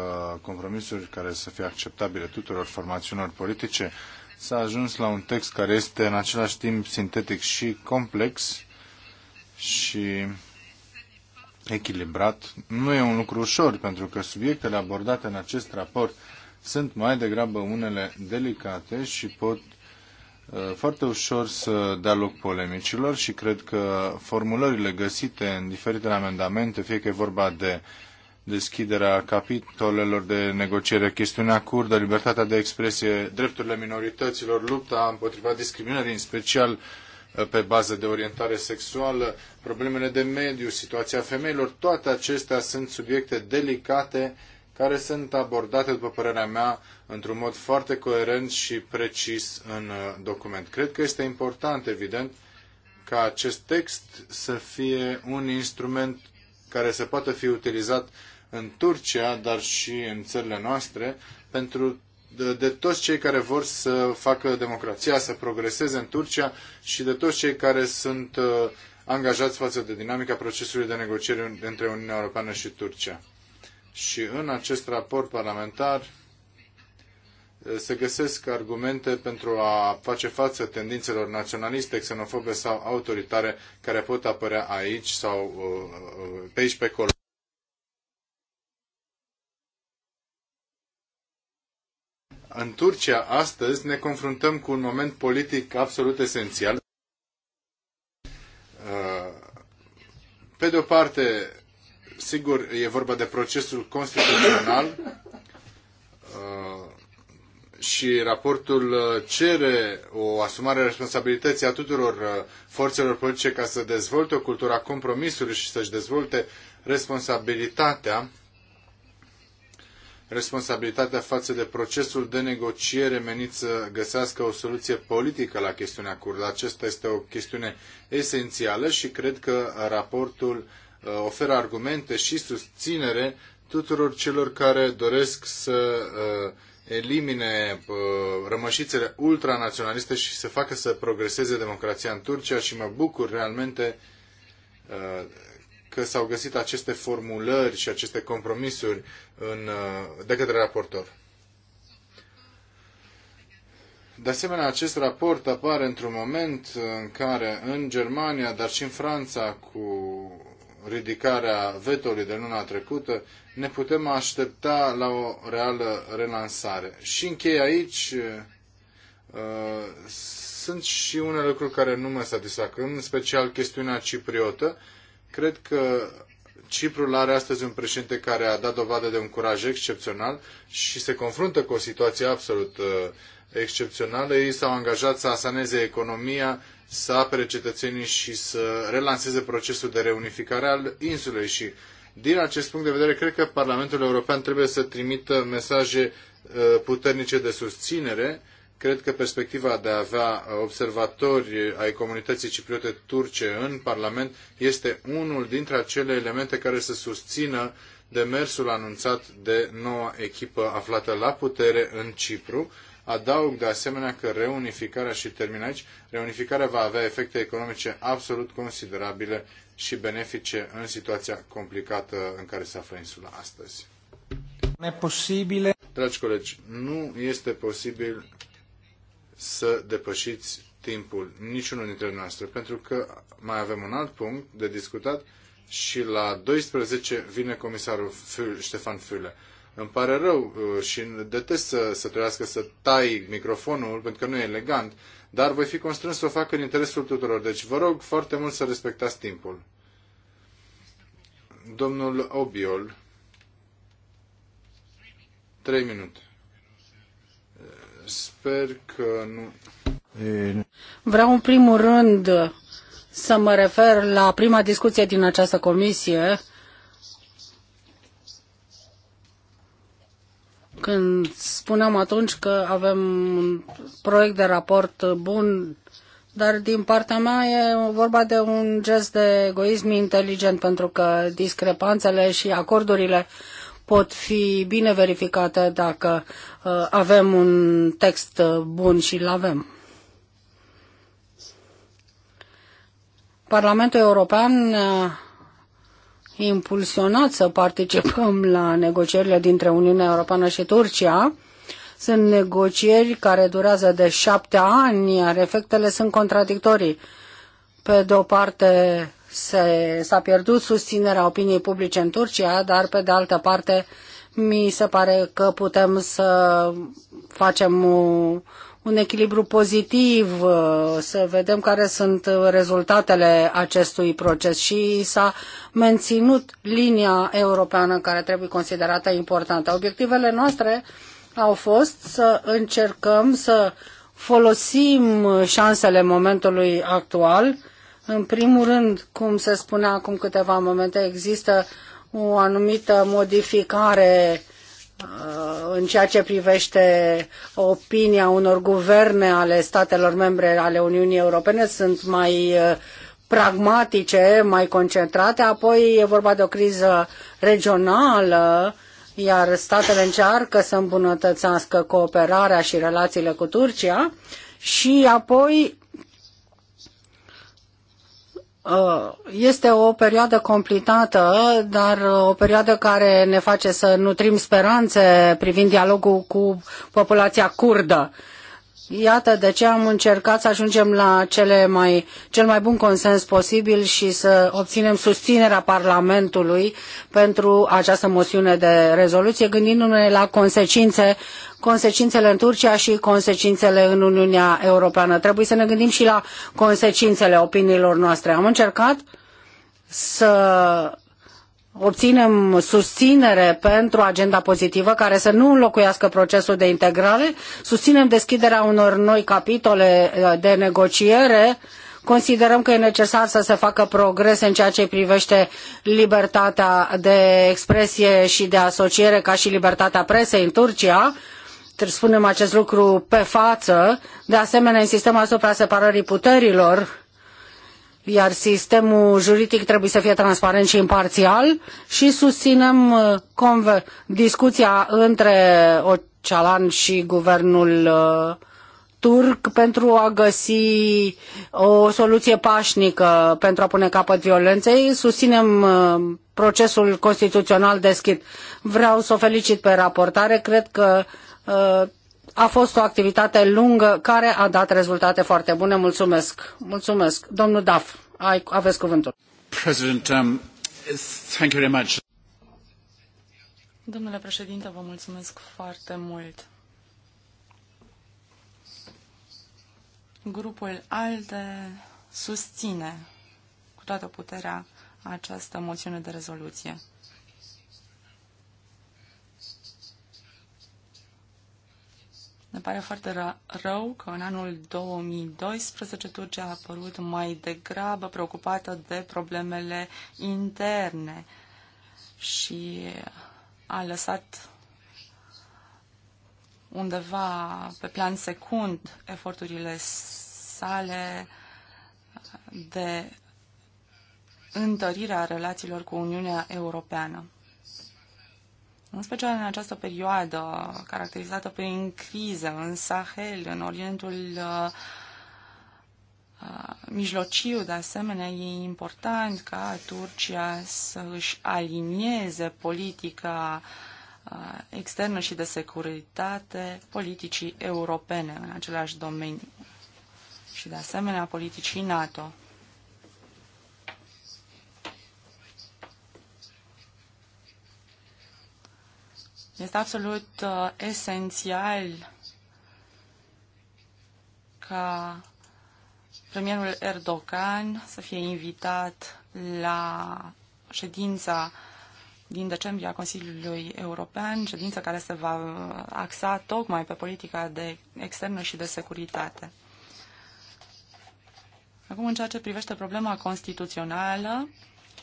compromisuri care să fie acceptabile tuturor formațiunilor politice, s-a ajuns la un text care este în același timp sintetic și complex și echilibrat. Nu e un lucru ușor, pentru că subiectele abordate în acest raport sunt mai degrabă unele delicate și pot uh, foarte ușor să dea loc polemicilor și cred că formulările găsite în diferitele amendamente, fie că e vorba de uh, deschiderea capitolelor de negociere, chestiunea curdă, libertatea de expresie, drepturile minorităților, lupta împotriva discriminării, în special uh, pe bază de orientare sexuală, problemele de mediu, situația femeilor, toate acestea sunt subiecte delicate care sunt abordate, după părerea mea, într-un mod foarte coerent și precis în uh, document. Cred că este important, evident, ca acest text să fie un instrument care să poată fi utilizat în Turcia, dar și în țările noastre, pentru de, de toți cei care vor să facă democrația, să progreseze în Turcia și de toți cei care sunt uh, angajați față de dinamica procesului de negociere între Uniunea Europeană și Turcia. Și în acest raport parlamentar uh, se găsesc argumente pentru a face față tendințelor naționaliste, xenofobe sau autoritare care pot apărea aici sau uh, uh, pe aici pe acolo. în Turcia astăzi ne confruntăm cu un moment politic absolut esențial. Uh, pe de o parte, sigur, e vorba de procesul constituțional uh, și raportul uh, cere o asumare a responsabilității a tuturor forțelor politice ca să dezvolte o cultură a compromisului și să-și dezvolte responsabilitatea responsabilitatea față de procesul de negociere menit să găsească o soluție politică la chestiunea curdă. Aceasta este o chestiune esențială și cred că raportul uh, oferă argumente și susținere tuturor celor care doresc să uh, elimine uh, rămășițele ultranaționaliste și să facă să progreseze democrația în Turcia și mă bucur realmente că s-au găsit aceste formulări și aceste compromisuri în, uh, de către raportor. De asemenea, acest raport apare într-un moment în care în Germania, dar și în Franța, cu ridicarea vetului de luna trecută, ne putem aștepta la o reală relansare. Și închei aici, uh, sunt și unele lucruri care nu mă satisfac, în special chestiunea cipriotă, Cred că Ciprul are astăzi un președinte care a dat dovadă de un curaj excepțional și se confruntă cu o situație absolut uh, excepțională. Ei s-au angajat să asaneze economia, să apere cetățenii și să relanseze procesul de reunificare al insulei și din acest punct de vedere, cred că Parlamentul European trebuie să trimită mesaje uh, puternice de susținere Cred că perspectiva de a avea observatori ai comunității cipriote turce în Parlament este unul dintre acele elemente care să susțină demersul anunțat de noua echipă aflată la putere în Cipru. Adaug de asemenea că reunificarea și termin aici, reunificarea va avea efecte economice absolut considerabile și benefice în situația complicată în care se află insula astăzi. Neposibile. Dragi colegi, nu este posibil să depășiți timpul niciunul dintre noastre, pentru că mai avem un alt punct de discutat și la 12 vine comisarul Fül, Ștefan Füle. Îmi pare rău uh, și detest să, să trebuiască să tai microfonul, pentru că nu e elegant, dar voi fi constrâns să o fac în interesul tuturor. Deci vă rog foarte mult să respectați timpul. Domnul Obiol, trei minute. Sper că nu... Vreau în primul rând să mă refer la prima discuție din această comisie când spuneam atunci că avem un proiect de raport bun, dar din partea mea e vorba de un gest de egoism inteligent, pentru că discrepanțele și acordurile pot fi bine verificate dacă uh, avem un text uh, bun și îl avem. Parlamentul European impulsionat să participăm la negocierile dintre Uniunea Europeană și Turcia. Sunt negocieri care durează de șapte ani, iar efectele sunt contradictorii. Pe de o parte, S-a pierdut susținerea opiniei publice în Turcia, dar pe de altă parte mi se pare că putem să facem un echilibru pozitiv, să vedem care sunt rezultatele acestui proces și s-a menținut linia europeană care trebuie considerată importantă. Obiectivele noastre au fost să încercăm să folosim șansele momentului actual în primul rând, cum se spunea acum câteva momente, există o anumită modificare uh, în ceea ce privește opinia unor guverne ale statelor membre ale Uniunii Europene sunt mai uh, pragmatice, mai concentrate, apoi e vorba de o criză regională, iar statele încearcă să îmbunătățească cooperarea și relațiile cu Turcia și apoi Uh, este o perioadă complicată, dar uh, o perioadă care ne face să nutrim speranțe privind dialogul cu populația curdă. Iată de ce am încercat să ajungem la cele mai, cel mai bun consens posibil și să obținem susținerea Parlamentului pentru această moțiune de rezoluție, gândindu-ne la consecințe consecințele în Turcia și consecințele în Uniunea Europeană. Trebuie să ne gândim și la consecințele opiniilor noastre. Am încercat să obținem susținere pentru agenda pozitivă care să nu înlocuiască procesul de integrare, susținem deschiderea unor noi capitole uh, de negociere, considerăm că e necesar să se facă progrese în ceea ce privește libertatea de expresie și de asociere ca și libertatea presei în Turcia, spunem acest lucru pe față. De asemenea, insistăm asupra separării puterilor, iar sistemul juridic trebuie să fie transparent și imparțial și susținem uh, discuția între Ocalan și guvernul uh, turc pentru a găsi o soluție pașnică pentru a pune capăt violenței. Susținem uh, procesul constituțional deschis. Vreau să o felicit pe raportare. Cred că Uh, a fost o activitate lungă care a dat rezultate foarte bune. Mulțumesc. Mulțumesc. Domnul Daf, ai, aveți cuvântul. President, um, thank you very much. Domnule președinte, vă mulțumesc foarte mult. Grupul ALDE susține cu toată puterea această moțiune de rezoluție. Ne pare foarte rău că în anul 2012 Turcia a apărut mai degrabă preocupată de problemele interne și a lăsat undeva pe plan secund eforturile sale de întărirea relațiilor cu Uniunea Europeană în special în această perioadă caracterizată prin criză în Sahel, în Orientul uh, uh, mijlociu, de asemenea, e important ca Turcia să își alinieze politica uh, externă și de securitate politicii europene în același domeniu și, de asemenea, politicii NATO. Este absolut uh, esențial ca premierul Erdogan să fie invitat la ședința din decembrie a Consiliului European, ședință care se va uh, axa tocmai pe politica de externă și de securitate. Acum, în ceea ce privește problema constituțională,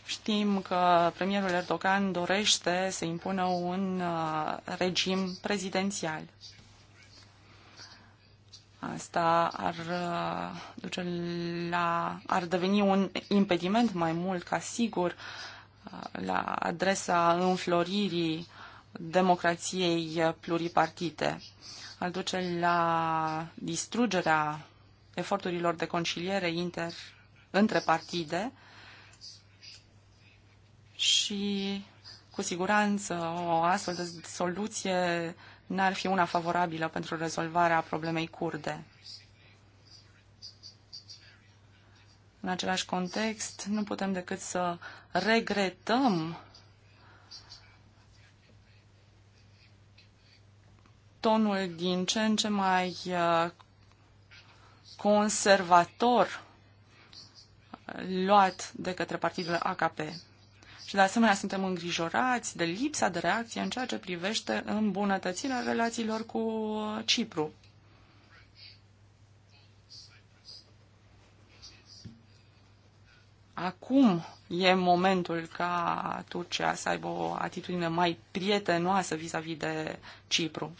Știm că premierul Erdogan dorește să impună un uh, regim prezidențial. Asta ar uh, duce la, ar deveni un impediment mai mult ca sigur uh, la adresa înfloririi democrației pluripartite. Ar duce la distrugerea eforturilor de conciliere inter, între partide și cu siguranță o astfel de soluție n-ar fi una favorabilă pentru rezolvarea problemei curde. În același context, nu putem decât să regretăm tonul din ce în ce mai uh, conservator uh, luat de către partidul AKP. Și de asemenea suntem îngrijorați de lipsa de reacție în ceea ce privește îmbunătățirea relațiilor cu Cipru. Acum e momentul ca Turcia să aibă o atitudine mai prietenoasă vis-a-vis -vis de Cipru.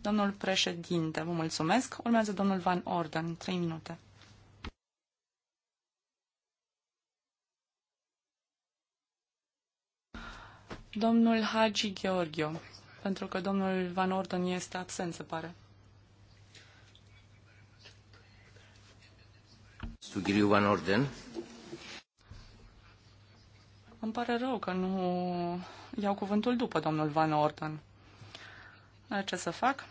Domnul președinte, vă mulțumesc. Urmează domnul Van Orden, trei minute. Domnul Hagi Gheorghiu, pentru că domnul Van Orden este absent, se pare. Sugiriu Van Orden. Îmi pare rău că nu iau cuvântul după domnul Van Orden. Ce să fac?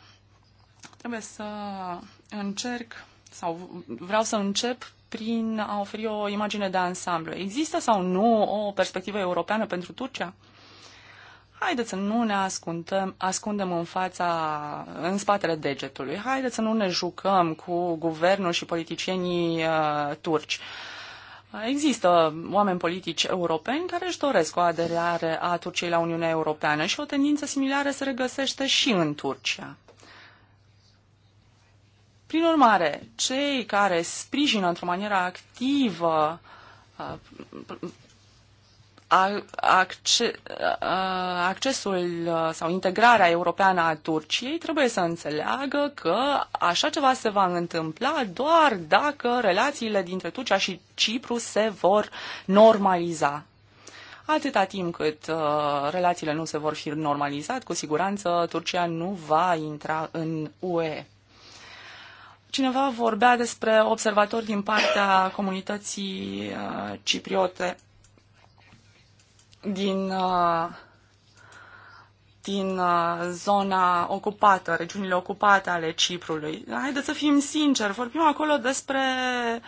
Trebuie să încerc sau vreau să încep prin a oferi o imagine de ansamblu. Există sau nu o perspectivă europeană pentru Turcia? Haideți să nu ne ascundem, ascundem în fața, în spatele degetului. Haideți să nu ne jucăm cu guvernul și politicienii uh, turci. Există oameni politici europeni care își doresc o aderare a Turciei la Uniunea Europeană și o tendință similară se regăsește și în Turcia. Prin urmare, cei care sprijină într-o manieră activă uh, accesul sau integrarea europeană a Turciei, trebuie să înțeleagă că așa ceva se va întâmpla doar dacă relațiile dintre Turcia și Cipru se vor normaliza. Atâta timp cât uh, relațiile nu se vor fi normalizat, cu siguranță Turcia nu va intra în UE. Cineva vorbea despre observatori din partea comunității uh, cipriote din, uh, din uh, zona ocupată, regiunile ocupate ale Ciprului. Haideți să fim sinceri, vorbim acolo despre uh,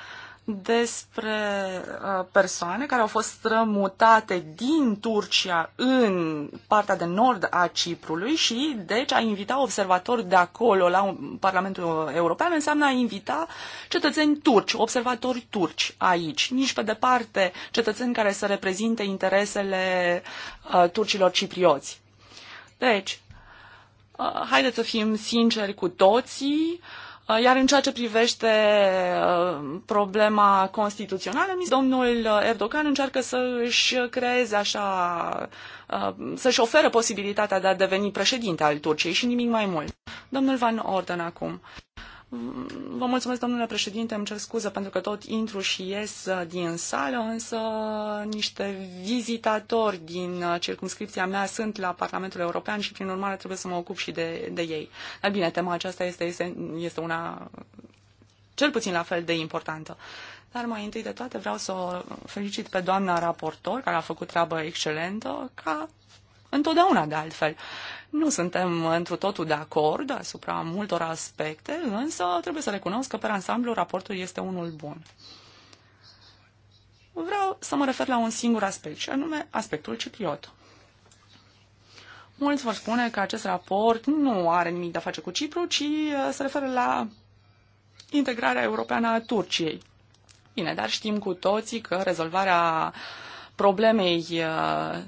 despre uh, persoane care au fost strămutate din Turcia în partea de nord a Ciprului și deci a invita observatori de acolo la Parlamentul European înseamnă a invita cetățeni turci, observatori turci aici, nici pe departe cetățeni care să reprezinte interesele uh, turcilor ciprioți. Deci, uh, haideți să fim sinceri cu toții, uh, Uh, iar în ceea ce privește uh, problema constituțională, domnul uh, Erdogan încearcă să își creeze așa, să-și oferă posibilitatea de a deveni președinte al Turciei și nimic mai mult. Domnul Van Orden acum. Vă mulțumesc, domnule președinte, îmi cer scuze pentru că tot intru și ies uh, din sală, însă niște vizitatori din uh, circumscripția mea sunt la Parlamentul European și, prin urmare, trebuie să mă ocup și de, de ei. Dar bine, tema aceasta este, este, este una cel puțin la fel de importantă. Dar mai întâi de toate vreau să o felicit pe doamna raportor, care a făcut treabă excelentă, ca întotdeauna de altfel. Nu suntem întru totul de acord asupra multor aspecte, însă trebuie să recunosc că pe ansamblu raportul este unul bun. Vreau să mă refer la un singur aspect, și anume aspectul cipriot. Mulți vor spune că acest raport nu are nimic de a face cu Cipru, ci uh, se referă la integrarea europeană a Turciei. Bine, dar știm cu toții că rezolvarea problemei uh,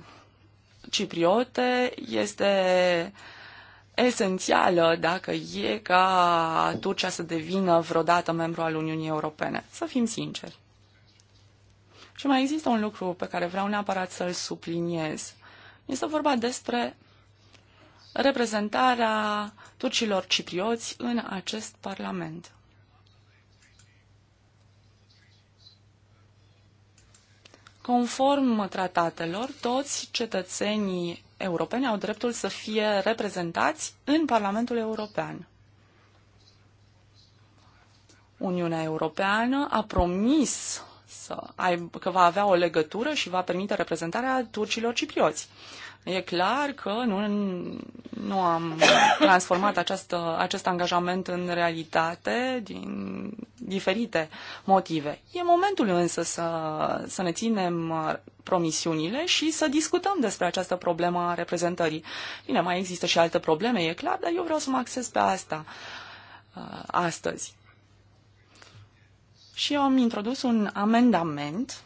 cipriote este esențială dacă e ca Turcia să devină vreodată membru al Uniunii Europene. Să fim sinceri. Și mai există un lucru pe care vreau neapărat să-l subliniez. Este vorba despre reprezentarea turcilor ciprioți în acest parlament. Conform tratatelor, toți cetățenii europeni au dreptul să fie reprezentați în Parlamentul European. Uniunea Europeană a promis să aibă, că va avea o legătură și va permite reprezentarea turcilor ciprioți. E clar că nu, nu am transformat această, acest angajament în realitate din diferite motive. E momentul însă să, să ne ținem promisiunile și să discutăm despre această problemă a reprezentării. Bine, mai există și alte probleme, e clar, dar eu vreau să mă acces pe asta uh, astăzi și eu am introdus un amendament,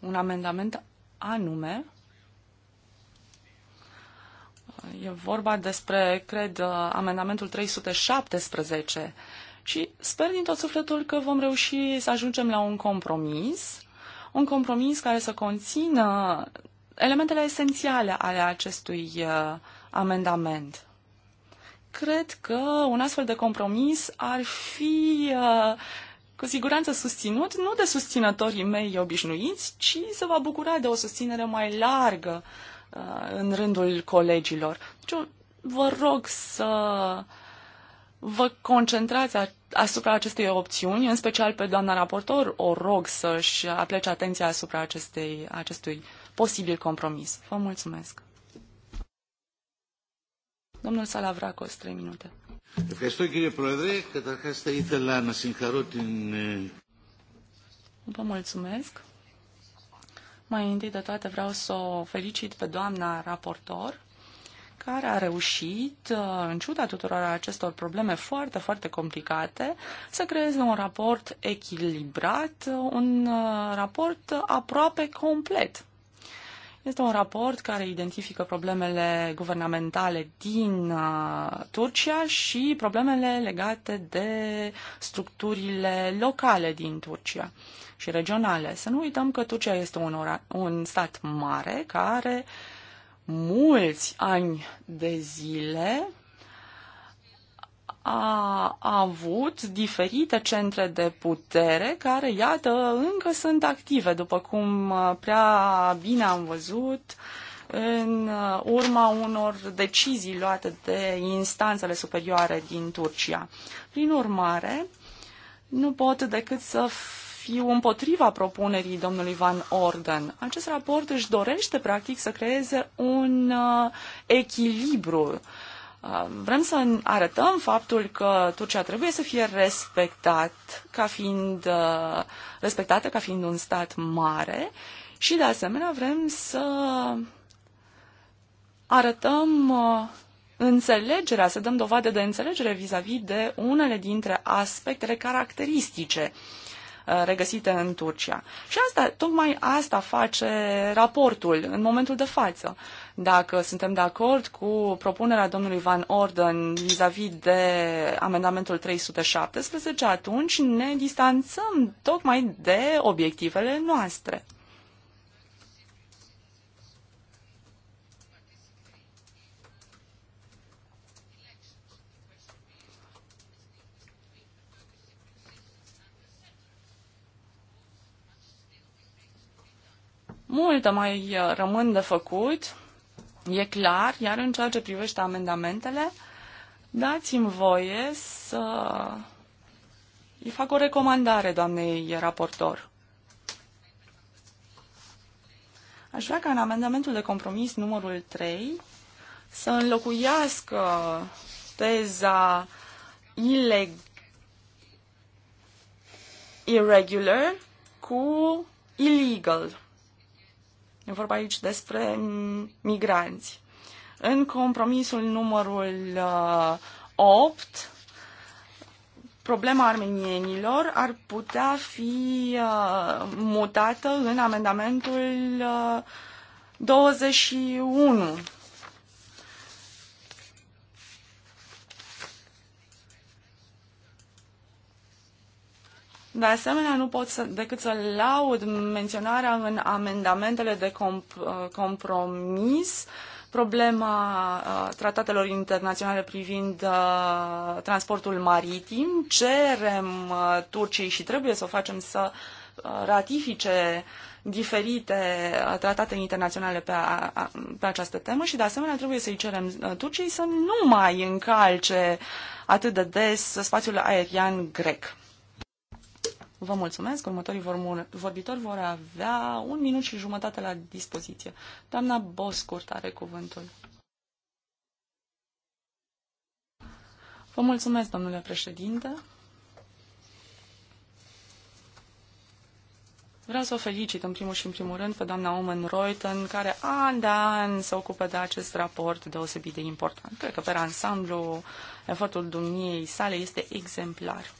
un amendament anume. E vorba despre, cred, amendamentul 317 și sper din tot sufletul că vom reuși să ajungem la un compromis, un compromis care să conțină elementele esențiale ale acestui uh, amendament cred că un astfel de compromis ar fi uh, cu siguranță susținut, nu de susținătorii mei obișnuiți, ci se va bucura de o susținere mai largă uh, în rândul colegilor. Deci, vă rog să vă concentrați asupra acestei opțiuni, în special pe doamna raportor, o rog să-și aplece atenția asupra acestei, acestui posibil compromis. Vă mulțumesc! Domnul Salavracos, trei minute. Ευχαριστώ κύριε Πρόεδρε. Καταρχάς θα ήθελα να συγχαρώ την... Vă mulțumesc. Mai întâi de toate vreau să o felicit pe doamna raportor, care a reușit, uh, în ciuda tuturor acestor probleme foarte, foarte complicate, să creeze un raport echilibrat, un uh, raport aproape complet. Este un raport care identifică problemele guvernamentale din uh, Turcia și problemele legate de structurile locale din Turcia și regionale. Să nu uităm că Turcia este un, ora, un stat mare care mulți ani de zile a avut diferite centre de putere care, iată, încă sunt active, după cum uh, prea bine am văzut în uh, urma unor decizii luate de instanțele superioare din Turcia. Prin urmare, nu pot decât să fiu împotriva propunerii domnului Van Orden. Acest raport își dorește, practic, să creeze un uh, echilibru Vrem să arătăm faptul că Turcia trebuie să fie respectat ca fiind, uh, respectată ca fiind un stat mare și de asemenea vrem să arătăm uh, înțelegerea, să dăm dovadă de înțelegere vis-a-vis -vis de unele dintre aspectele caracteristice uh, regăsite în Turcia. Și asta, tocmai asta face raportul în momentul de față dacă suntem de acord cu propunerea domnului Van Orden vis-a-vis -vis de amendamentul 317, atunci ne distanțăm tocmai de obiectivele noastre. Multă mai uh, rămân de făcut e clar, iar în ceea ce privește amendamentele, dați-mi voie să îi fac o recomandare doamnei raportor. Aș vrea ca în amendamentul de compromis numărul 3 să înlocuiască teza ileg irregular cu illegal. E vorba aici despre migranți. În compromisul numărul 8, uh, problema armenienilor ar putea fi uh, mutată în amendamentul 21 uh, De asemenea, nu pot să, decât să laud menționarea în amendamentele de comp- uh, compromis problema uh, tratatelor internaționale privind uh, transportul maritim. Cerem uh, Turciei și trebuie să o facem să uh, ratifice diferite uh, tratate internaționale pe, a, a, pe această temă și de asemenea trebuie să-i cerem Turciei să nu mai încalce atât de des spațiul aerian grec. Vă mulțumesc. Următorii vor, vorbitori vor avea un minut și jumătate la dispoziție. Doamna Boscurt are cuvântul. Vă mulțumesc, domnule președinte. Vreau să o felicit în primul și în primul rând pe doamna Omen Reuten, care an de an se ocupă de acest raport deosebit de important. Cred că pe ansamblu efortul dumniei sale este exemplar.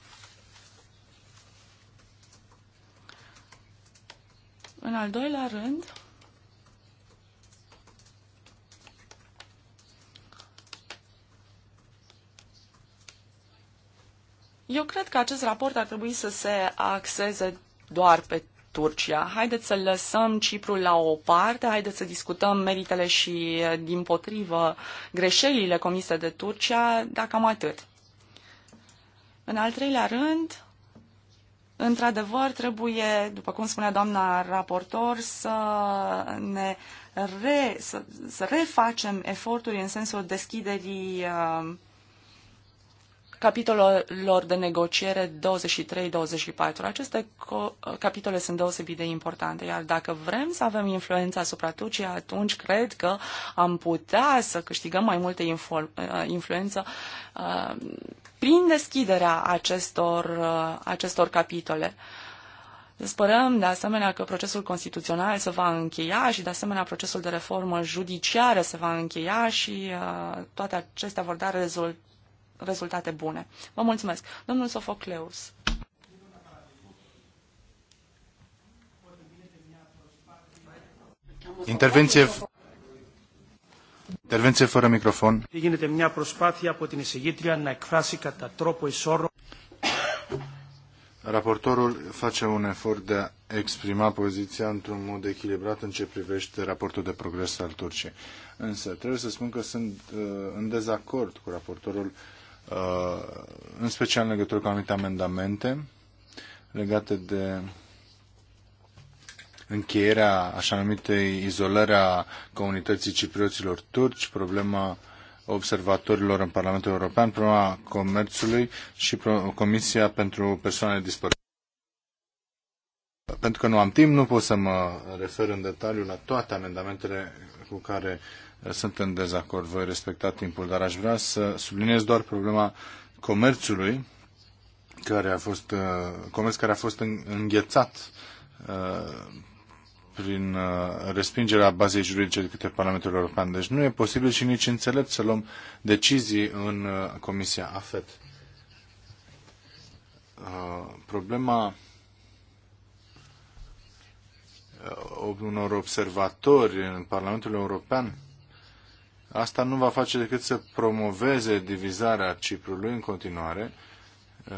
În al doilea rând, eu cred că acest raport ar trebui să se axeze doar pe Turcia. Haideți să lăsăm Cipru la o parte, haideți să discutăm meritele și, din potrivă, greșelile comise de Turcia, dacă am atât. În al treilea rând, Într-adevăr, trebuie, după cum spunea doamna raportor, să ne re, să, să refacem eforturi în sensul deschiderii uh, capitolelor de negociere 23-24. Aceste uh, capitole sunt deosebit de importante, iar dacă vrem să avem influența asupra Turciei, atunci cred că am putea să câștigăm mai multe uh, influență uh, prin deschiderea acestor, uh, acestor capitole. Sperăm, de asemenea, că procesul constituțional se va încheia și, de asemenea, procesul de reformă judiciară se va încheia și uh, toate acestea vor da rezult- rezultate bune. Vă mulțumesc. Domnul Sofocleus. Intervenție Intervenție fără microfon. Γίνεται μια προσπάθεια από την εισηγήτρια να εκφράσει κατά τρόπο ισόρο. Raportorul face un efort de a exprima poziția într-un mod echilibrat în ce privește raportul de progres al Turciei. Însă trebuie să spun că sunt uh, în dezacord cu raportorul, uh, în special în legătură cu anumite amendamente legate de uh, încheierea așa numitei izolări a comunității ciprioților turci, problema observatorilor în Parlamentul European, problema comerțului și Comisia pentru persoanele dispărute. Pentru că nu am timp, nu pot să mă refer în detaliu la toate amendamentele cu care uh, sunt în dezacord. Voi respecta timpul, dar aș vrea să subliniez doar problema comerțului, care a fost, uh, comerț care a fost înghețat uh, prin uh, respingerea bazei juridice de către Parlamentul European. Deci nu e posibil și nici înțelept să luăm decizii în uh, Comisia AFET. Uh, problema unor observatori în Parlamentul European Asta nu va face decât să promoveze divizarea Ciprului în continuare Uh,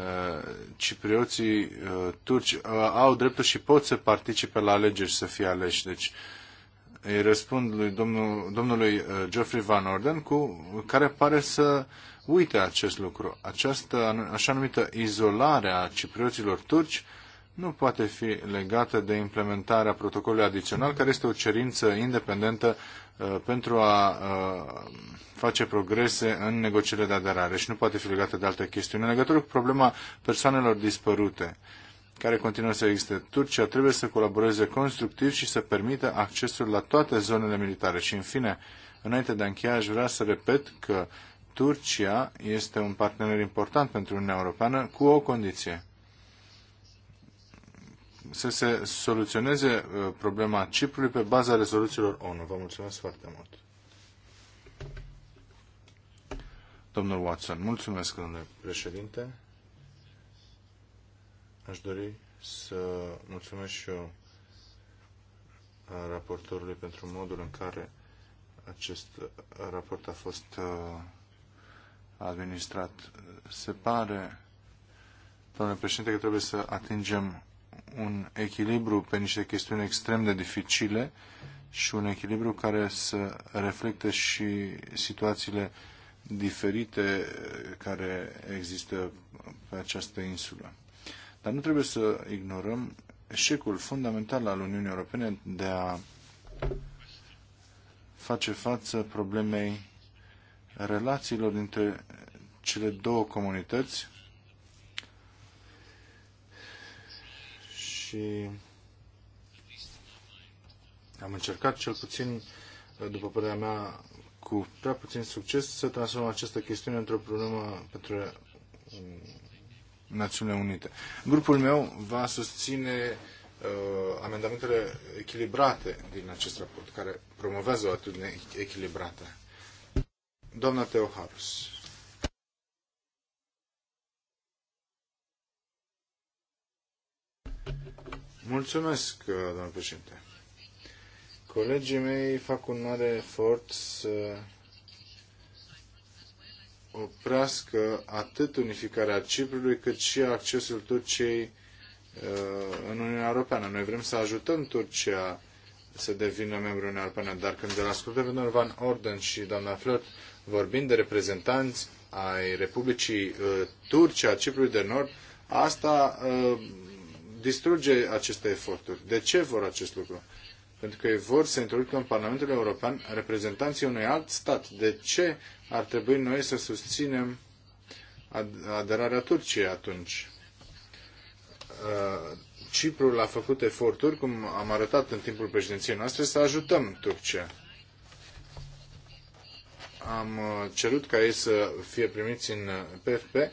ciprioții uh, turci uh, au dreptul și pot să participe la alegeri și să fie aleși. Deci îi răspund lui domnul, domnului Geoffrey Van Orden, cu, care pare să uite acest lucru. Această așa numită izolare a ciprioților turci nu poate fi legată de implementarea protocolului adițional, care este o cerință independentă uh, pentru a uh, face progrese în negocierile de aderare și nu poate fi legată de alte chestiuni. În legătură cu problema persoanelor dispărute, care continuă să existe, Turcia trebuie să colaboreze constructiv și să permită accesul la toate zonele militare. Și, în fine, înainte de a încheia, aș vrea să repet că Turcia este un partener important pentru Uniunea Europeană cu o condiție să se soluționeze uh, problema Ciprului pe baza rezoluțiilor ONU. Vă mulțumesc foarte mult. Domnul Watson, mulțumesc, domnule președinte. Aș dori să mulțumesc și eu uh, raportorului pentru modul în care acest uh, raport a fost administrat. Se pare, domnule președinte, că trebuie să atingem un echilibru pe niște chestiuni extrem de dificile și un echilibru care să reflecte și situațiile diferite eh, care există pe această insulă. Dar nu trebuie să ignorăm eșecul fundamental al Uniunii Europene de a face față problemei relațiilor dintre cele două comunități și am încercat cel puțin, după părerea mea, cu prea puțin succes să transformăm această chestiune într-o problemă pentru Națiunile Unite. Grupul meu va susține uh, amendamentele echilibrate din acest raport, care promovează o atitudine echilibrată. Doamna Teoharus. Mulțumesc, uh, domnul președinte. Colegii mei fac un mare efort să oprească atât unificarea Ciprului cât și accesul Turciei uh, în Uniunea Europeană. Noi vrem să ajutăm Turcia să devină membru Uniunea Europeană, dar când îl ascultăm pe domnul Van Orden și doamna Flört vorbind de reprezentanți ai Republicii uh, Turcia, Ciprului de Nord, asta distruge aceste eforturi. De ce vor acest lucru? Pentru că vor să introducă în Parlamentul European reprezentanții unui alt stat. De ce ar trebui noi să susținem aderarea Turciei atunci? Uh, Ciprul a făcut eforturi, cum am arătat în timpul președinției noastre, să ajutăm Turcia. Am uh, cerut ca ei să fie primiți în PFP uh,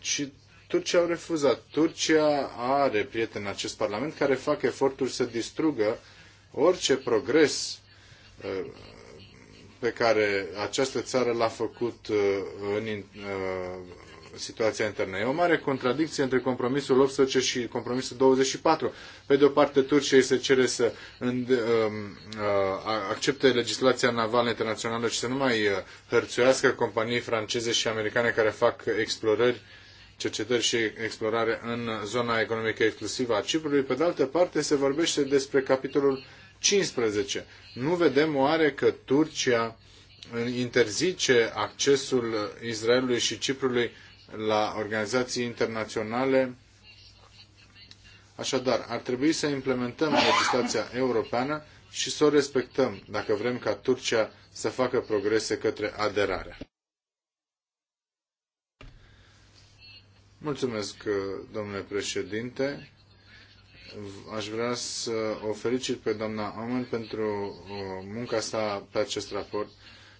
și Turcia au refuzat. Turcia are prieteni în acest Parlament care fac eforturi să distrugă orice progres uh, pe care această țară l-a făcut uh, în uh, situația internă. E o mare contradicție între compromisul 18 și compromisul 24. Pe de o parte, Turcia se cere să um, accepte legislația navală internațională și să nu mai hărțuiască companii franceze și americane care fac explorări cercetări și explorare în zona economică exclusivă a Ciprului. Pe de altă parte, se vorbește despre capitolul 15. Nu vedem oare că Turcia interzice accesul Israelului și Ciprului la organizații internaționale? Așadar, ar trebui să implementăm legislația europeană și să o respectăm dacă vrem ca Turcia să facă progrese către aderare. Mulțumesc, uh, domnule președinte. Aș vrea să o felicit pe doamna Amen pentru uh, munca sa pe acest raport.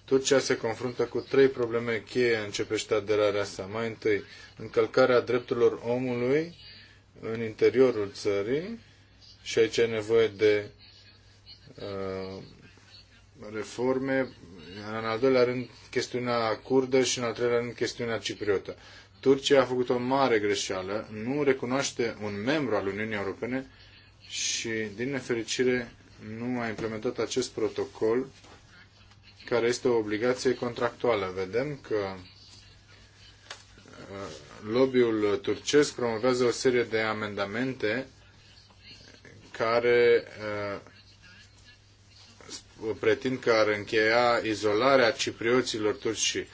Turcia se confruntă cu trei probleme cheie în ce privește aderarea sa. Mai întâi, încălcarea drepturilor omului în interiorul țării și aici e nevoie de uh, reforme. În al doilea rând, chestiunea curdă și în al treilea rând, chestiunea cipriotă. Turcia a făcut o mare greșeală, nu recunoaște un membru al Uniunii Europene și, din nefericire, nu a implementat acest protocol care este o obligație contractuală. Vedem că uh, lobby-ul turcesc promovează o serie de amendamente care uh, pretind că ar încheia izolarea ciprioților turci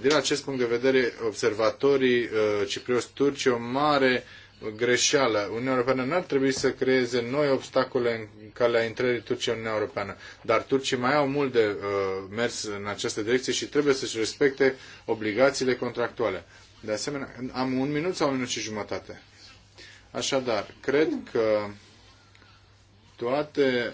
din acest punct de vedere, observatorii uh, ciprios turci o mare greșeală. Uniunea Europeană n-ar trebui să creeze noi obstacole în calea intrării Turciei în Uniunea Europeană. Dar turcii mai au mult de uh, mers în această direcție și trebuie să-și respecte obligațiile contractuale. De asemenea, am un minut sau un minut și jumătate? Așadar, cred că toate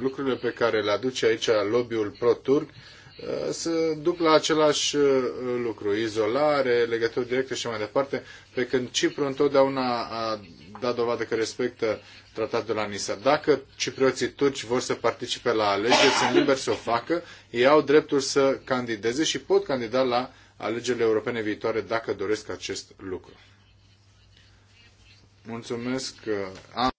lucrurile pe care le aduce aici lobby-ul pro-turc uh, se duc la același uh, lucru, izolare, legături directe și mai departe, pe când Cipru întotdeauna a dat dovadă că respectă tratatul de la Nisa. Dacă ciprioții turci vor să participe la alegeri, sunt liberi să o facă, ei au dreptul să candideze și pot candida la alegerile europene viitoare dacă doresc acest lucru. Mulțumesc. Uh, am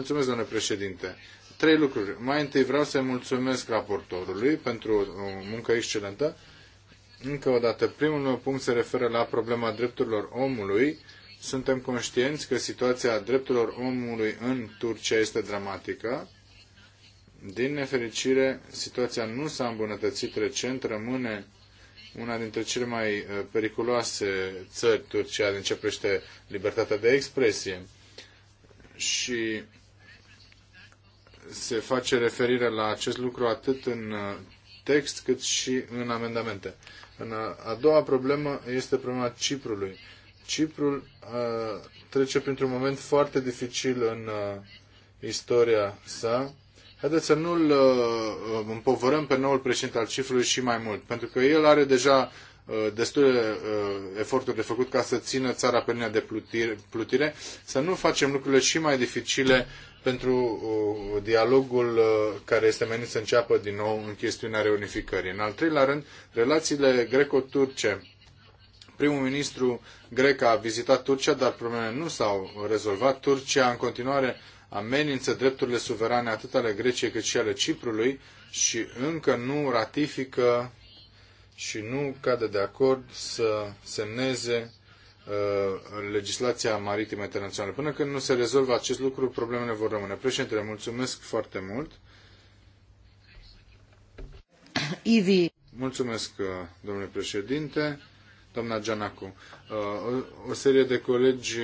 Mulțumesc, domnule președinte. Trei lucruri. Mai întâi vreau să-i mulțumesc raportorului pentru o muncă excelentă. Încă o dată, primul meu punct se referă la problema drepturilor omului. Suntem conștienți că situația drepturilor omului în Turcia este dramatică. Din nefericire, situația nu s-a îmbunătățit recent, rămâne una dintre cele mai uh, periculoase țări Turcia din ce privește libertatea de expresie. Și se face referire la acest lucru atât în uh, text cât și în amendamente. În uh, a doua problemă este problema Ciprului. Ciprul uh, trece printr-un moment foarte dificil în uh, istoria sa. Haideți să nu-l uh, uh împovărăm pe noul președinte al Ciprului și mai mult, pentru că el are deja destule uh, eforturi de făcut ca să țină țara pe linia de plutire, plutire, să nu facem lucrurile și mai dificile pentru uh, dialogul uh, care este menit să înceapă din nou în chestiunea reunificării. În al treilea rând, relațiile greco-turce. Primul ministru grec a vizitat Turcia, dar problemele nu s-au rezolvat. Turcia în continuare amenință drepturile suverane atât ale Greciei cât și ale Ciprului și încă nu ratifică și nu cade de acord să semneze Uh, legislația maritimă internațională. Până când nu se rezolvă acest lucru, problemele vor rămâne. Președintele, mulțumesc foarte mult. Ivi. Mulțumesc, uh, domnule președinte. Doamna Gianacu, uh, o serie de colegi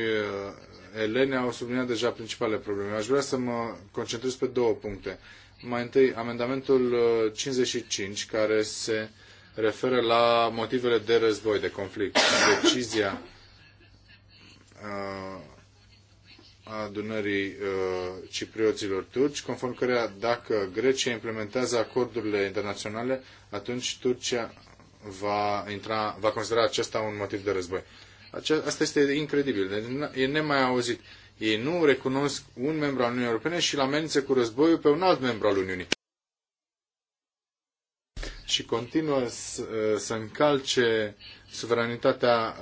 elene au subliniat deja principalele probleme. Aș vrea să mă concentrez pe două puncte. Mai întâi, amendamentul 55, care se referă la motivele de război, de conflict. Decizia a adunării ciprioților turci, conform cărea dacă Grecia implementează acordurile internaționale, atunci Turcia va, intra, va considera acesta un motiv de război. asta este incredibil, e nemai auzit. Ei nu recunosc un membru al Uniunii Europene și îl amenință cu războiul pe un alt membru al Uniunii. Și continuă să, să încalce suveranitatea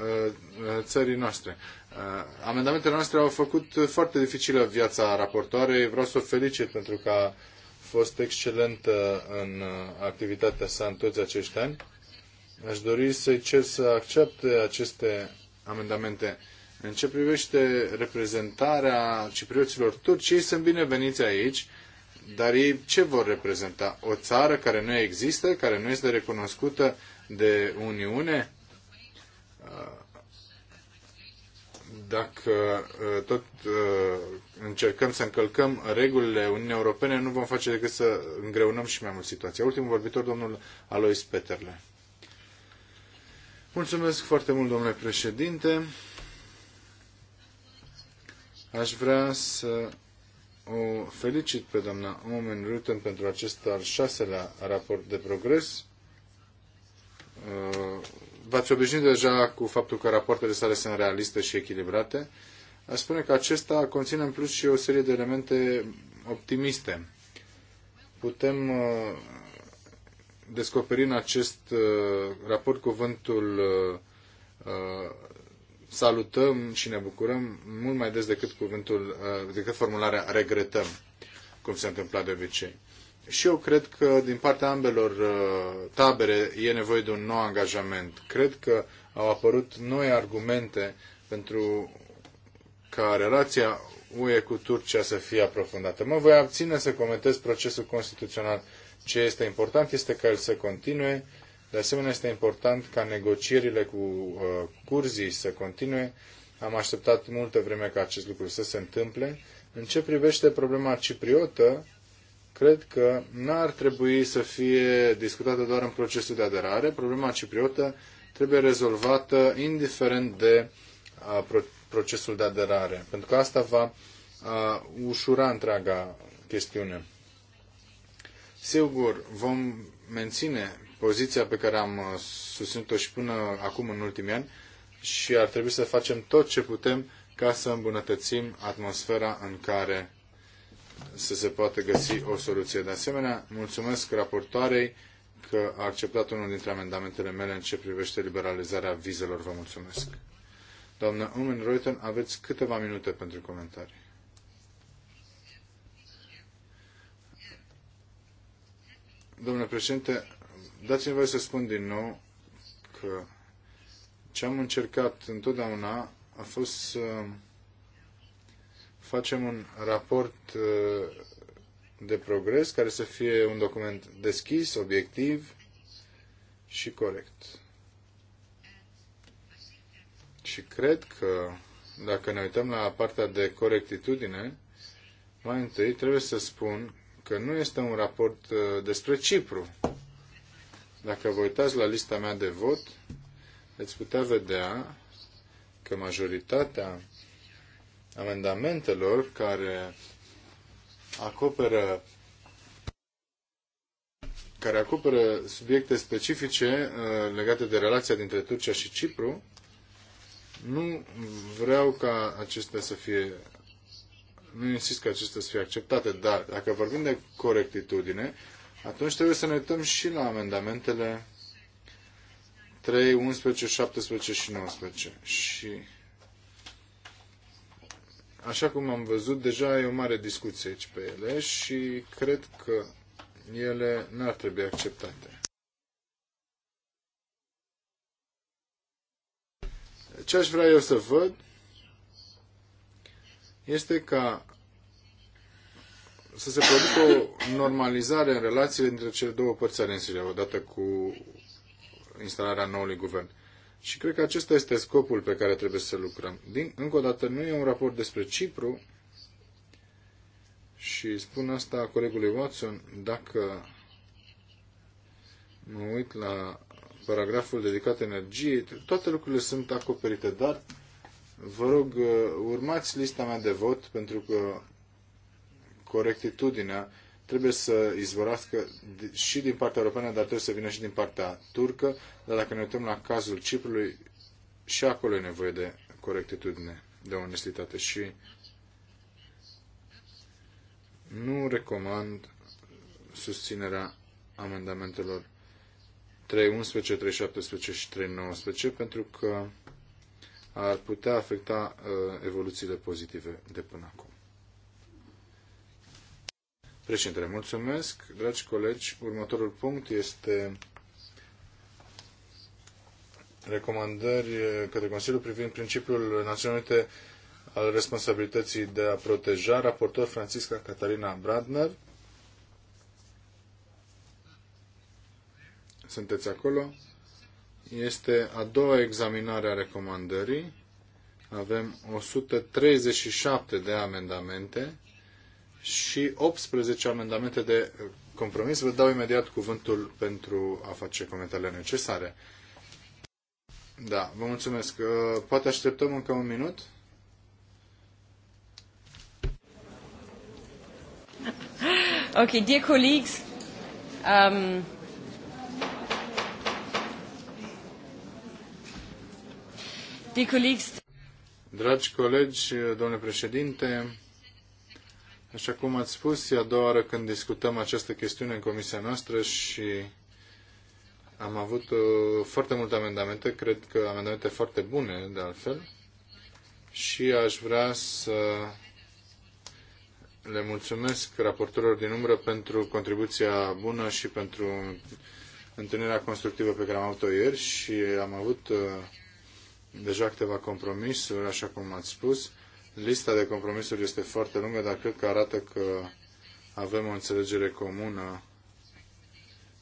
ă, țării noastre. Uh, amendamentele noastre au făcut foarte dificilă viața raportoarei. Vreau să o felicit pentru că a fost excelentă în uh, activitatea sa în toți acești ani. Aș dori să-i cer să accepte aceste amendamente. În ce privește reprezentarea ciprioților turci, ei sunt bineveniți aici, dar ei ce vor reprezenta? O țară care nu există, care nu este recunoscută de Uniune? dacă uh, tot uh, încercăm să încălcăm regulile Uniunii Europene, nu vom face decât să îngreunăm și mai mult situația. Ultimul vorbitor, domnul Alois Peterle. Mulțumesc foarte mult, domnule președinte. Aș vrea să o felicit pe doamna Omen Rutten pentru acest al șaselea raport de progres uh, v-ați obișnuit deja cu faptul că rapoartele sale sunt realiste și echilibrate. Aș spune că acesta conține în plus și o serie de elemente optimiste. Putem uh, descoperi în acest uh, raport cuvântul uh, salutăm și ne bucurăm mult mai des decât cuvântul, decât formularea regretăm, cum se întâmpla de obicei și eu cred că din partea ambelor uh, tabere e nevoie de un nou angajament. Cred că au apărut noi argumente pentru ca relația UE cu Turcia să fie aprofundată. Mă voi abține să comentez procesul constituțional. Ce este important este că el să continue. De asemenea, este important ca negocierile cu uh, curzii să continue. Am așteptat multă vreme ca acest lucru să se întâmple. În ce privește problema cipriotă, cred că n-ar trebui să fie discutată doar în procesul de aderare. Problema cipriotă trebuie rezolvată indiferent de procesul de aderare, pentru că asta va ușura întreaga chestiune. Sigur, vom menține poziția pe care am susținut-o și până acum în ultimii ani și ar trebui să facem tot ce putem ca să îmbunătățim atmosfera în care să se poată găsi o soluție. De asemenea, mulțumesc raportoarei că a acceptat unul dintre amendamentele mele în ce privește liberalizarea vizelor. Vă mulțumesc. Doamnă Omen Reuten, aveți câteva minute pentru comentarii. Domnule președinte, dați-mi voie să spun din nou că ce am încercat întotdeauna a fost să facem un raport uh, de progres care să fie un document deschis, obiectiv și corect. Și cred că dacă ne uităm la partea de corectitudine, mai întâi trebuie să spun că nu este un raport uh, despre Cipru. Dacă vă uitați la lista mea de vot, veți putea vedea că majoritatea amendamentelor care acoperă care acoperă subiecte specifice uh, legate de relația dintre Turcia și Cipru. Nu vreau ca acestea să fie nu insist ca acestea să fie acceptate, dar dacă vorbim de corectitudine, atunci trebuie să ne uităm și la amendamentele 3, 11, 17 și 19. Și Așa cum am văzut, deja e o mare discuție aici pe ele și cred că ele n-ar trebui acceptate. Ce aș vrea eu să văd este ca să se producă o normalizare în relațiile dintre cele două părți ale Siria, odată cu instalarea noului guvern. Și cred că acesta este scopul pe care trebuie să lucrăm. Din, încă o dată, nu e un raport despre Cipru și spun asta colegului Watson, dacă mă uit la paragraful dedicat energiei, toate lucrurile sunt acoperite, dar vă rog, uh, urmați lista mea de vot pentru că corectitudinea trebuie să izvorască și din partea europeană, dar trebuie să vină și din partea turcă. Dar dacă ne uităm la cazul Ciprului, și acolo e nevoie de corectitudine, de onestitate și nu recomand susținerea amendamentelor 311, 317 și 319 pentru că ar putea afecta uh, evoluțiile pozitive de până acum. Președintele, mulțumesc. Dragi colegi, următorul punct este recomandări către Consiliul privind principiul Națiunilor Unite al responsabilității de a proteja, raportor Francisca Catalina Bradner. Sunteți acolo? Este a doua examinare a recomandării. Avem 137 de amendamente și 18 amendamente de compromis. Vă dau imediat cuvântul pentru a face comentariile necesare. Da, vă mulțumesc. Uh, poate așteptăm încă un minut? Ok, dear colleagues, um, dear colleagues, Dragi colegi, domnule președinte, Așa cum ați spus, e a doua oară când discutăm această chestiune în comisia noastră și am avut uh, foarte multe amendamente, cred că amendamente foarte bune, de altfel, și aș vrea să le mulțumesc raportorilor din umbră pentru contribuția bună și pentru întâlnirea constructivă pe care am avut-o ieri și am avut uh, deja câteva compromisuri, așa cum ați spus. Lista de compromisuri este foarte lungă, dar cred că arată că avem o înțelegere comună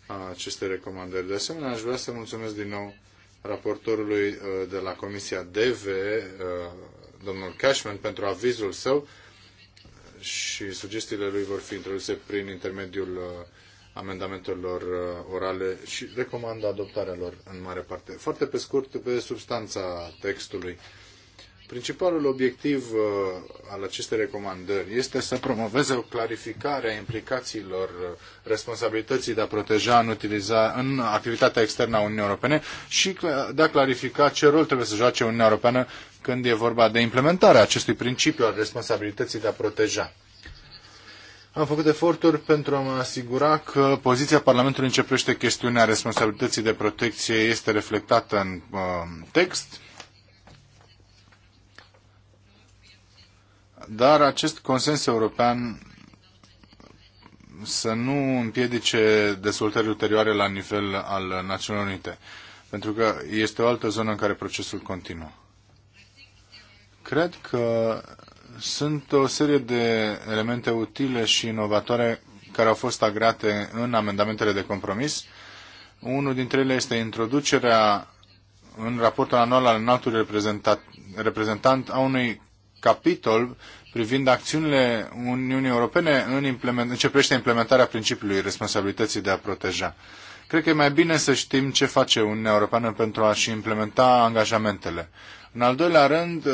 a acestei recomandări. De asemenea, aș vrea să mulțumesc din nou raportorului uh, de la Comisia DV, uh, domnul Cashman, pentru avizul său și sugestiile lui vor fi introduse prin intermediul uh, amendamentelor orale și recomandă adoptarea lor în mare parte. Foarte pe scurt, pe substanța textului. Principalul obiectiv uh, al acestei recomandări este să promoveze o clarificare a implicațiilor uh, responsabilității de a proteja în, utiliza, în activitatea externă a Uniunii Europene și de a clarifica ce rol trebuie să joace Uniunea Europeană când e vorba de implementarea acestui principiu al responsabilității de a proteja. Am făcut eforturi pentru a mă asigura că poziția Parlamentului începește chestiunea responsabilității de protecție este reflectată în uh, text dar acest consens european să nu împiedice dezvoltări ulterioare la nivel al Națiunilor Unite, pentru că este o altă zonă în care procesul continuă. Cred că sunt o serie de elemente utile și inovatoare care au fost agrate în amendamentele de compromis. Unul dintre ele este introducerea în raportul anual al înaltului reprezentant a unui capitol privind acțiunile Uniunii Europene în, implement, începește implementarea principiului responsabilității de a proteja. Cred că e mai bine să știm ce face Uniunea Europeană pentru a-și implementa angajamentele. În al doilea rând, eh,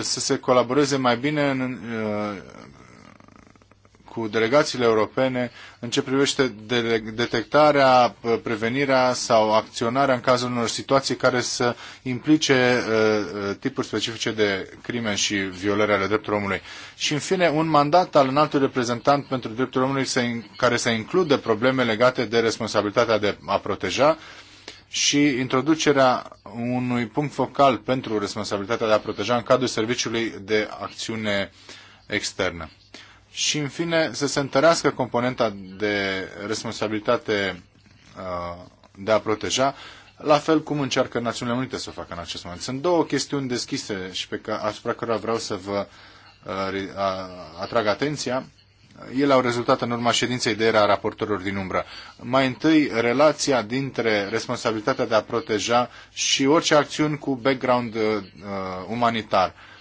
să se colaboreze mai bine în eh, cu delegațiile europene în ce privește de detectarea, prevenirea sau acționarea în cazul unor situații care să implice uh, uh, tipuri specifice de crime și violări ale drepturilor omului. Și, în fine, un mandat al înaltului reprezentant pentru drepturile omului să care să includă probleme legate de responsabilitatea de a proteja și introducerea unui punct focal pentru responsabilitatea de a proteja în cadrul serviciului de acțiune externă și, în fine, să se întărească componenta de responsabilitate uh, de a proteja, la fel cum încearcă Națiunile Unite să o facă în acest moment. Sunt două chestiuni deschise și pe care, asupra cărora vreau să vă uh, atrag atenția. Ele au rezultat în urma ședinței de era a raportorilor din umbră. Mai întâi, relația dintre responsabilitatea de a proteja și orice acțiuni cu background uh, uh umanitar. Uh,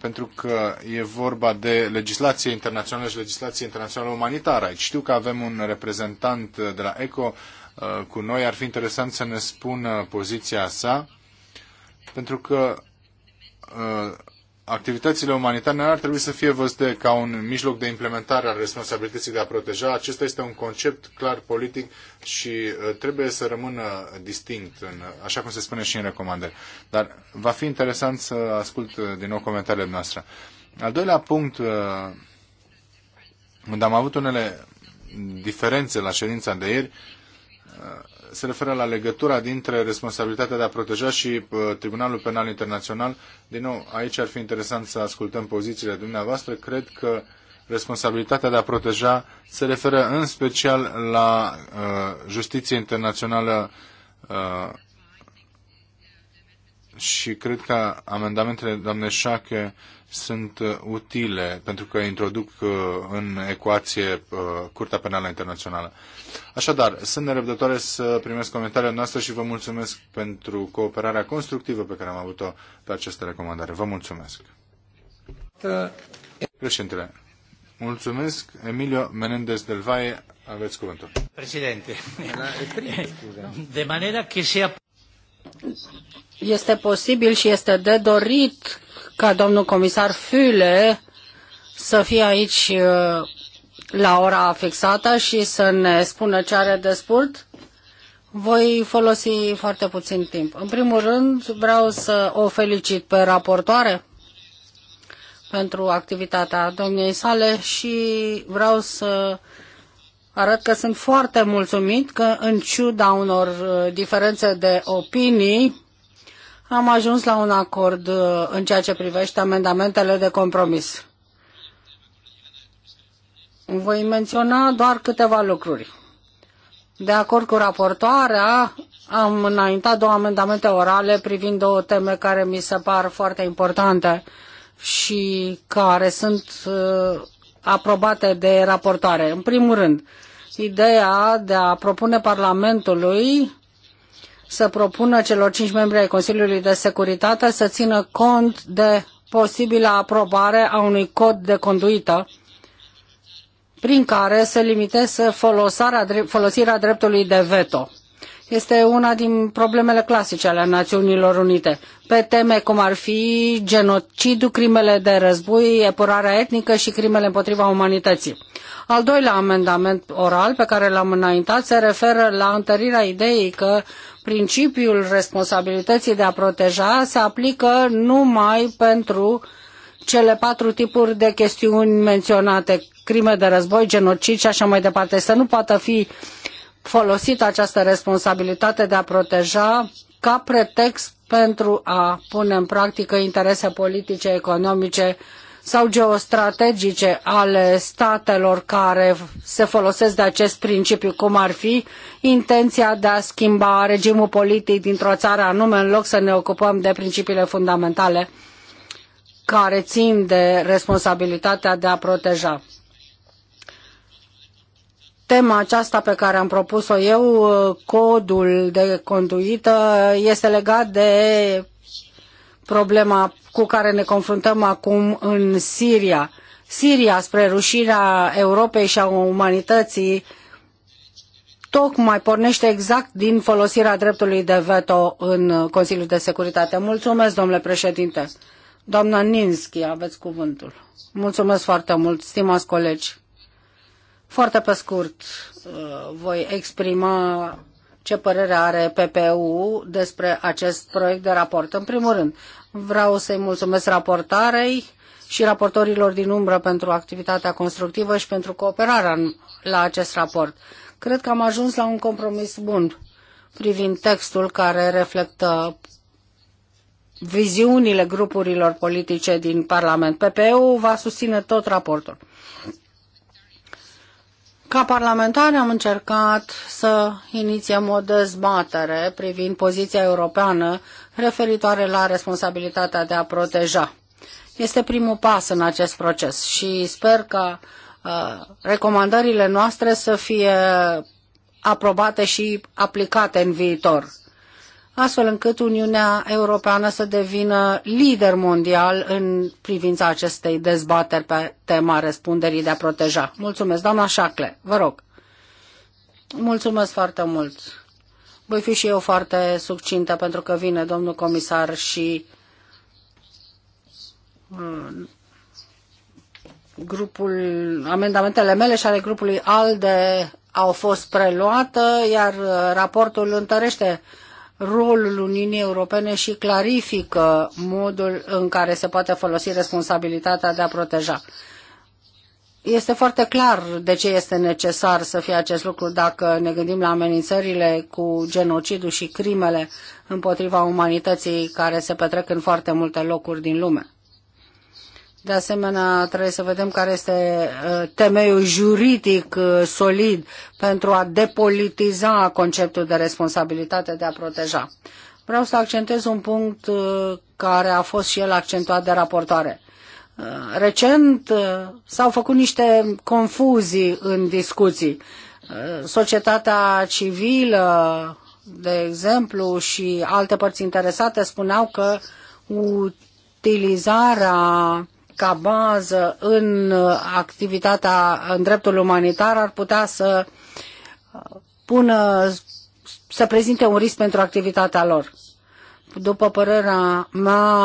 pentru că e vorba de legislație internațională și legislație internațională umanitară. Aici știu că avem un reprezentant de la ECO uh, cu noi, ar fi interesant să ne spună poziția sa, pentru că uh, activitățile umanitare ar trebui să fie văzute ca un mijloc de implementare a responsabilității de a proteja. Acesta este un concept clar politic și uh, trebuie să rămână distinct, în, așa cum se spune și în recomandări. Dar va fi interesant să ascult uh, din nou comentariile noastre. Al doilea punct, uh, unde am avut unele diferențe la ședința de ieri, se referă la legătura dintre responsabilitatea de a proteja și uh, Tribunalul Penal Internațional. Din nou, aici ar fi interesant să ascultăm pozițiile dumneavoastră. Cred că responsabilitatea de a proteja se referă în special la uh, justiție internațională uh, și cred că amendamentele doamnei Șache sunt uh, utile pentru că introduc uh, în ecuație uh, Curtea Penală Internațională. Așadar, sunt nerăbdătoare să primesc comentariile noastre și vă mulțumesc pentru cooperarea constructivă pe care am avut-o pe această recomandare. Vă mulțumesc. Președintele, mulțumesc. Emilio Menendez del Valle, aveți cuvântul. Președinte, de manera că se este posibil și este de dorit ca domnul comisar Füle să fie aici uh, la ora fixată și să ne spună ce are de spurt. Voi folosi foarte puțin timp. În primul rând, vreau să o felicit pe raportoare pentru activitatea domniei sale și vreau să arăt că sunt foarte mulțumit că, în ciuda unor uh, diferențe de opinii, am ajuns la un acord uh, în ceea ce privește amendamentele de compromis. Voi menționa doar câteva lucruri. De acord cu raportoarea, am înaintat două amendamente orale privind două teme care mi se par foarte importante și care sunt uh, aprobate de raportoare. În primul rând, ideea de a propune Parlamentului să propună celor cinci membri ai Consiliului de Securitate să țină cont de posibilă aprobare a unui cod de conduită prin care se limiteze folosirea dreptului de veto. Este una din problemele clasice ale Națiunilor Unite, pe teme cum ar fi genocidul, crimele de război, epurarea etnică și crimele împotriva umanității. Al doilea amendament oral pe care l-am înaintat se referă la întărirea ideii că principiul responsabilității de a proteja se aplică numai pentru cele patru tipuri de chestiuni menționate, crime de război, genocid și așa mai departe. Să nu poată fi folosită această responsabilitate de a proteja ca pretext pentru a pune în practică interese politice, economice sau geostrategice ale statelor care se folosesc de acest principiu, cum ar fi intenția de a schimba regimul politic dintr-o țară anume, în loc să ne ocupăm de principiile fundamentale care țin de responsabilitatea de a proteja. Tema aceasta pe care am propus-o eu, codul de conduită, este legat de problema cu care ne confruntăm acum în Siria. Siria, spre rușirea Europei și a umanității, tocmai pornește exact din folosirea dreptului de veto în Consiliul de Securitate. Mulțumesc, domnule președinte. Doamna Ninski, aveți cuvântul. Mulțumesc foarte mult, stimați colegi. Foarte pe scurt, uh, voi exprima ce părere are PPU despre acest proiect de raport. În primul rând, vreau să-i mulțumesc raportarei și raportorilor din umbră pentru activitatea constructivă și pentru cooperarea la acest raport. Cred că am ajuns la un compromis bun privind textul care reflectă viziunile grupurilor politice din Parlament. PPU va susține tot raportul. Ca parlamentari am încercat să inițiem o dezbatere privind poziția europeană referitoare la responsabilitatea de a proteja. Este primul pas în acest proces și sper că uh, recomandările noastre să fie aprobate și aplicate în viitor astfel încât Uniunea Europeană să devină lider mondial în privința acestei dezbateri pe tema răspunderii de a proteja. Mulțumesc, doamna Șacle, vă rog. Mulțumesc foarte mult. Voi fi și eu foarte succintă pentru că vine domnul comisar și uh, grupul, amendamentele mele și ale grupului ALDE au fost preluate, iar uh, raportul întărește rolul Uniunii Europene și clarifică modul în care se poate folosi responsabilitatea de a proteja. Este foarte clar de ce este necesar să fie acest lucru dacă ne gândim la amenințările cu genocidul și crimele împotriva umanității care se petrec în foarte multe locuri din lume. De asemenea, trebuie să vedem care este uh, temeiul juridic uh, solid pentru a depolitiza conceptul de responsabilitate de a proteja. Vreau să accentez un punct uh, care a fost și el accentuat de raportoare. Recent s-au făcut niște confuzii în discuții. Societatea civilă, de exemplu, și alte părți interesate spuneau că utilizarea ca bază în uh, activitatea în dreptul umanitar ar putea să uh, pună, să prezinte un risc pentru activitatea lor. După părerea mea,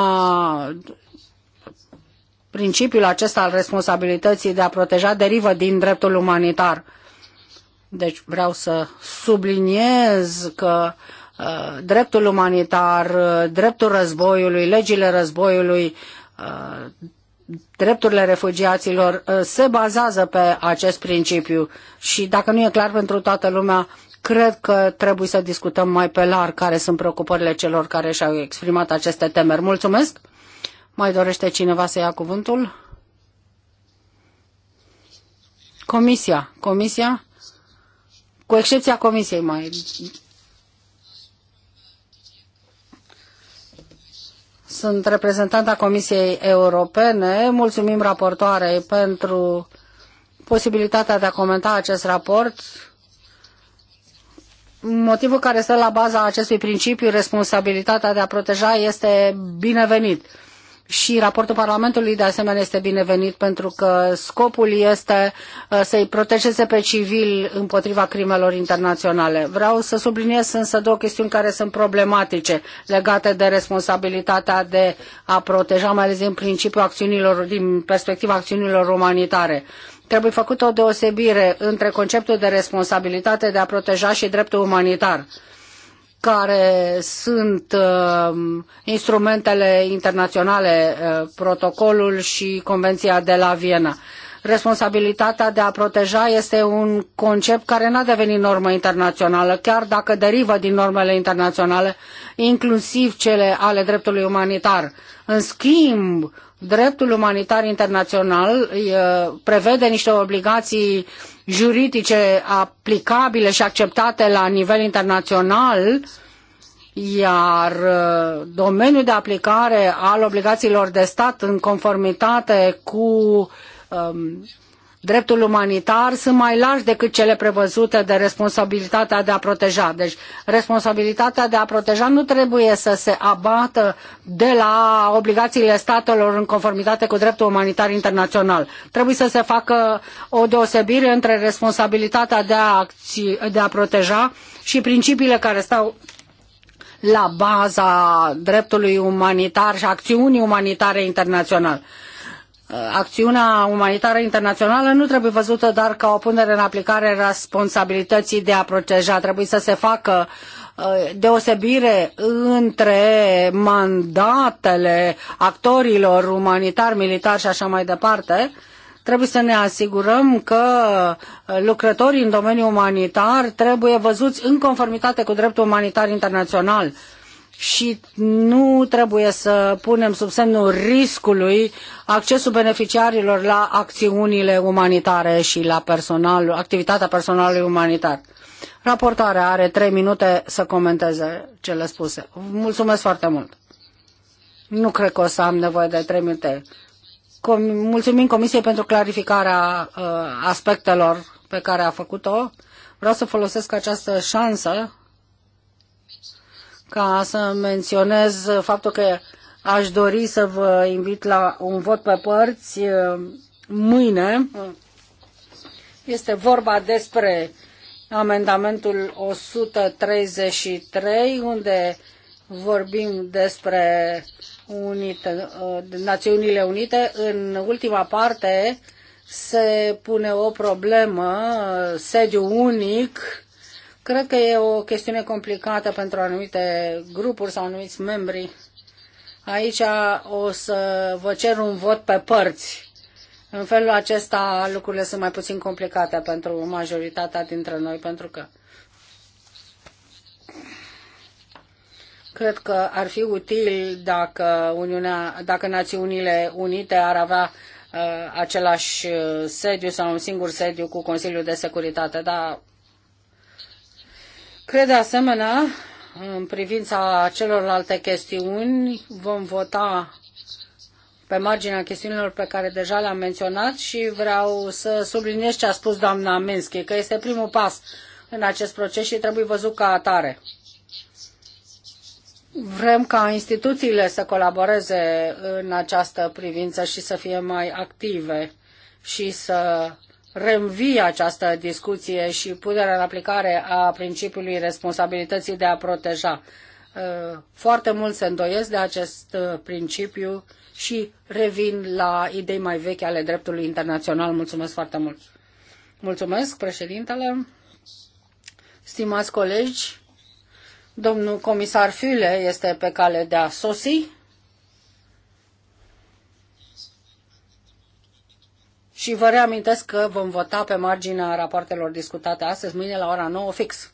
principiul acesta al responsabilității de a proteja derivă din dreptul umanitar. Deci vreau să subliniez că uh, dreptul umanitar, dreptul războiului, legile războiului, drepturile refugiaților uh, se bazează pe acest principiu și dacă nu e clar pentru toată lumea, cred că trebuie să discutăm mai pe larg care sunt preocupările celor care și-au exprimat aceste temeri. Mulțumesc! Mai dorește cineva să ia cuvântul? Comisia. Comisia? Cu excepția comisiei mai Sunt reprezentanta Comisiei Europene. Mulțumim raportoarei pentru posibilitatea de a comenta acest raport. Motivul care stă la baza acestui principiu, responsabilitatea de a proteja, este binevenit și raportul Parlamentului de asemenea este binevenit pentru că scopul este uh, să-i protejeze pe civil împotriva crimelor internaționale. Vreau să subliniez însă două chestiuni care sunt problematice legate de responsabilitatea de a proteja, mai ales în principiul acțiunilor, din perspectiva acțiunilor umanitare. Trebuie făcută o deosebire între conceptul de responsabilitate de a proteja și dreptul umanitar care sunt uh, instrumentele internaționale, uh, protocolul și Convenția de la Viena. Responsabilitatea de a proteja este un concept care n-a devenit normă internațională, chiar dacă derivă din normele internaționale, inclusiv cele ale dreptului umanitar. În schimb, dreptul umanitar internațional prevede niște obligații juridice aplicabile și acceptate la nivel internațional, iar domeniul de aplicare al obligațiilor de stat în conformitate cu um, dreptul umanitar sunt mai largi decât cele prevăzute de responsabilitatea de a proteja. Deci responsabilitatea de a proteja nu trebuie să se abată de la obligațiile statelor în conformitate cu dreptul umanitar internațional. Trebuie să se facă o deosebire între responsabilitatea de a, acți- de a proteja și principiile care stau la baza dreptului umanitar și acțiunii umanitare internaționale. Uh, acțiunea umanitară internațională nu trebuie văzută doar ca o punere în aplicare responsabilității de a proteja. Trebuie să se facă uh, deosebire între mandatele actorilor umanitari, militari și așa mai departe, trebuie să ne asigurăm că uh, lucrătorii în domeniul umanitar trebuie văzuți în conformitate cu dreptul umanitar internațional și nu trebuie să punem sub semnul riscului accesul beneficiarilor la acțiunile umanitare și la personal, activitatea personalului umanitar. Raportarea are trei minute să comenteze cele spuse. Mulțumesc foarte mult. Nu cred că o să am nevoie de trei minute. Com- mulțumim Comisiei pentru clarificarea uh, aspectelor pe care a făcut-o. Vreau să folosesc această șansă ca să menționez faptul că aș dori să vă invit la un vot pe părți uh, mâine. Este vorba despre amendamentul 133, unde vorbim despre Unite, uh, Națiunile Unite. În ultima parte se pune o problemă, sediu unic, Cred că e o chestiune complicată pentru anumite grupuri sau anumiți membri. Aici o să vă cer un vot pe părți. În felul acesta lucrurile sunt mai puțin complicate pentru majoritatea dintre noi, pentru că cred că ar fi util dacă, Uniunea, dacă Națiunile Unite ar avea uh, același uh, sediu sau un singur sediu cu Consiliul de Securitate, dar Cred de asemenea, în privința celorlalte chestiuni, vom vota pe marginea chestiunilor pe care deja le-am menționat și vreau să subliniez ce a spus doamna Minsky, că este primul pas în acest proces și trebuie văzut ca atare. Vrem ca instituțiile să colaboreze în această privință și să fie mai active și să reînvie această discuție și punerea în aplicare a principiului responsabilității de a proteja. Uh, foarte mult se îndoiesc de acest uh, principiu și revin la idei mai vechi ale dreptului internațional. Mulțumesc foarte mult! Mulțumesc, președintele! Stimați colegi, domnul comisar File este pe cale de a sosi și vă reamintesc că vom vota pe marginea rapoartelor discutate astăzi, mâine la ora 9 fix.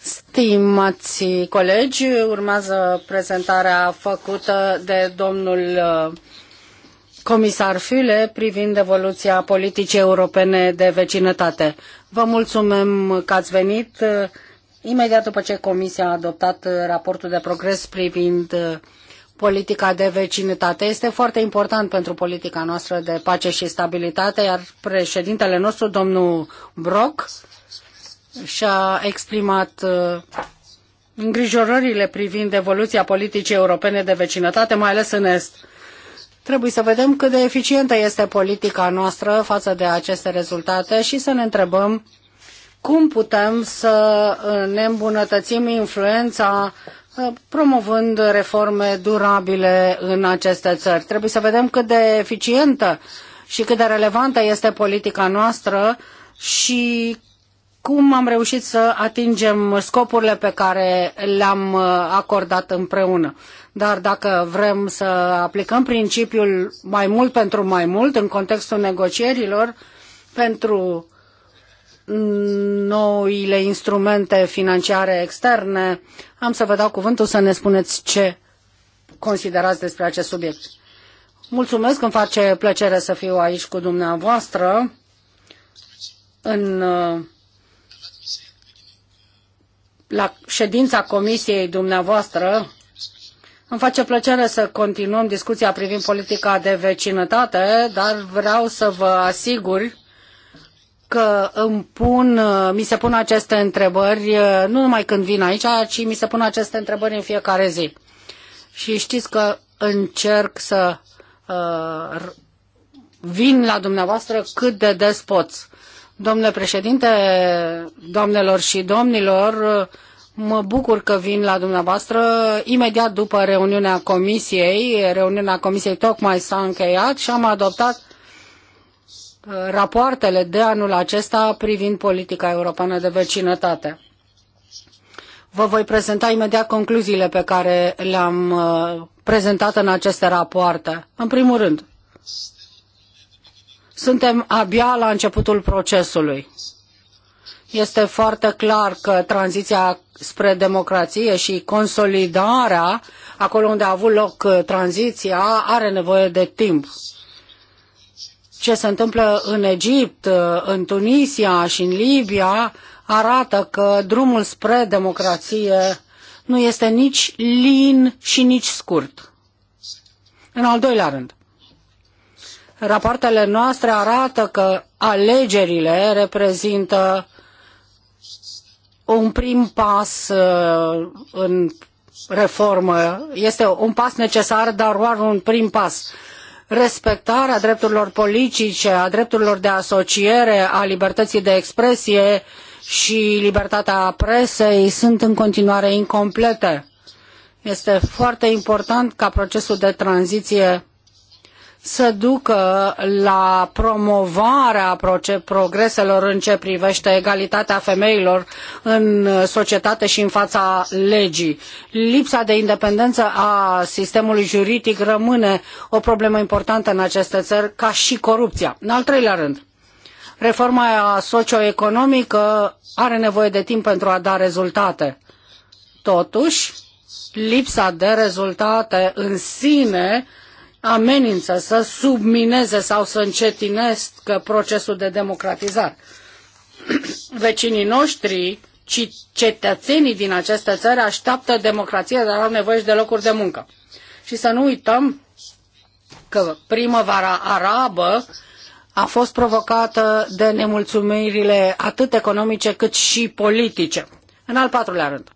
Stimați colegi, urmează prezentarea făcută de domnul uh, comisar Füle privind evoluția politicii europene de vecinătate. Vă mulțumim că ați venit uh, imediat după ce Comisia a adoptat uh, raportul de progres privind politica de vecinătate. Este foarte important pentru politica noastră de pace și stabilitate, iar președintele nostru, domnul Brok și-a exprimat uh, îngrijorările privind evoluția politicii europene de vecinătate, mai ales în Est. Trebuie să vedem cât de eficientă este politica noastră față de aceste rezultate și să ne întrebăm cum putem să uh, ne îmbunătățim influența uh, promovând reforme durabile în aceste țări. Trebuie să vedem cât de eficientă și cât de relevantă este politica noastră și cum am reușit să atingem scopurile pe care le-am uh, acordat împreună. Dar dacă vrem să aplicăm principiul mai mult pentru mai mult în contextul negocierilor pentru noile instrumente financiare externe, am să vă dau cuvântul să ne spuneți ce considerați despre acest subiect. Mulțumesc, îmi face plăcere să fiu aici cu dumneavoastră în uh, la ședința comisiei dumneavoastră. Îmi face plăcere să continuăm discuția privind politica de vecinătate, dar vreau să vă asigur că îmi pun, mi se pun aceste întrebări, nu numai când vin aici, ci mi se pun aceste întrebări în fiecare zi. Și știți că încerc să uh, vin la dumneavoastră cât de des pot. Domnule președinte, doamnelor și domnilor, mă bucur că vin la dumneavoastră imediat după reuniunea comisiei. Reuniunea comisiei tocmai s-a încheiat și am adoptat uh, rapoartele de anul acesta privind politica europeană de vecinătate. Vă voi prezenta imediat concluziile pe care le-am uh, prezentat în aceste rapoarte. În primul rând, suntem abia la începutul procesului. Este foarte clar că tranziția spre democrație și consolidarea, acolo unde a avut loc uh, tranziția, are nevoie de timp. Ce se întâmplă în Egipt, uh, în Tunisia și în Libia arată că drumul spre democrație nu este nici lin și nici scurt. În al doilea rând, Rapoartele noastre arată că alegerile reprezintă un prim pas uh, în reformă. Este un pas necesar, dar doar un prim pas respectarea drepturilor politice, a drepturilor de asociere, a libertății de expresie și libertatea presei sunt în continuare incomplete. Este foarte important ca procesul de tranziție să ducă la promovarea progreselor în ce privește egalitatea femeilor în societate și în fața legii. Lipsa de independență a sistemului juridic rămâne o problemă importantă în aceste țări, ca și corupția. În al treilea rând, reforma socioeconomică are nevoie de timp pentru a da rezultate. Totuși, lipsa de rezultate în sine amenință să submineze sau să încetinească procesul de democratizare. Vecinii noștri, ci cetățenii din aceste țări așteaptă democrație, dar au nevoie și de locuri de muncă. Și să nu uităm că primăvara arabă a fost provocată de nemulțumirile atât economice cât și politice. În al patrulea rând,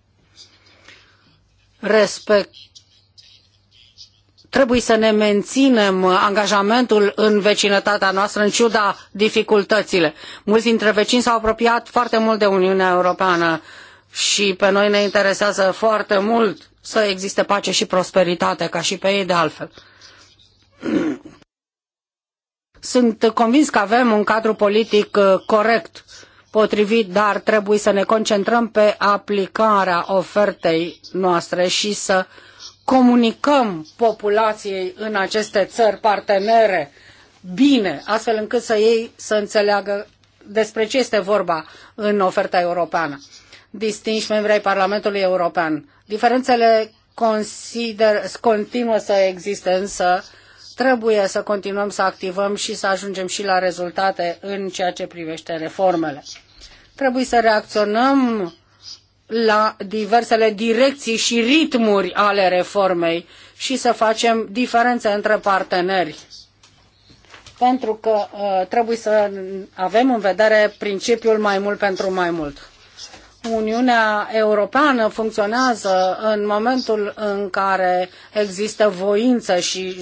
respect trebuie să ne menținem angajamentul în vecinătatea noastră, în ciuda dificultăților. Mulți dintre vecini s-au apropiat foarte mult de Uniunea Europeană și pe noi ne interesează foarte mult să existe pace și prosperitate, ca și pe ei de altfel. Sunt convins că avem un cadru politic uh, corect, potrivit, dar trebuie să ne concentrăm pe aplicarea ofertei noastre și să uh, comunicăm populației în aceste țări partenere bine, astfel încât să ei să înțeleagă despre ce este vorba în oferta europeană. Distinși membri ai Parlamentului European. Diferențele consider, continuă să existe, însă trebuie să continuăm să activăm și să ajungem și la rezultate în ceea ce privește reformele. Trebuie să reacționăm la diversele direcții și ritmuri ale reformei și să facem diferențe între parteneri. Pentru că uh, trebuie să avem în vedere principiul mai mult pentru mai mult. Uniunea Europeană funcționează în momentul în care există voință și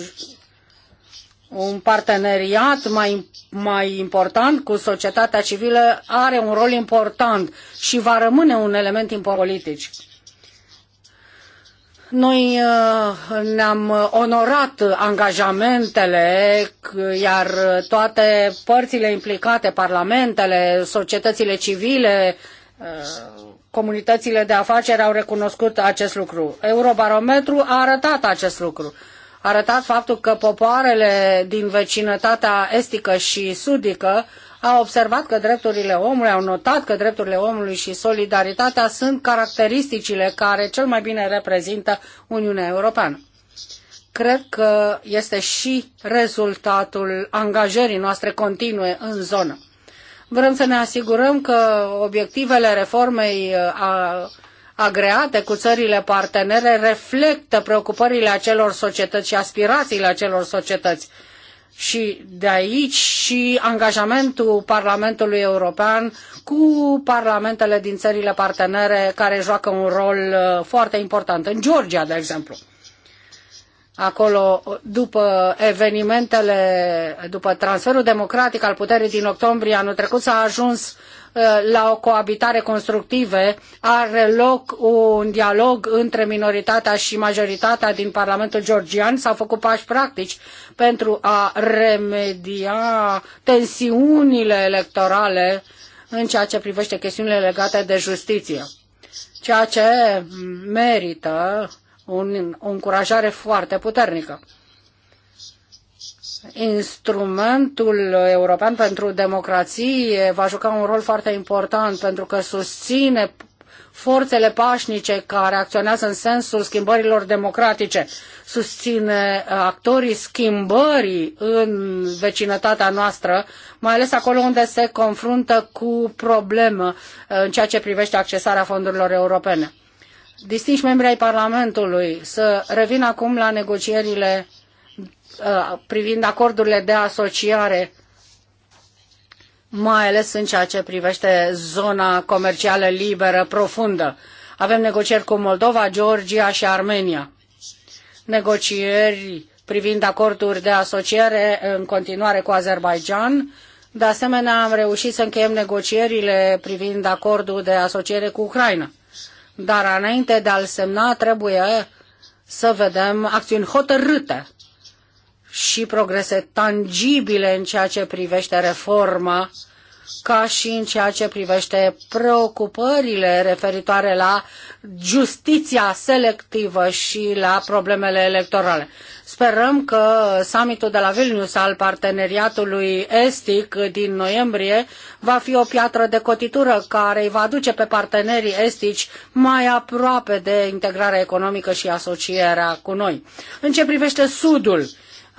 un parteneriat mai, mai important cu societatea civilă are un rol important și va rămâne un element important politic. Noi uh, ne-am onorat angajamentele, iar toate părțile implicate, parlamentele, societățile civile, uh, comunitățile de afaceri au recunoscut acest lucru. Eurobarometru a arătat acest lucru arătat faptul că popoarele din vecinătatea estică și sudică au observat că drepturile omului, au notat că drepturile omului și solidaritatea sunt caracteristicile care cel mai bine reprezintă Uniunea Europeană. Cred că este și rezultatul angajării noastre continue în zonă. Vrem să ne asigurăm că obiectivele reformei a agreate cu țările partenere reflectă preocupările acelor societăți și aspirațiile acelor societăți. Și de aici și angajamentul Parlamentului European cu parlamentele din țările partenere care joacă un rol uh, foarte important, în Georgia, de exemplu acolo după evenimentele, după transferul democratic al puterii din octombrie anul trecut, s-a ajuns Uh, la o coabitare constructive, are loc un dialog între minoritatea și majoritatea din Parlamentul georgian, s-au făcut pași practici pentru a remedia tensiunile electorale în ceea ce privește chestiunile legate de justiție, ceea ce merită o încurajare foarte puternică instrumentul european pentru democrație va juca un rol foarte important pentru că susține forțele pașnice care acționează în sensul schimbărilor democratice, susține actorii schimbării în vecinătatea noastră, mai ales acolo unde se confruntă cu problemă în ceea ce privește accesarea fondurilor europene. Distinși membri ai Parlamentului, să revin acum la negocierile Uh, privind acordurile de asociere, mai ales în ceea ce privește zona comercială liberă profundă. Avem negocieri cu Moldova, Georgia și Armenia. Negocieri privind acorduri de asociere în continuare cu Azerbaijan. De asemenea, am reușit să încheiem negocierile privind acordul de asociere cu Ucraina. Dar înainte de a-l semna, trebuie să vedem acțiuni hotărâte și progrese tangibile în ceea ce privește reforma, ca și în ceea ce privește preocupările referitoare la justiția selectivă și la problemele electorale. Sperăm că summitul de la Vilnius al parteneriatului estic din noiembrie va fi o piatră de cotitură care îi va aduce pe partenerii estici mai aproape de integrarea economică și asocierea cu noi. În ce privește Sudul,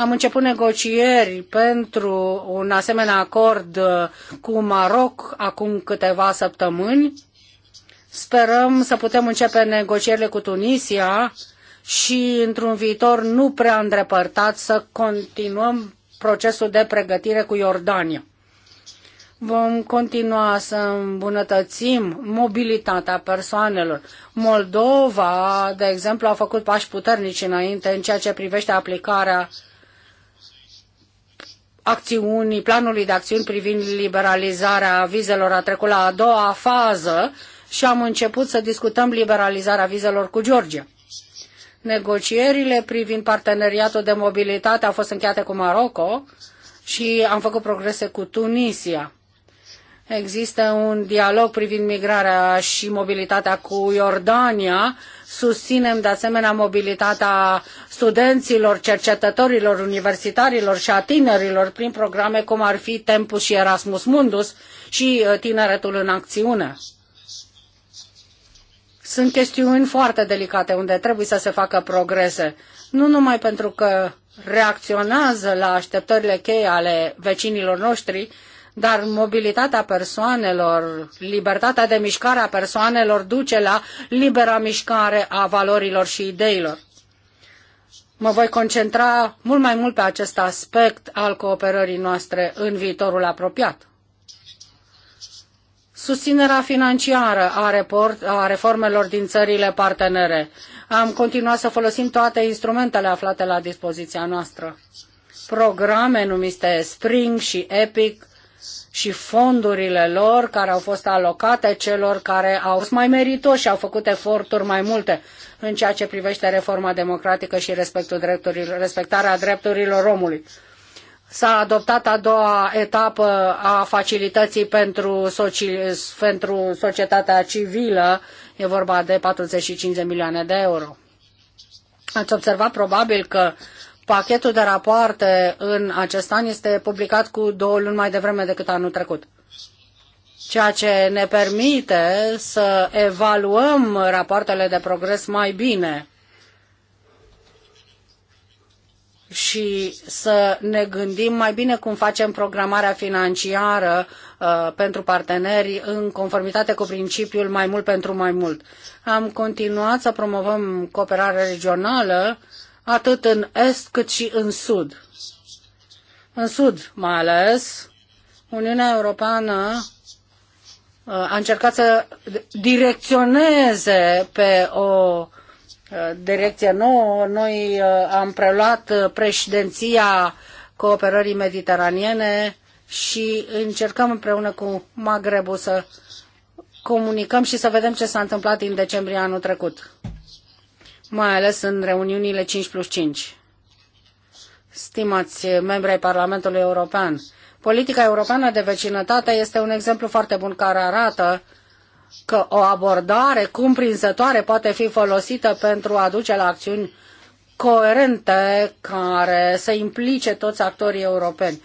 am început negocieri pentru un asemenea acord uh, cu Maroc acum câteva săptămâni. Sperăm să putem începe negocierile cu Tunisia și într-un viitor nu prea îndrepărtat să continuăm procesul de pregătire cu Iordania. Vom continua să îmbunătățim mobilitatea persoanelor. Moldova, de exemplu, a făcut pași puternici înainte în ceea ce privește aplicarea uh, acțiunii, planului de acțiuni privind liberalizarea vizelor a trecut la a doua fază și am început să discutăm liberalizarea vizelor cu Georgia. Negocierile privind parteneriatul de mobilitate au fost încheiate cu Maroco și am făcut progrese cu Tunisia. Există un dialog privind migrarea și mobilitatea cu Iordania, Susținem de asemenea mobilitatea studenților, cercetătorilor, universitarilor și a tinerilor prin programe cum ar fi Tempus și Erasmus Mundus și uh, Tineretul în Acțiune. Sunt chestiuni foarte delicate unde trebuie să se facă progrese, nu numai pentru că reacționează la așteptările cheie ale vecinilor noștri, dar mobilitatea persoanelor, libertatea de mișcare a persoanelor duce la libera mișcare a valorilor și ideilor. Mă voi concentra mult mai mult pe acest aspect al cooperării noastre în viitorul apropiat. Susținerea financiară a, report, a reformelor din țările partenere. Am continuat să folosim toate instrumentele aflate la dispoziția noastră. Programe numite Spring și EPIC și fondurile lor care au fost alocate celor care au fost mai meritoși și au făcut eforturi mai multe în ceea ce privește reforma democratică și respectul drepturilor, respectarea drepturilor omului. S-a adoptat a doua etapă a facilității pentru, soci- pentru societatea civilă, e vorba de 45 de milioane de euro. Ați observat probabil că Pachetul de rapoarte în acest an este publicat cu două luni mai devreme decât anul trecut, ceea ce ne permite să evaluăm rapoartele de progres mai bine și să ne gândim mai bine cum facem programarea financiară uh, pentru parteneri în conformitate cu principiul mai mult pentru mai mult. Am continuat să promovăm cooperarea regională uh, atât în est cât și în sud. În sud, mai ales, Uniunea Europeană uh, a încercat să direcționeze pe o uh, direcție nouă. Noi uh, am preluat președinția cooperării mediteraniene și încercăm împreună cu Magrebul să comunicăm și să vedem ce s-a întâmplat din decembrie anul trecut mai ales în reuniunile 5 plus 5. Stimați membri ai Parlamentului European, politica europeană de vecinătate este un exemplu foarte bun care arată că o abordare cumprinzătoare poate fi folosită pentru a duce la acțiuni coerente care să implice toți actorii europeni,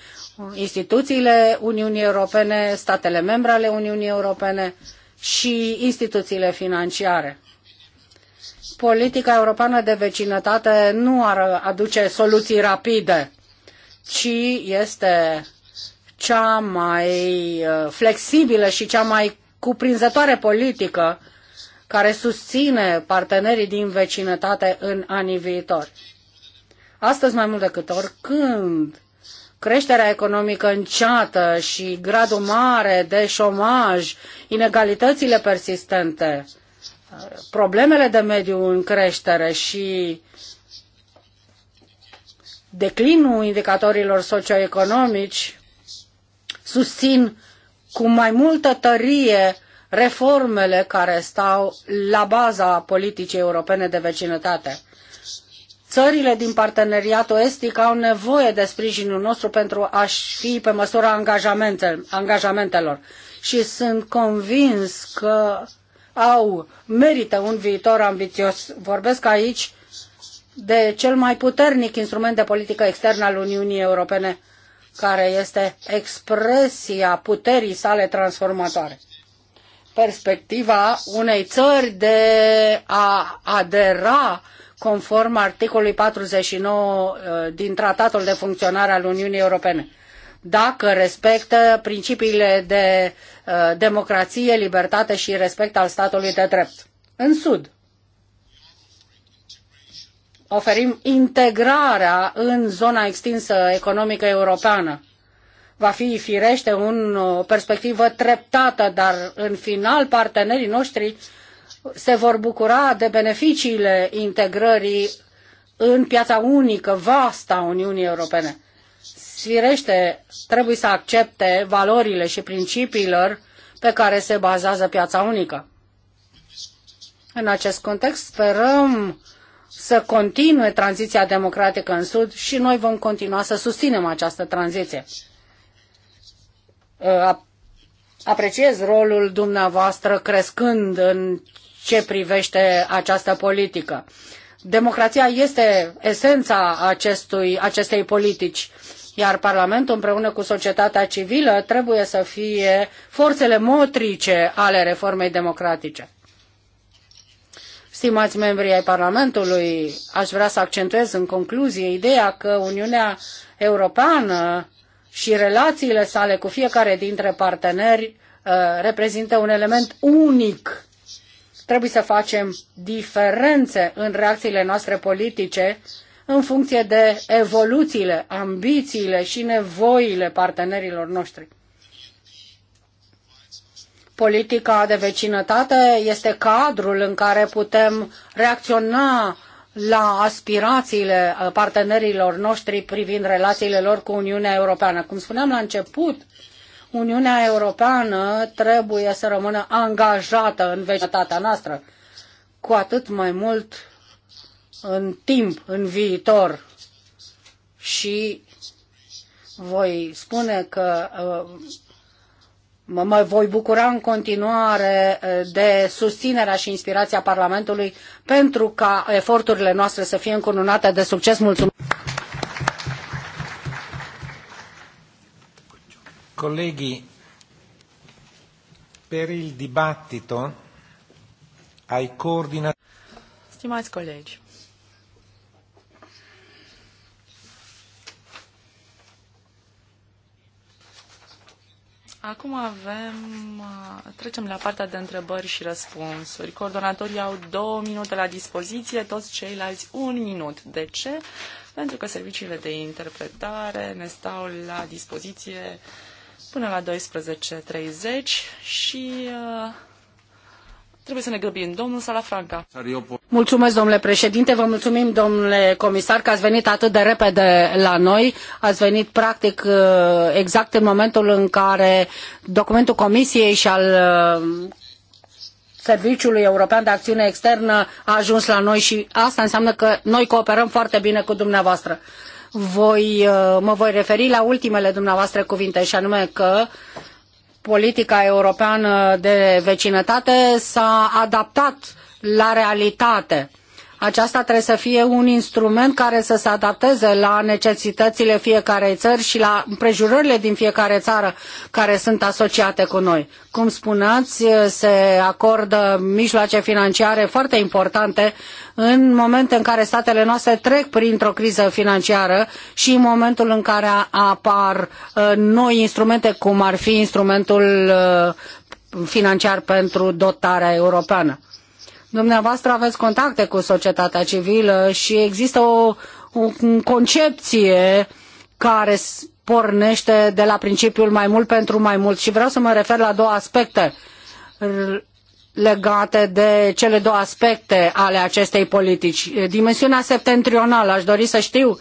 instituțiile Uniunii Europene, statele membre ale Uniunii Europene și instituțiile financiare politica europeană de vecinătate nu ar aduce soluții rapide, ci este cea mai uh, flexibilă și cea mai cuprinzătoare politică care susține partenerii din vecinătate în anii viitori. Astăzi, mai mult decât oricând, creșterea economică înceată și gradul mare de șomaj, inegalitățile persistente, problemele de mediu în creștere și declinul indicatorilor socioeconomici susțin cu mai multă tărie reformele care stau la baza politicii europene de vecinătate. Țările din parteneriatul estic au nevoie de sprijinul nostru pentru a-și fi pe măsura angajamentelor și sunt convins că au, merită un viitor ambițios. Vorbesc aici de cel mai puternic instrument de politică externă al Uniunii Europene, care este expresia puterii sale transformatoare. Perspectiva unei țări de a adera conform articolului 49 uh, din Tratatul de Funcționare al Uniunii Europene dacă respectă principiile de uh, democrație, libertate și respect al statului de drept. În Sud, oferim integrarea în zona extinsă economică europeană. Va fi firește un, o uh, perspectivă treptată, dar în final partenerii noștri se vor bucura de beneficiile integrării în piața unică vastă a Uniunii Europene firește trebuie să accepte valorile și principiilor pe care se bazează piața unică. În acest context sperăm să continue tranziția democratică în Sud și noi vom continua să susținem această tranziție. Uh, apreciez rolul dumneavoastră crescând în ce privește această politică. Democrația este esența acestui, acestei politici iar Parlamentul împreună cu societatea civilă trebuie să fie forțele motrice ale reformei democratice. Stimați membri ai Parlamentului, aș vrea să accentuez în concluzie ideea că Uniunea Europeană și relațiile sale cu fiecare dintre parteneri uh, reprezintă un element unic. Trebuie să facem diferențe în reacțiile noastre politice uh, în funcție de evoluțiile, ambițiile și nevoile partenerilor noștri. Politica de vecinătate este cadrul în care putem reacționa la aspirațiile uh, partenerilor noștri privind relațiile lor cu Uniunea Europeană. Cum spuneam la început, Uniunea Europeană trebuie să rămână angajată în vecinătatea noastră, cu atât mai mult în timp, în viitor și voi spune că uh, mă, mai voi bucura în continuare uh, de susținerea și inspirația Parlamentului pentru ca eforturile noastre să fie încununate de succes. Mulțumesc! Colleghi, per il dibattito ai coordinatori. Stimați colegi, Acum avem, uh, trecem la partea de întrebări și răspunsuri. Coordonatorii au două minute la dispoziție, toți ceilalți un minut. De ce? Pentru că serviciile de interpretare ne stau la dispoziție până la 12.30 și uh, Trebuie să ne grăbim. Domnul Salafranca. Mulțumesc, domnule președinte, vă mulțumim, domnule comisar, că ați venit atât de repede la noi. Ați venit, practic, uh, exact în momentul în care documentul Comisiei și al uh, Serviciului European de Acțiune Externă a ajuns la noi și asta înseamnă că noi cooperăm foarte bine cu dumneavoastră. Voi, uh, mă voi referi la ultimele dumneavoastră cuvinte și anume că uh, politica europeană de vecinătate s-a adaptat la realitate aceasta trebuie să fie un instrument care să se adapteze la necesitățile fiecarei țări și la împrejurările din fiecare țară care sunt asociate cu noi. Cum spuneați, se acordă mijloace financiare foarte importante în momente în care statele noastre trec printr-o criză financiară și în momentul în care apar uh, noi instrumente, cum ar fi instrumentul uh, financiar pentru dotarea europeană. Dumneavoastră aveți contacte cu societatea civilă și există o, o concepție care pornește de la principiul mai mult pentru mai mult și vreau să mă refer la două aspecte legate de cele două aspecte ale acestei politici. Dimensiunea septentrională, aș dori să știu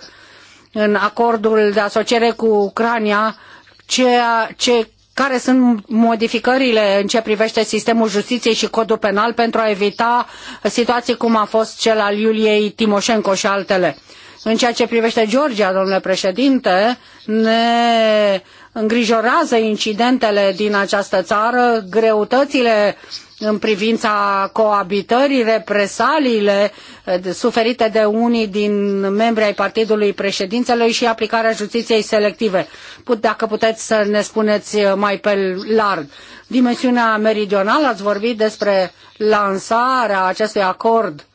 în acordul de asociere cu Ucrania ce, ce care sunt modificările în ce privește sistemul justiției și codul penal pentru a evita situații cum a fost cel al Iuliei Timoșenko și altele. În ceea ce privește Georgia, domnule președinte, ne îngrijorează incidentele din această țară, greutățile în privința coabitării, represaliile suferite de unii din membrii ai Partidului Președințelui și aplicarea justiției selective. Put, dacă puteți să ne spuneți uh, mai pe larg. Dimensiunea meridională, ați vorbit despre lansarea acestui acord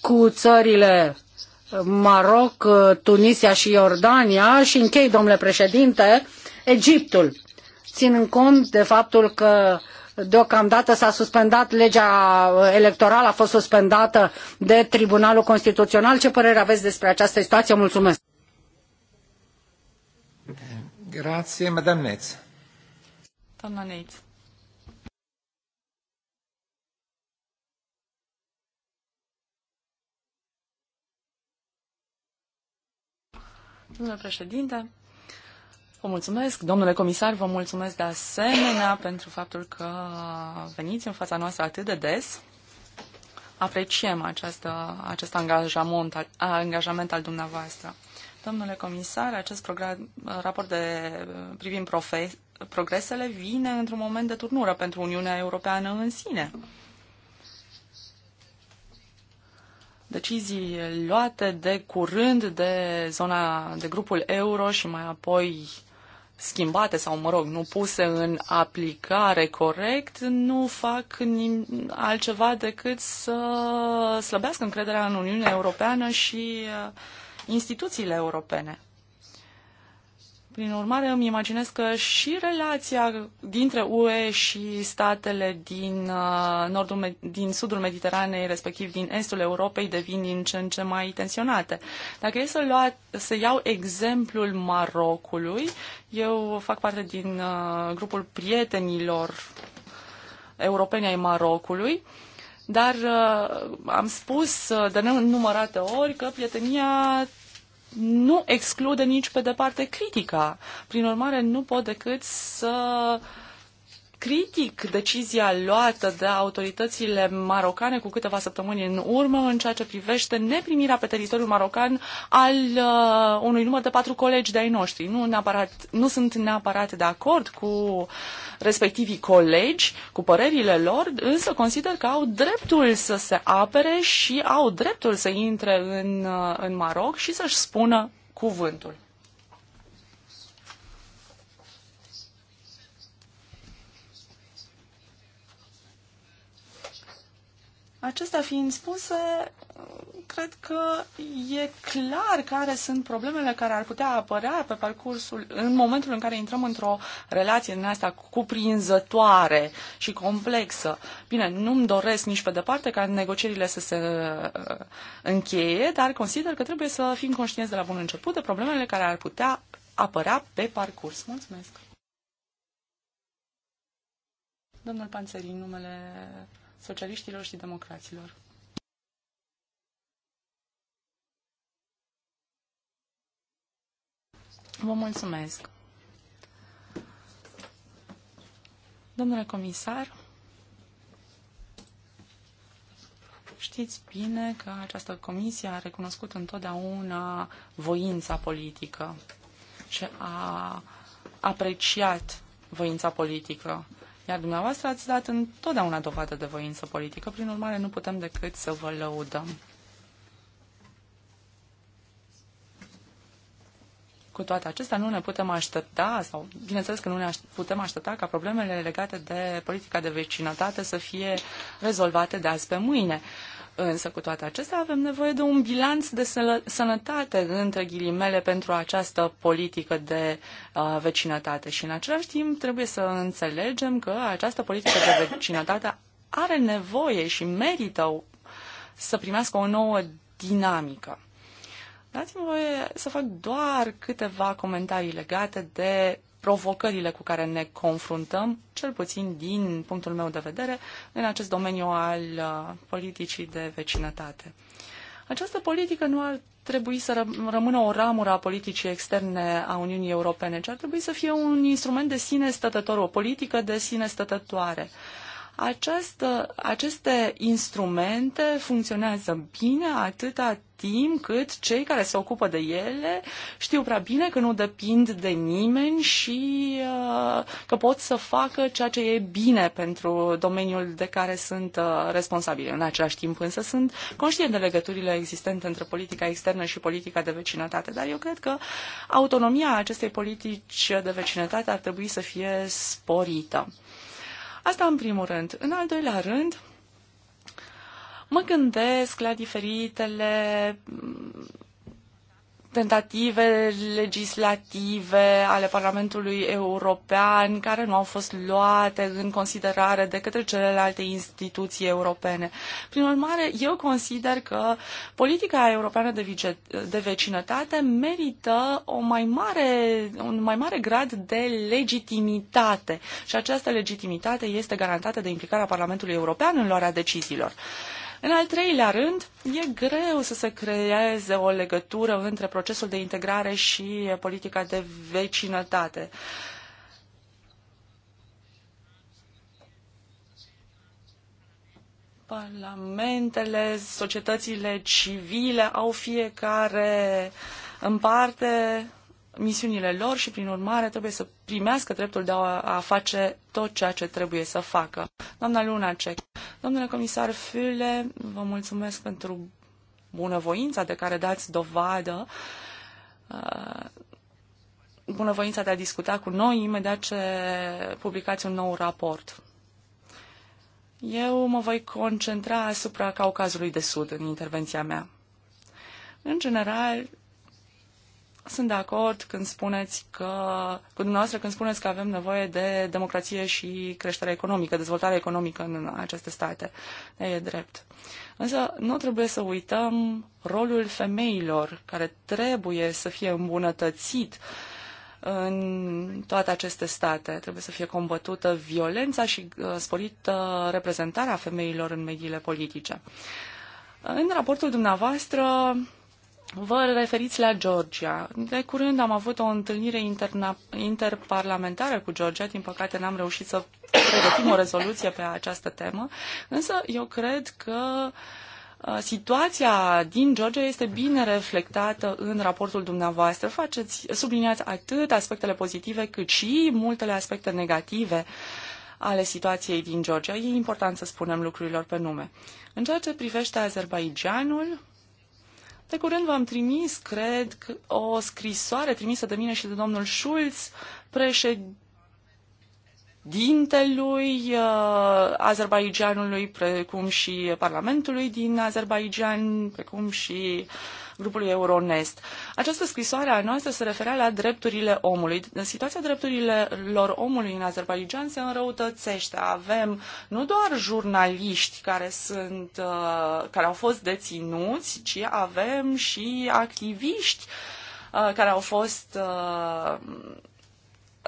cu țările uh, Maroc, uh, Tunisia și Iordania și închei, domnule președinte, uh, Egiptul, ținând cont de faptul că deocamdată s-a suspendat legea electorală, a fost suspendată de Tribunalul Constituțional. Ce părere aveți despre această situație? Mulțumesc! Grazie, Madame Neitz. Doamna Neitz. Domnule președinte, Vă mulțumesc, domnule comisar, vă mulțumesc de asemenea pentru faptul că veniți în fața noastră atât de des. Apreciem această, acest angajament, angajament al dumneavoastră. Domnule comisar, acest program, raport de privind profe, progresele vine într-un moment de turnură pentru Uniunea Europeană în sine. decizii luate de curând de zona, de grupul euro și mai apoi schimbate sau, mă rog, nu puse în aplicare corect, nu fac altceva decât să slăbească încrederea în Uniunea Europeană și uh, instituțiile europene. Prin urmare, îmi imaginez că și relația dintre UE și statele din, uh, nordul, din sudul Mediteranei, respectiv din estul Europei, devin din ce în ce mai tensionate. Dacă e să, lua, să iau exemplul Marocului, eu fac parte din uh, grupul prietenilor europeni ai Marocului, dar uh, am spus de nenumărate ori că prietenia nu exclude nici pe departe critica. Prin urmare, nu pot decât să uh, critic decizia luată de autoritățile marocane cu câteva săptămâni în urmă în ceea ce privește neprimirea pe teritoriul marocan al uh, unui număr de patru colegi de-ai noștri. Nu, neapărat, nu sunt neapărat de acord cu respectivii colegi, cu părerile lor, însă consider că au dreptul să se apere și au dreptul să intre în, uh, în Maroc și să-și spună cuvântul. Acesta fiind spuse, cred că e clar care sunt problemele care ar putea apărea pe parcursul, în momentul în care intrăm într-o relație din asta cuprinzătoare și complexă. Bine, nu-mi doresc nici pe departe ca negocierile să se uh, încheie, dar consider că trebuie să fim conștienți de la bun început de problemele care ar putea apărea pe parcurs. Mulțumesc! Domnul Panțării, numele socialiștilor și democraților. Vă mulțumesc. Domnule comisar, știți bine că această comisie a recunoscut întotdeauna voința politică și a apreciat voința politică iar dumneavoastră ați dat întotdeauna dovadă de voință politică, prin urmare nu putem decât să vă lăudăm. Cu toate acestea, nu ne putem aștepta, sau bineînțeles că nu ne putem aștepta ca problemele legate de politica de vecinătate să fie rezolvate de azi pe mâine. Uh, Însă, cu toate acestea, avem nevoie de un bilanț de sănătate, între ghilimele, pentru această politică de uh, vecinătate. Și, în același timp, trebuie să înțelegem că această politică de vecinătate are nevoie și merită să primească o nouă dinamică. Dați-mi voie să fac doar câteva comentarii legate de provocările cu care ne confruntăm, cel puțin din punctul meu de vedere, în acest domeniu al uh, politicii de vecinătate. Această politică nu ar trebui să rămână o ramură a politicii externe a Uniunii Europene, ci ar trebui să fie un instrument de sine stătător, o politică de sine stătătoare. Această, aceste instrumente funcționează bine atâta timp cât cei care se ocupă de ele știu prea bine că nu depind de nimeni și uh, că pot să facă ceea ce e bine pentru domeniul de care sunt uh, responsabili. În același timp însă sunt conștient de legăturile existente între politica externă și politica de vecinătate, dar eu cred că autonomia acestei politici de vecinătate ar trebui să fie sporită. Asta în primul rând. În al doilea rând, mă gândesc la diferitele tentative legislative ale Parlamentului European care nu au fost luate în considerare de către celelalte instituții europene. Prin urmare, eu consider că politica europeană de, vice, de vecinătate merită o mai mare, un mai mare grad de legitimitate și această legitimitate este garantată de implicarea Parlamentului European în luarea deciziilor. În al treilea rând, e greu să se creeze o legătură între procesul de integrare și politica de vecinătate. Parlamentele, societățile civile au fiecare în parte misiunile lor și, prin urmare, trebuie să primească dreptul de a, a face tot ceea ce trebuie să facă. Doamna Lunacek, domnule comisar Fule, vă mulțumesc pentru bunăvoința de care dați dovadă, uh, bunăvoința de a discuta cu noi imediat ce publicați un nou raport. Eu mă voi concentra asupra Caucazului de Sud în intervenția mea. În general, sunt de acord când spuneți că, cu dumneavoastră când spuneți că avem nevoie de democrație și creștere economică, dezvoltare economică în aceste state. E drept. Însă nu trebuie să uităm rolul femeilor care trebuie să fie îmbunătățit în toate aceste state. Trebuie să fie combătută violența și uh, sporită reprezentarea femeilor în mediile politice. În raportul dumneavoastră Vă referiți la Georgia. De curând am avut o întâlnire interna- interparlamentară cu Georgia. Din păcate n-am reușit să pregătim o rezoluție pe această temă, însă eu cred că situația din Georgia este bine reflectată în raportul dumneavoastră. Faceți, subliniați atât aspectele pozitive cât și multele aspecte negative ale situației din Georgia. E important să spunem lucrurilor pe nume. În ceea ce privește Azerbaijanul, de curând v-am trimis, cred, o scrisoare trimisă de mine și de domnul Schulz, președintelui uh, Azerbaijanului, precum și Parlamentului din Azerbaijan, precum și uh, grupului Euronest. Această scrisoare a noastră se referea la drepturile omului. Situația drepturilor omului în Azerbaijan se înrăutățește. Avem nu doar jurnaliști care, sunt, uh, care au fost deținuți, ci avem și activiști uh, care au fost uh,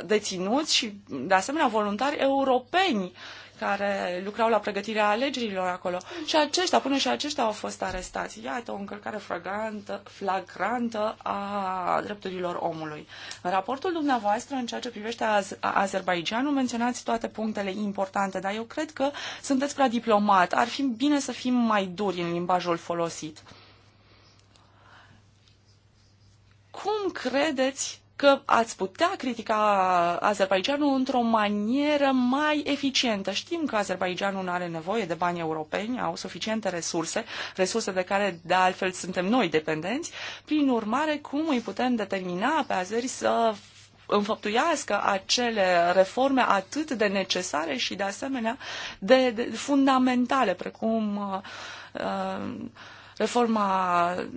deținuți și, de asemenea, voluntari europeni care lucrau la pregătirea alegerilor acolo. Și aceștia, până și aceștia au fost arestați. Iată o încălcare flagrantă, flagrantă a drepturilor omului. În raportul dumneavoastră, în ceea ce privește Azerbaijanul, menționați toate punctele importante, dar eu cred că sunteți prea diplomat. Ar fi bine să fim mai duri în limbajul folosit. Cum credeți că ați putea critica Azerbaijanul într-o manieră mai eficientă. Știm că Azerbaijanul nu are nevoie de bani europeni, au suficiente resurse, resurse de care de altfel suntem noi dependenți. Prin urmare, cum îi putem determina pe azeri să înfăptuiască acele reforme atât de necesare și de asemenea de, de fundamentale, precum uh, uh reforma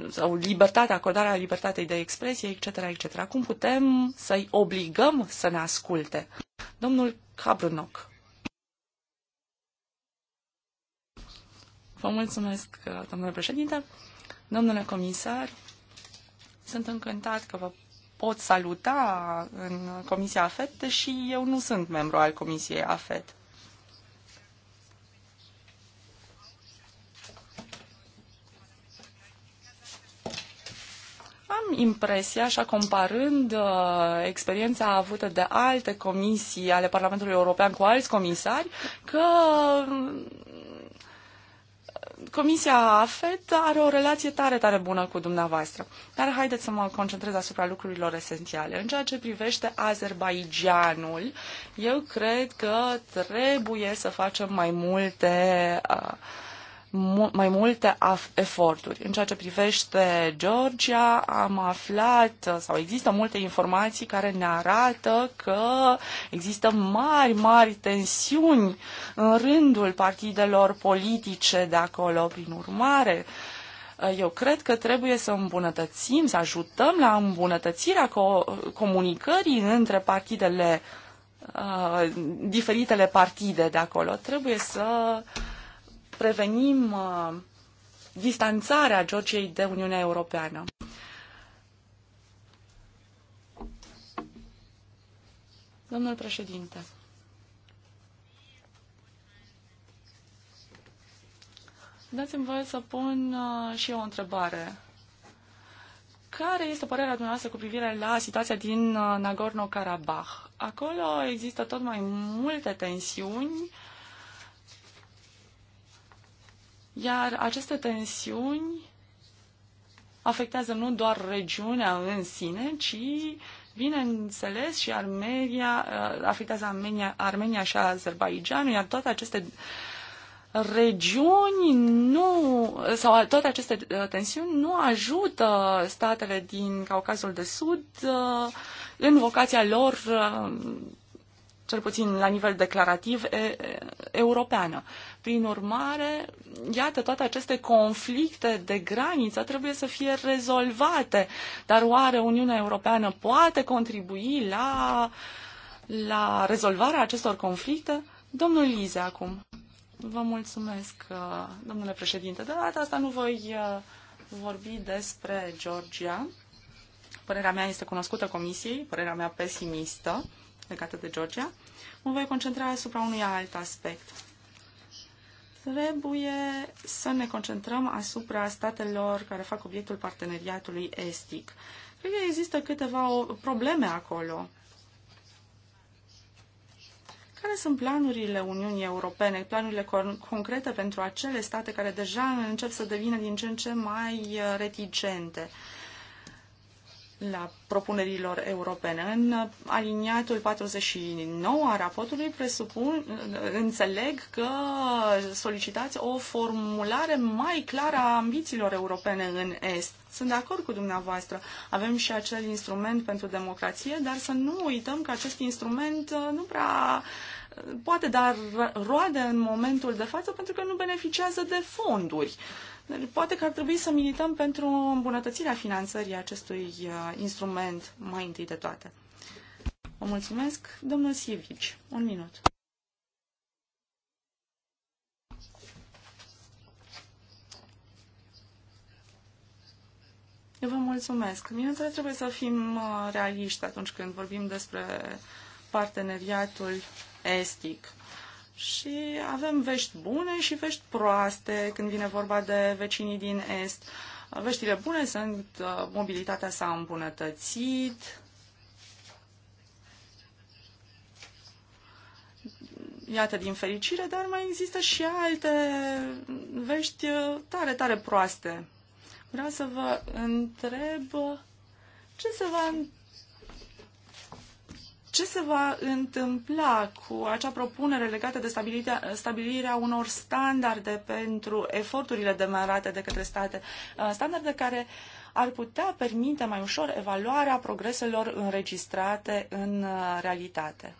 sau libertatea, acordarea libertatei de expresie, etc., etc. Cum putem să-i obligăm să ne asculte? Domnul Cabrnoc. Vă mulțumesc, domnule președinte. Domnule comisar, sunt încântat că vă pot saluta în Comisia AFET, deși eu nu sunt membru al Comisiei AFET. Am impresia, așa comparând uh, experiența avută de alte comisii ale Parlamentului European cu alți comisari, că mm, Comisia AFET are o relație tare, tare bună cu dumneavoastră. Dar haideți să mă concentrez asupra lucrurilor esențiale. În ceea ce privește Azerbaijanul, eu cred că trebuie să facem mai multe uh, mai multe eforturi. În ceea ce privește Georgia, am aflat sau există multe informații care ne arată că există mari, mari tensiuni în rândul partidelor politice de acolo. Prin urmare, eu cred că trebuie să îmbunătățim, să ajutăm la îmbunătățirea co- comunicării între partidele, uh, diferitele partide de acolo. Trebuie să prevenim uh, distanțarea Georgiei de Uniunea Europeană. Domnul președinte. Dați-mi voie să pun uh, și eu o întrebare. Care este părerea dumneavoastră cu privire la situația din uh, Nagorno-Karabakh? Acolo există tot mai multe tensiuni iar aceste tensiuni afectează nu doar regiunea în sine, ci, bineînțeles, și Armenia, uh, afectează Armenia, Armenia și Azerbaijanul, iar toate aceste regiuni nu, sau toate aceste uh, tensiuni nu ajută statele din Caucazul de Sud uh, în vocația lor cel puțin la nivel declarativ, e, europeană. Prin urmare, iată, toate aceste conflicte de graniță trebuie să fie rezolvate. Dar oare Uniunea Europeană poate contribui la, la rezolvarea acestor conflicte? Domnul Lize, acum. Vă mulțumesc, uh, domnule președinte. De data asta nu voi uh, vorbi despre Georgia. Părerea mea este cunoscută comisiei, părerea mea pesimistă legate de Georgia, mă voi concentra asupra unui alt aspect. Trebuie să ne concentrăm asupra statelor care fac obiectul parteneriatului estic. Cred că există câteva probleme acolo. Care sunt planurile Uniunii Europene, planurile concrete pentru acele state care deja încep să devină din ce în ce mai uh, reticente? Uh, la propunerilor europene. În aliniatul 49 a raportului presupun, înțeleg că solicitați o formulare mai clară a ambițiilor europene în Est. Sunt de acord cu dumneavoastră. Avem și acel instrument pentru democrație, dar să nu uităm că acest instrument uh, nu prea uh, poate da roade în momentul de față pentru că nu beneficiază de fonduri. Uh, Poate că ar trebui să milităm pentru îmbunătățirea finanțării acestui uh, instrument mai întâi de toate. Vă mulțumesc, domnul Sievici. Un minut. Eu vă mulțumesc. Bineînțeles, trebuie să fim uh, realiști atunci când vorbim despre parteneriatul estic și avem vești bune și vești proaste când vine vorba de vecinii din Est. Veștile bune sunt uh, mobilitatea s-a îmbunătățit, iată, din fericire, dar mai există și alte vești uh, tare, tare proaste. Vreau să vă întreb uh, ce se va ce se va întâmpla cu acea propunere legată de stabilirea unor standarde pentru eforturile demarate de către state, uh, standarde care ar putea permite mai ușor evaluarea progreselor înregistrate în uh, realitate.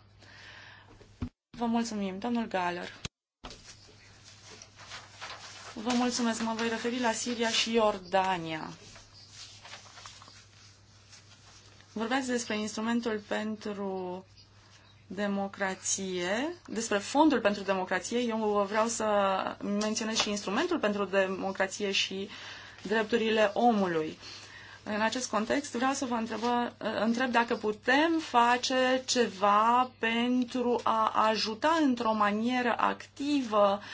Vă mulțumim, domnul Galler. Vă mulțumesc, mă voi referi la Siria și Iordania. Vorbeați despre instrumentul pentru democrație, despre fondul pentru democrație. Eu vreau să menționez și instrumentul pentru democrație și drepturile omului. În acest context, vreau să vă întreb, întreb dacă putem face ceva pentru a ajuta într-o manieră activă uh,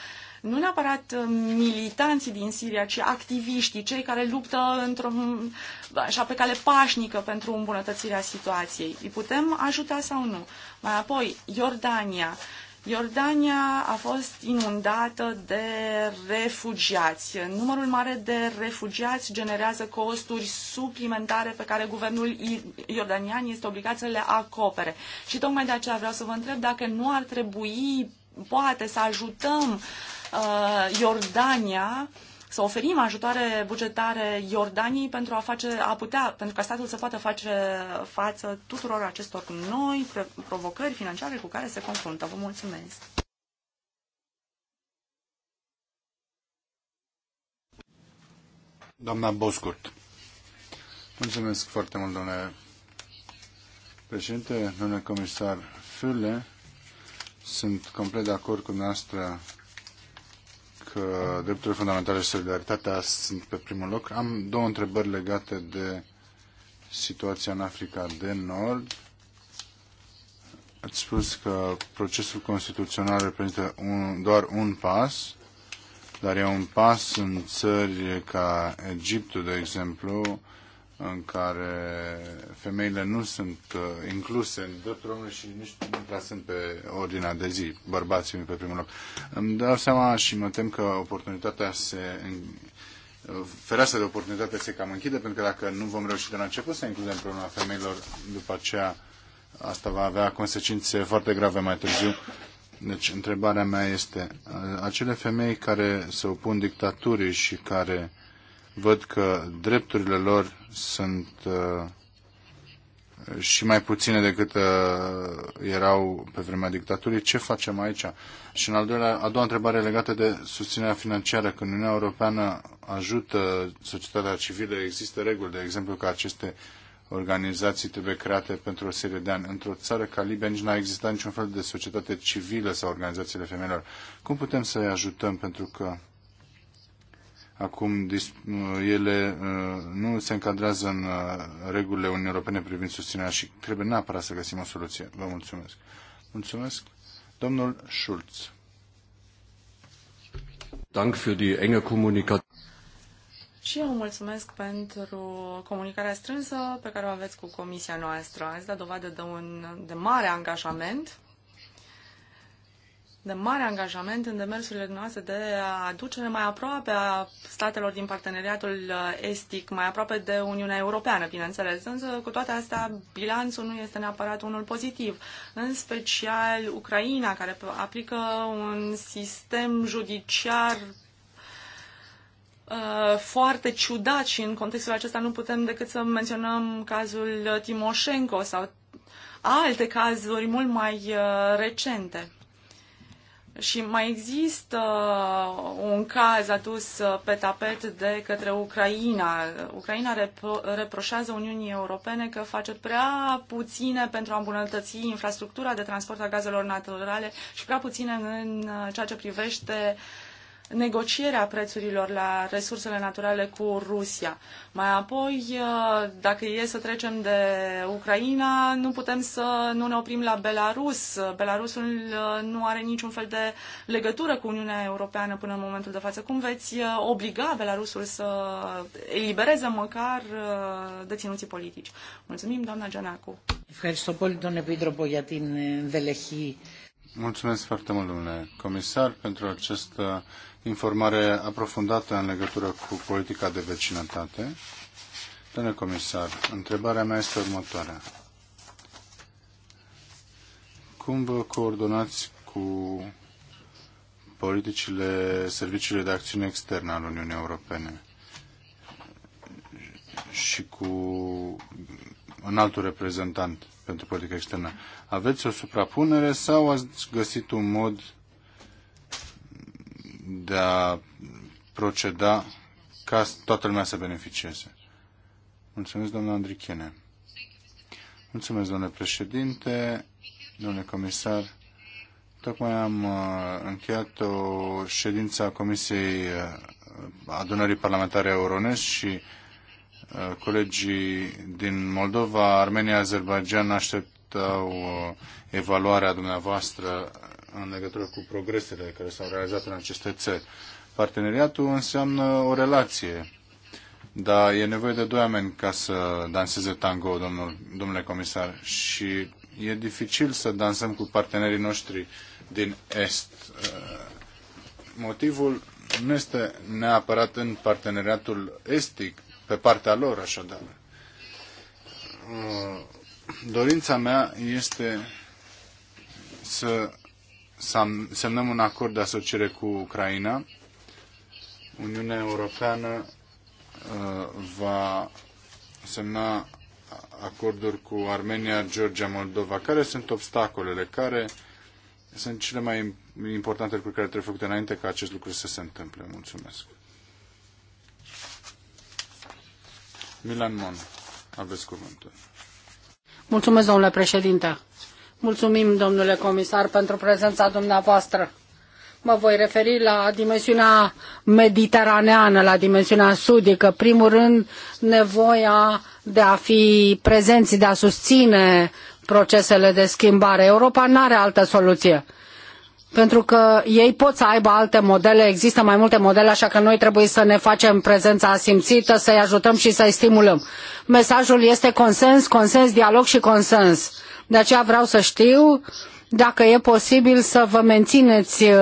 nu neapărat uh, militanții din Siria, ci activiștii, cei care luptă într-o, așa, pe cale pașnică pentru îmbunătățirea situației. Îi putem ajuta sau nu? Mai apoi, Iordania. Iordania a fost inundată de refugiați. Numărul mare de refugiați generează costuri suplimentare pe care guvernul iordanian este obligat să le acopere. Și tocmai de aceea vreau să vă întreb dacă nu ar trebui poate să ajutăm uh, Uh, Iordania, să oferim ajutoare bugetare Iordaniei pentru a face, a putea, pentru ca statul să poată face față tuturor acestor noi provocări financiare cu care se confruntă. Vă mulțumesc! Doamna Boscurt. Mulțumesc foarte mult, domnule președinte, domnule comisar Füle. Sunt complet de acord cu dumneavoastră că drepturile fundamentale și solidaritatea sunt pe primul loc. Am două întrebări legate de situația în Africa de Nord. Ați spus că procesul constituțional reprezintă un, doar un pas, dar e un pas în țări ca Egiptul, de exemplu, în care femeile nu sunt uh, incluse în dreptul omului și nici nu prea sunt pe ordinea de zi, bărbații pe primul loc. Îmi dau seama și mă tem că oportunitatea se fereastra de oportunitate se cam închide, pentru că dacă nu vom reuși de la început să includem problema femeilor, după aceea asta va avea consecințe foarte grave mai târziu. Deci, întrebarea mea este, uh, acele femei care se opun dictaturii și care văd că drepturile lor sunt uh, și mai puține decât uh, erau pe vremea dictaturii. Ce facem aici? Și în al doilea, a doua întrebare legată de susținerea financiară. Când Uniunea Europeană ajută societatea civilă, există reguli, de exemplu, că aceste organizații trebuie create pentru o serie de ani. Într-o țară ca Libia nici n-a existat niciun fel de societate civilă sau organizațiile femeilor. Cum putem să-i ajutăm? Pentru că Acum ele uh, nu se încadrează în uh, regulile Uniunii Europene privind susținerea și trebuie neapărat să găsim o soluție. Vă mulțumesc. Mulțumesc. Domnul Schulz. Dank für die enge Kommunikation. Și eu mulțumesc pentru comunicarea strânsă pe care o aveți cu comisia noastră. Ați dat dovadă de un de mare angajament de mare angajament în demersurile noastre de aducere mai aproape a statelor din parteneriatul uh, estic, mai aproape de Uniunea Europeană, bineînțeles. Însă, cu toate astea, bilanțul nu este neapărat unul pozitiv. În special, Ucraina, care aplică un sistem judiciar uh, foarte ciudat și în contextul acesta nu putem decât să menționăm cazul Timoșenko sau alte cazuri mult mai uh, recente. Și mai există un caz adus uh, pe tapet de către Ucraina. Ucraina repro- reproșează Uniunii Europene că face prea puține pentru a îmbunătăți infrastructura de transport a gazelor naturale și prea puține în uh, ceea ce privește uh, negocierea prețurilor la resursele naturale cu Rusia. Mai apoi, uh, dacă e să trecem de Ucraina, nu putem să nu ne oprim la Belarus. Belarusul uh, nu are niciun fel de legătură cu Uniunea Europeană până în momentul de față. Cum veți uh, obliga Belarusul să elibereze măcar deținuții politici? Mulțumim, doamna Gianacu. Mulțumesc foarte mult, domnule comisar, pentru această informare aprofundată în legătură cu politica de vecinătate. Domnule comisar, întrebarea mea este următoarea. Cum vă coordonați cu politicile serviciile de acțiune externă al Uniunii Europene și cu un altul reprezentant pentru politică externă? Aveți o suprapunere sau ați găsit un mod de a proceda ca toată lumea să beneficieze. Mulțumesc, doamna Andrichene. Mulțumesc, domnule președinte, domnule comisar. Tocmai am uh, încheiat o ședință a Comisiei uh, Adunării Parlamentare Euronest și uh, colegii din Moldova, Armenia, Azerbaijan așteptau evaluarea dumneavoastră în legătură cu progresele care s-au realizat în aceste țări. Parteneriatul înseamnă o relație, dar e nevoie de doi oameni ca să danseze tango, domnul, domnule comisar, și e dificil să dansăm cu partenerii noștri din Est. Uh, motivul nu este neapărat în parteneriatul estic, pe partea lor, așadar. Uh, dorința mea este să să semnăm un acord de asociere cu Ucraina. Uniunea Europeană uh, va semna acorduri cu Armenia, Georgia, Moldova. Care sunt obstacolele? Care sunt cele mai importante lucruri care trebuie făcute înainte ca acest lucru să se întâmple? Mulțumesc. Milan Mon, aveți cuvântul. Mulțumesc, domnule președinte. Mulțumim, domnule comisar, pentru prezența dumneavoastră. Mă voi referi la dimensiunea mediteraneană, la dimensiunea sudică. Primul rând, nevoia de a fi prezenți, de a susține procesele de schimbare. Europa nu are altă soluție pentru că ei pot să aibă alte modele, există mai multe modele, așa că noi trebuie să ne facem prezența simțită, să-i ajutăm și să-i stimulăm. Mesajul este consens, consens, dialog și consens. De aceea vreau să știu dacă e posibil să vă mențineți uh,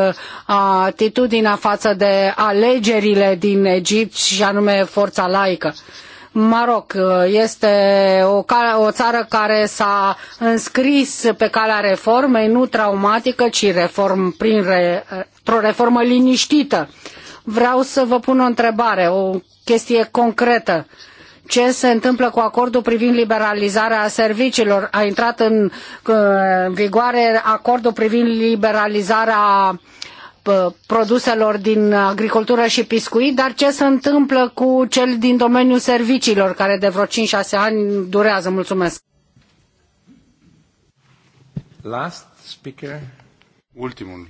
atitudinea față de alegerile din Egipt și anume forța laică. Maroc uh, este o, o țară care s-a înscris pe calea reformei, nu traumatică, ci reform, prin re, o reformă liniștită. Vreau să vă pun o întrebare, o chestie concretă ce se întâmplă cu acordul privind liberalizarea serviciilor. A intrat în, uh, în vigoare acordul privind liberalizarea Uh, produselor din agricultură și piscuit, dar ce se întâmplă cu cel din domeniul serviciilor, care de vreo 5-6 ani durează? Mulțumesc! Last speaker. Ultimul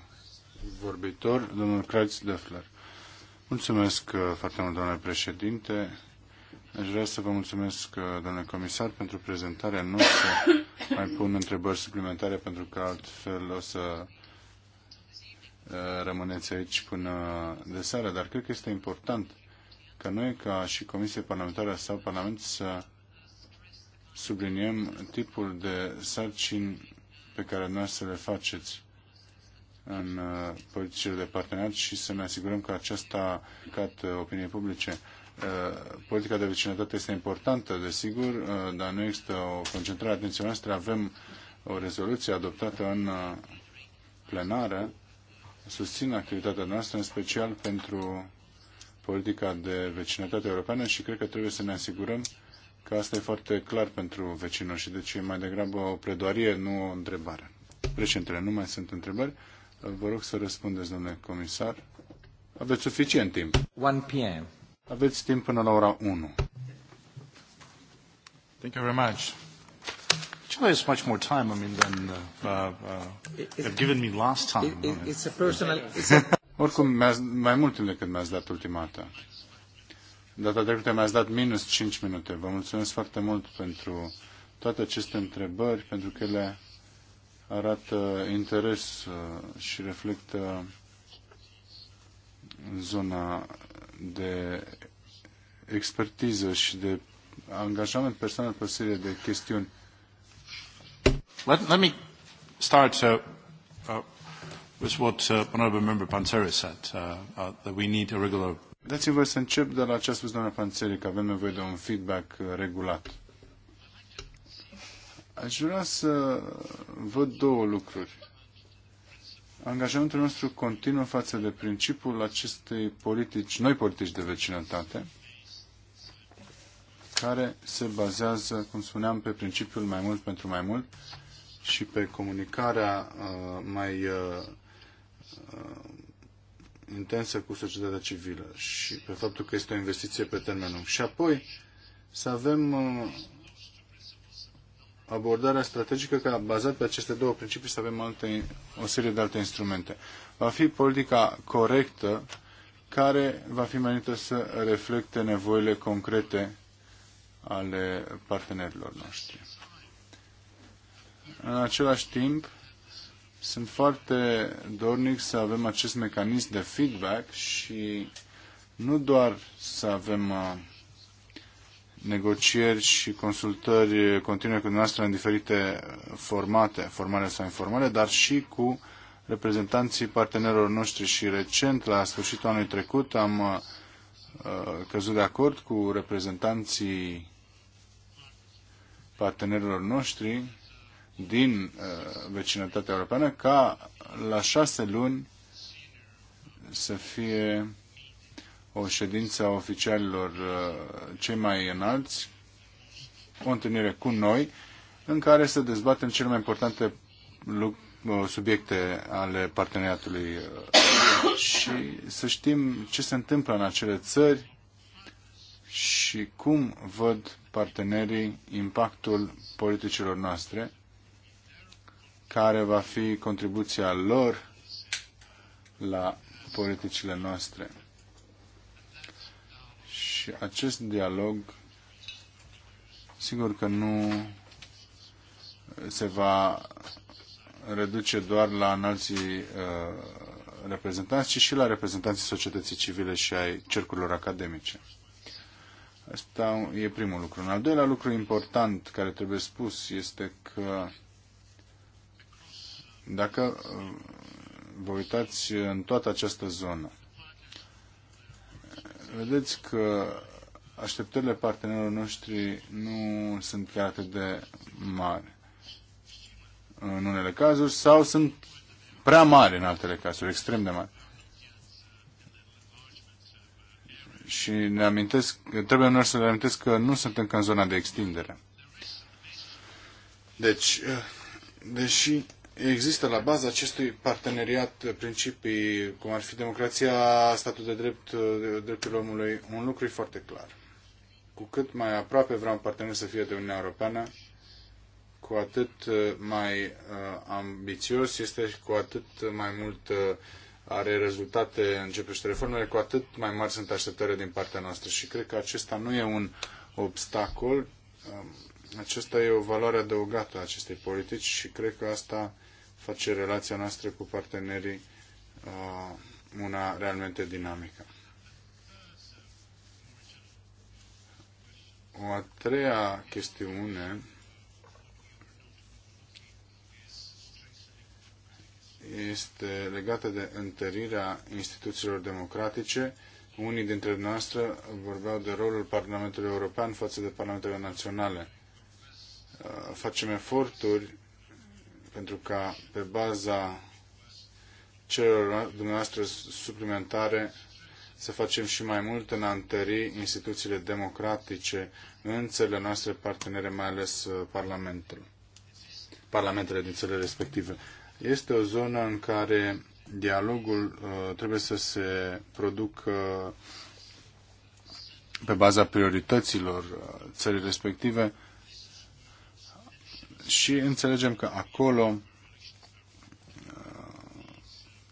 vorbitor, domnul Kreitz Deffler. Mulțumesc uh, foarte mult, domnule președinte. Aș vrea să vă mulțumesc, uh, domnule comisar, pentru prezentarea noastră. Mai pun întrebări suplimentare pentru că altfel o să rămâneți aici până de seară, dar cred că este important ca noi, ca și Comisie Parlamentară sau Parlament, să subliniem tipul de sarcini pe care noi să le faceți în uh, politicile de parteneriat și să ne asigurăm că aceasta cat opiniei publice. Uh, politica de vecinătate este importantă, desigur, uh, dar nu există o concentrare noastre. Avem o rezoluție adoptată în plenară susțin activitatea noastră, în special pentru politica de vecinătate europeană și cred că trebuie să ne asigurăm că asta e foarte clar pentru vecinul și deci e mai degrabă o pledoarie, nu o întrebare. Președintele, nu mai sunt întrebări. Vă rog să răspundeți, domnule comisar. Aveți suficient timp. 1 p.m. Aveți timp până la ora 1. Thank you very much. Actually, it's much more time, I mean, than uh, uh, uh they've given me last time. It, it, it's a personal... It's a... Oricum, mai mult timp decât mi-ați dat ultima dată. Data trecută mi-ați dat minus 5 minute. Vă mulțumesc foarte mult pentru toate aceste întrebări, pentru că ele arată interes uh, și reflectă zona de expertiză și de angajament personal pe o serie de chestiuni Let, let me start uh, uh, with what uh, Honourable Member Panseri said, uh, uh, that we need a regular... Dați-mi voi să încep de la ce a spus doamna Panseri, că avem nevoie de un feedback uh, regulat. Aș vrea să văd două lucruri. Angajamentul nostru continuă față de principiul acestei politici, noi politici de vecinătate, care se bazează, cum spuneam, pe principiul mai mult pentru mai mult și pe comunicarea uh, mai uh, uh, intensă cu societatea civilă și pe faptul că este o investiție pe termen lung. Și apoi să avem abordarea strategică ca bazat pe aceste două principii să avem alte, o serie de alte instrumente. Va fi politica corectă care va fi menită să reflecte nevoile concrete ale partenerilor noștri. În același timp, sunt foarte dornic să avem acest mecanism de feedback și nu doar să avem uh, negocieri și consultări continue cu dumneavoastră în diferite uh, formate, formale sau informale, dar și cu reprezentanții partenerilor noștri și recent, la sfârșitul anului trecut, am uh, căzut de acord cu reprezentanții partenerilor noștri din uh, vecinătatea europeană ca la șase luni să fie o ședință a oficialilor uh, cei mai înalți, o întâlnire cu noi, în care să dezbatem cele mai importante uh, subiecte ale parteneriatului uh, și să știm ce se întâmplă în acele țări și cum văd partenerii impactul politicilor noastre care va fi contribuția lor la politicile noastre. Și acest dialog, sigur că nu se va reduce doar la înalții uh, reprezentanți, ci și la reprezentanții societății civile și ai cercurilor academice. Asta e primul lucru. În al doilea lucru important care trebuie spus este că dacă uh, vă uitați în toată această zonă, vedeți că așteptările partenerilor noștri nu sunt chiar atât de mari în unele cazuri sau sunt prea mari în altele cazuri, extrem de mari. Și ne amintesc, trebuie noi să ne amintesc că nu sunt încă în zona de extindere. Deci, uh, deși există la baza acestui parteneriat principii, cum ar fi democrația, statul de drept, drepturile omului, un lucru e foarte clar. Cu cât mai aproape vreau un partener să fie de Uniunea Europeană, cu atât uh, mai uh, ambițios este și cu atât mai mult uh, are rezultate în ce privește reformele, cu atât mai mari sunt așteptările din partea noastră. Și cred că acesta nu e un obstacol, um, acesta e o valoare adăugată a acestei politici și cred că asta face relația noastră cu partenerii uh, una realmente dinamică. O a treia chestiune este legată de întărirea instituțiilor democratice. Unii dintre noastre vorbeau de rolul Parlamentului European față de Parlamentele Naționale. Uh, facem eforturi pentru ca pe baza celor dumneavoastră suplimentare să facem și mai mult în a întări instituțiile democratice în țările noastre partenere, mai ales uh, parlamentul, parlamentele din țările respective. Este o zonă în care dialogul uh, trebuie să se producă uh, pe baza priorităților uh, țării respective și înțelegem că acolo uh,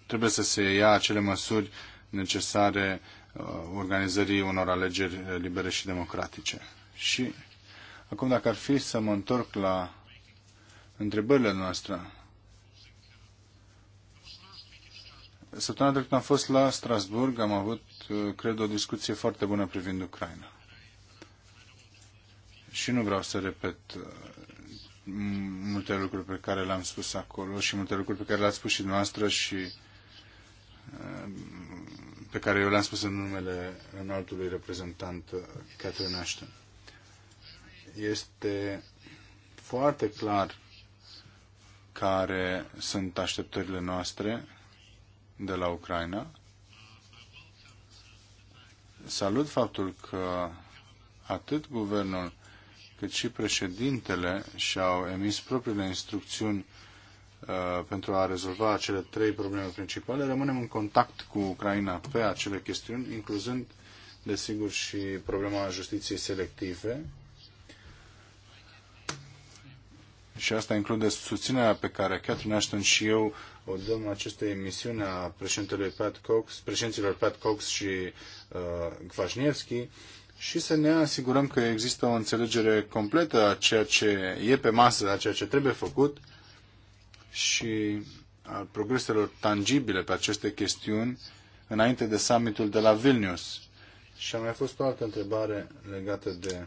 trebuie să se ia acele măsuri necesare uh, organizării unor alegeri libere și democratice. Și acum dacă ar fi să mă întorc la întrebările noastre, Săptămâna trecută am fost la Strasburg, am avut, uh, cred, o discuție foarte bună privind Ucraina. Și nu vreau să repet multe lucruri pe care le-am spus acolo și multe lucruri pe care le-ați spus și noastră și uh, pe care eu le-am spus în numele înaltului reprezentant uh, Catherine Ashton. Este foarte clar care sunt așteptările noastre de la Ucraina. Salut faptul că atât guvernul cât și președintele și-au emis propriile instrucțiuni uh, pentru a rezolva acele trei probleme principale. Rămânem în contact cu Ucraina pe acele chestiuni, incluzând, desigur, și problema justiției selective. Și asta include susținerea pe care Catherine Ashton și eu o dăm acestei emisiuni a președintelui Pat Cox, președinților Pat Cox și uh, Kvasniewski și să ne asigurăm că există o înțelegere completă a ceea ce e pe masă, a ceea ce trebuie făcut și a progreselor tangibile pe aceste chestiuni înainte de summitul de la Vilnius. Și a mai fost o altă întrebare legată de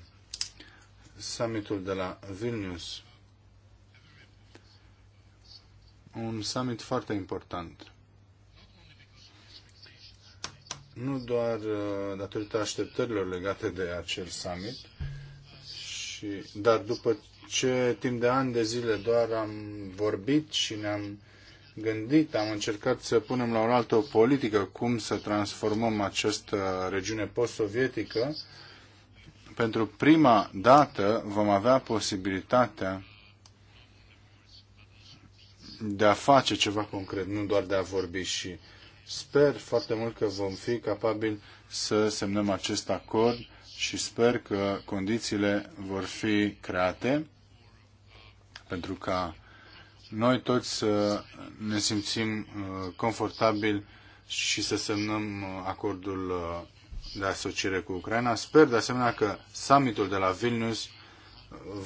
summitul de la Vilnius. Un summit foarte important nu doar uh, datorită așteptărilor legate de acel summit, și, dar după ce timp de ani de zile doar am vorbit și ne-am gândit, am încercat să punem la oaltă o politică, cum să transformăm această regiune post-sovietică, pentru prima dată vom avea posibilitatea de a face ceva concret, nu doar de a vorbi și Sper foarte mult că vom fi capabili să semnăm acest acord și sper că condițiile vor fi create pentru ca noi toți să ne simțim uh, confortabil și să semnăm uh, acordul uh, de asociere cu Ucraina. Sper de asemenea că summitul de la Vilnius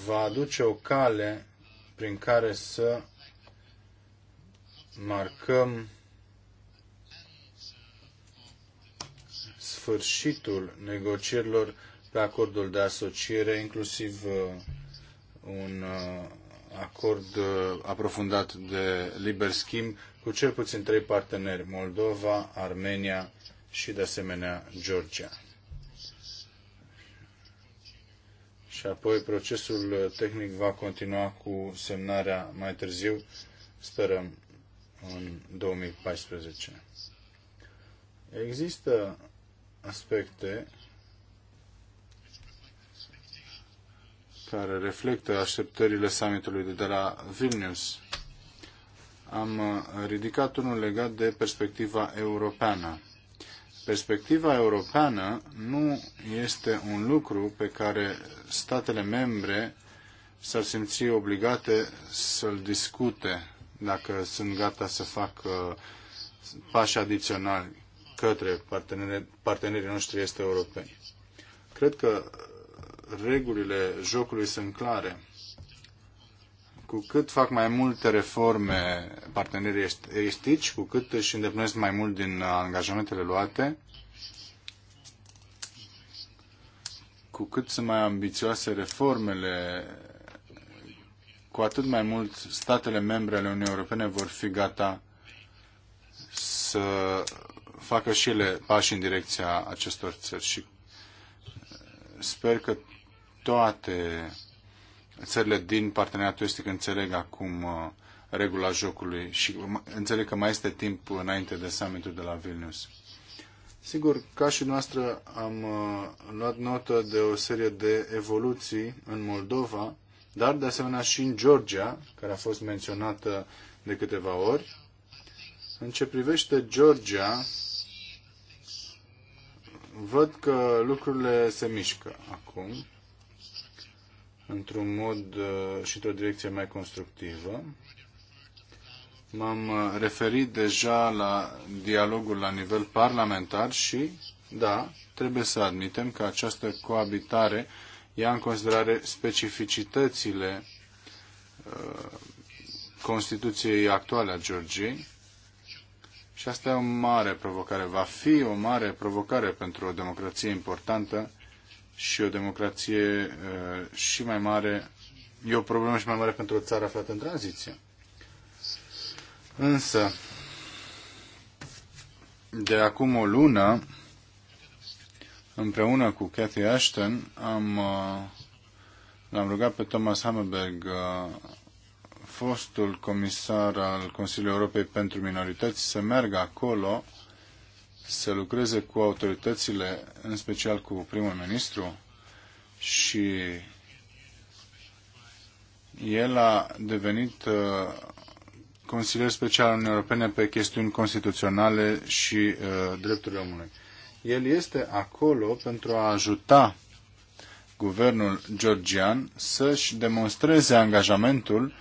va aduce o cale prin care să marcăm sfârșitul negocierilor pe acordul de asociere, inclusiv uh, un uh, acord uh, aprofundat de liber schimb cu cel puțin trei parteneri, Moldova, Armenia și de asemenea Georgia. Și apoi procesul tehnic va continua cu semnarea mai târziu, sperăm, în 2014. Există aspecte care reflectă așteptările summitului de la Vilnius. Am uh, ridicat unul legat de perspectiva europeană. Perspectiva europeană nu este un lucru pe care statele membre s-ar simți obligate să-l discute dacă sunt gata să facă pași adiționali către partenerii noștri este europeni. Cred că regulile jocului sunt clare. Cu cât fac mai multe reforme partenerii estici, cu cât își îndeplinesc mai mult din angajamentele luate, cu cât sunt mai ambițioase reformele, cu atât mai mult statele membre ale Uniunii Europene vor fi gata să facă și ele pași în direcția acestor țări și uh, sper că toate țările din parteneriatul estic înțeleg acum uh, regula jocului și înțeleg că mai este timp înainte de summitul de la Vilnius. Sigur, ca și noastră am uh, luat notă de o serie de evoluții în Moldova, dar de asemenea și în Georgia, care a fost menționată de câteva ori. În ce privește Georgia, văd că lucrurile se mișcă acum într-un mod uh, și într-o direcție mai constructivă. M-am uh, referit deja la dialogul la nivel parlamentar și, da, trebuie să admitem că această coabitare ia în considerare specificitățile uh, Constituției actuale a Georgiei și asta e o mare provocare. Va fi o mare provocare pentru o democrație importantă și o democrație uh, și mai mare. E o problemă și mai mare pentru o țară aflată în tranziție. Însă, de acum o lună, împreună cu Cathy Ashton, am, uh, l-am rugat pe Thomas Hammerberg, uh, fostul comisar al Consiliului Europei pentru Minorități să meargă acolo să lucreze cu autoritățile, în special cu primul ministru și el a devenit uh, consilier special al Uniunii Europene pe chestiuni constituționale și uh, drepturile omului. El este acolo pentru a ajuta guvernul georgian să-și demonstreze angajamentul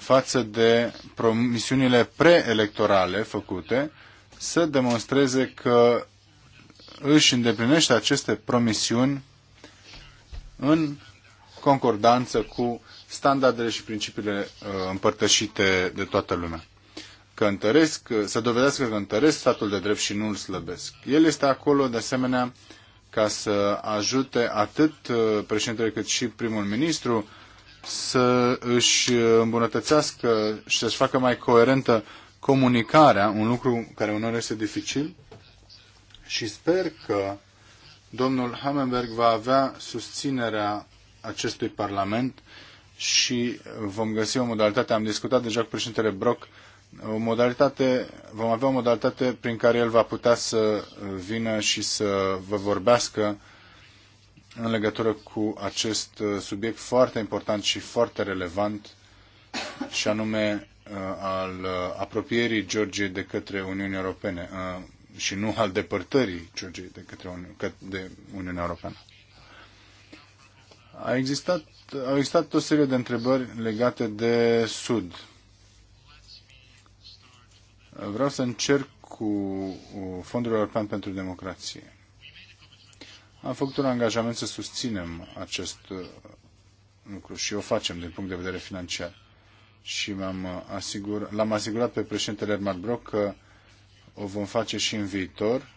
față de promisiunile preelectorale făcute, să demonstreze că își îndeplinește aceste promisiuni în concordanță cu standardele și principiile uh, împărtășite de toată lumea. Că întăresc, uh, să dovedească că întăresc statul de drept și nu îl slăbesc. El este acolo, de asemenea, ca să ajute atât uh, președintele cât și primul ministru să își îmbunătățească și să-și facă mai coerentă comunicarea, un lucru care uneori este dificil și sper că domnul Hammenberg va avea susținerea acestui Parlament și vom găsi o modalitate, am discutat deja cu președintele Brock, o modalitate, vom avea o modalitate prin care el va putea să vină și să vă vorbească în legătură cu acest uh, subiect foarte important și foarte relevant, și anume uh, al uh, apropierii Georgiei de către Uniunea Europene și nu al depărtării Georgiei de către Uni- de Uniunea Europeană. A existat, au existat o serie de întrebări legate de Sud. Vreau să încerc cu Fondul European pentru Democrație. Am făcut un angajament să susținem acest uh, lucru și o facem din punct de vedere financiar. Și uh, l-am asigur, asigurat pe președintele Ermar Brock că o vom face și în viitor.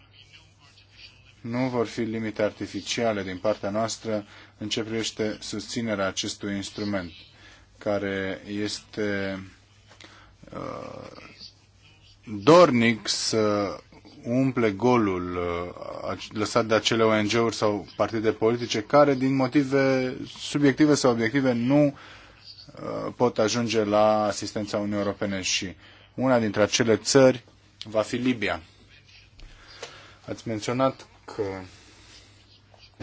Nu vor fi limite artificiale din partea noastră în ce privește susținerea acestui instrument, care este uh, dornic să umple golul uh, lăsat de acele ONG-uri sau partide politice care, din motive subiective sau obiective, nu uh, pot ajunge la asistența Uniunii Europene și una dintre acele țări va fi Libia. Ați menționat că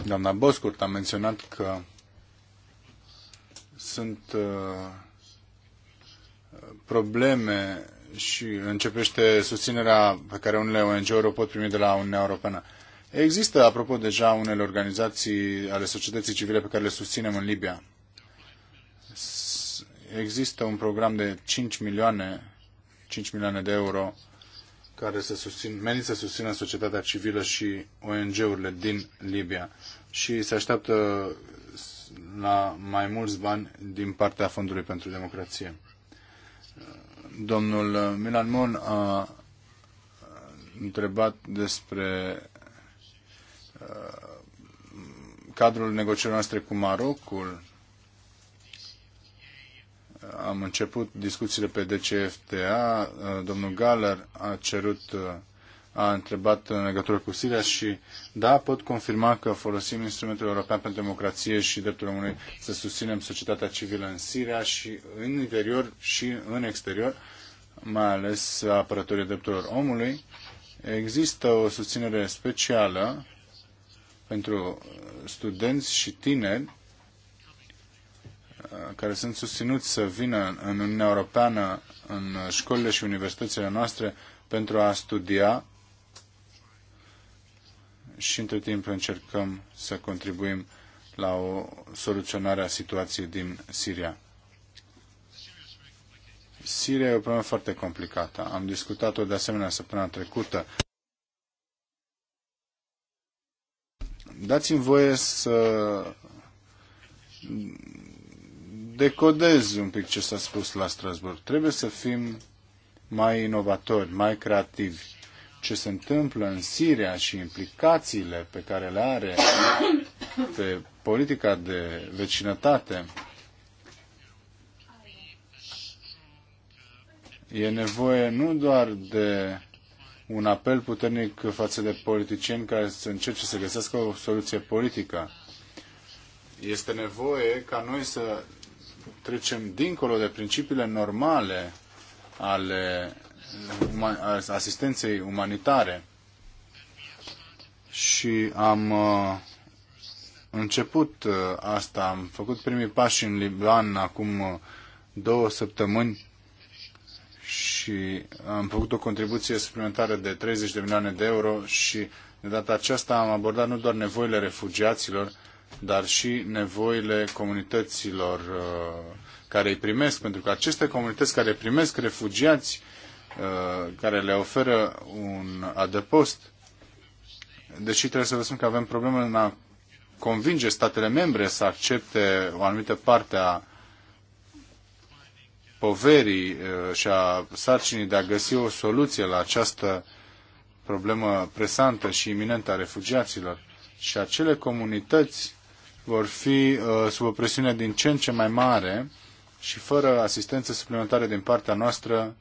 doamna Boscurt a menționat că sunt uh, probleme și începește susținerea pe care unele ONG-uri o pot primi de la Uniunea Europeană. Există, apropo, deja unele organizații ale societății civile pe care le susținem în Libia. Există un program de 5 milioane, 5 milioane de euro care se susțin, menit să susțină societatea civilă și ONG-urile din Libia și se așteaptă la mai mulți bani din partea Fondului pentru Democrație. Domnul uh, Milan Mon a uh, întrebat despre uh, cadrul negocierilor noastre cu Marocul. Am început discuțiile pe DCFTA. Domnul Galler a cerut a întrebat în legătură cu Siria și da, pot confirma că folosim instrumentul european pentru democrație și dreptul omului să susținem societatea civilă în Siria și în interior și în exterior, mai ales apărătorii drepturilor omului. Există o susținere specială pentru studenți și tineri uh, care sunt susținuți să vină în Uniunea Europeană, în școlile și universitățile noastre, pentru a studia și între timp încercăm să contribuim la o soluționare a situației din Siria. Siria e o problemă foarte complicată. Am discutat-o de asemenea săptămâna trecută. Dați-mi voie să decodez un pic ce s-a spus la Strasburg. Trebuie să fim mai inovatori, mai creativi ce se întâmplă în Siria și implicațiile pe care le are pe politica de vecinătate, e nevoie nu doar de un apel puternic față de politicieni care să încerce să găsească o soluție politică. Este nevoie ca noi să trecem dincolo de principiile normale ale asistenței umanitare și am uh, început uh, asta, am făcut primii pași în Liban acum uh, două săptămâni și am făcut o contribuție suplimentară de 30 de milioane de euro și de data aceasta am abordat nu doar nevoile refugiaților, dar și nevoile comunităților care îi primesc, pentru că aceste comunități care primesc refugiați uh, Uh, care le oferă un adăpost. Deși trebuie să vă spun că avem probleme în a convinge statele membre să accepte o anumită parte a poverii uh, și a sarcinii de a găsi o soluție la această problemă presantă și iminentă a refugiaților. Și acele comunități vor fi uh, sub o presiune din ce în ce mai mare și fără asistență suplimentară din partea noastră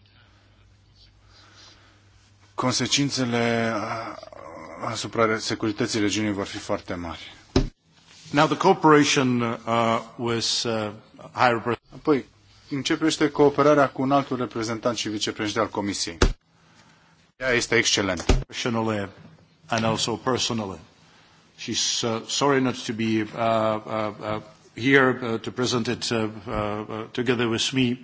consecințele asupra securității regiunii vor fi foarte mari. Now the cooperation uh, uh, high Apoi începește cooperarea cu un altul reprezentant și vicepreședinte al Comisiei. Ea este excelentă. Personally and also personally. She's uh, sorry not to be uh, uh, uh here uh, to present it uh, uh, together with me,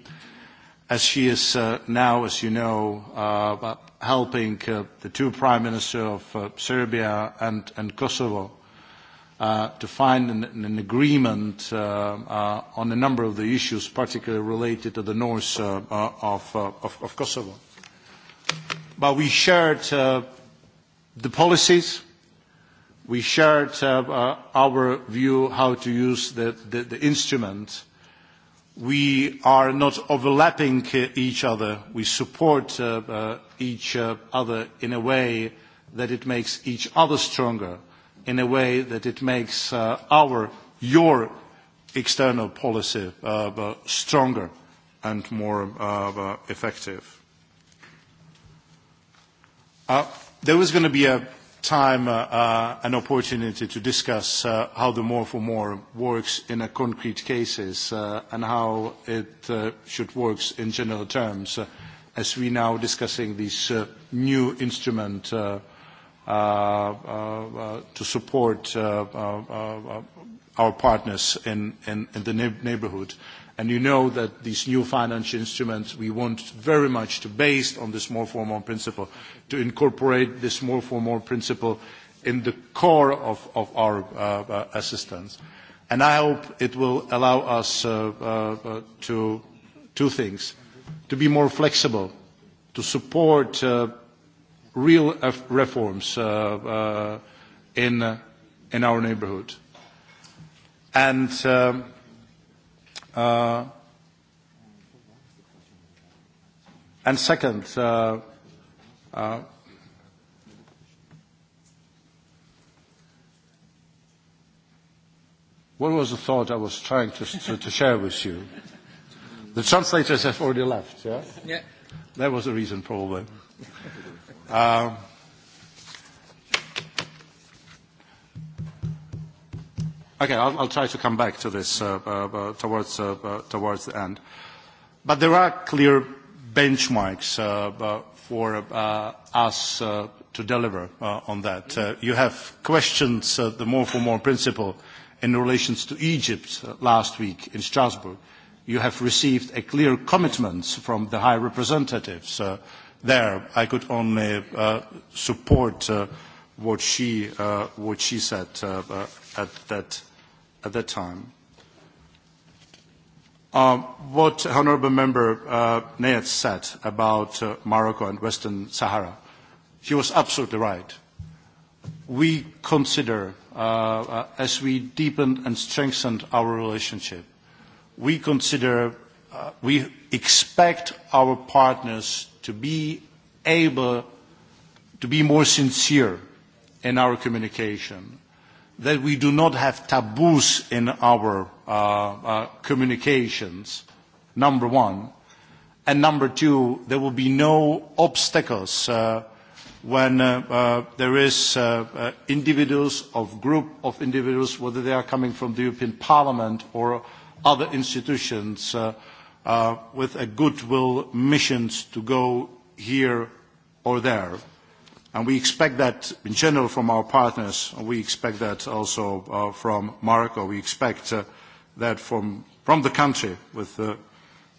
as she is uh, now, as you know, uh, helping uh, the two prime ministers of uh, Serbia and, and Kosovo uh, to find an, an agreement uh, uh, on a number of the issues, particularly related to the north uh, uh, of, uh, of, of Kosovo. But we shared uh, the policies. We shared uh, uh, our view how to use the, the, the we are not overlapping uh, each other. We support uh, uh, each uh, other in a way that it makes each other stronger, in a way that it makes uh, our, your external policy uh, stronger and more effective. there was going to be a time uh, uh, an opportunity to discuss uh, how the More for More works in a concrete cases and how it should work in general terms as we now discussing this new instrument to support our partners in, in, in the neighbourhood. And you know that these new financial instruments, we want very much to, based on this more for more principle, to incorporate this more for more principle in the core of, of our uh, uh, assistance. And I hope it will allow us uh, uh, to two things, to be more flexible, to support uh, real reforms uh, in, in our neighborhood. And Uh, Uh, and second, uh, uh, what was the thought I was trying to, to, to share with you? The translators have already left, yeah? Yeah. That was the reason, probably. Uh, Okay, I'll, I'll try to come back to this uh, uh, uh, towards, uh, uh, towards the end. But there are clear benchmarks uh, uh, for uh, us uh, to deliver uh, on that. Uh, you have questions uh, the more for more principle in relation to Egypt uh, last week in Strasbourg. You have received a clear commitment from the high representatives uh, there. I could only uh, support uh, what, she, uh, what she said uh, uh, at that, at that time. Uh, what Honourable Member uh, Nayat said about uh, Morocco and Western Sahara, he was absolutely right. We consider, uh, uh, as we deepened and strengthened our relationship, we consider, uh, we expect our partners to be able to be more sincere in our communication that we do not have taboos in our uh, uh, communications, number one. And number two, there will be no obstacles uh, when uh, uh, there is uh, individuals of group of individuals, whether they are coming from the European Parliament or other institutions, with a goodwill missions to go here or there we expect that in general from our partners. and We expect that also uh, from Morocco. We expect uh, that from, from the country with uh,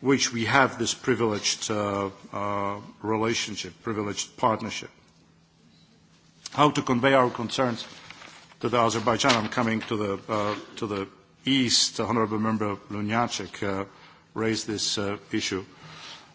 which we have this privileged uh, uh, relationship, privileged partnership. How to convey our concerns to the Azerbaijan? I'm coming to the, uh, to the east. Honourable Member Lunacek raised this issue.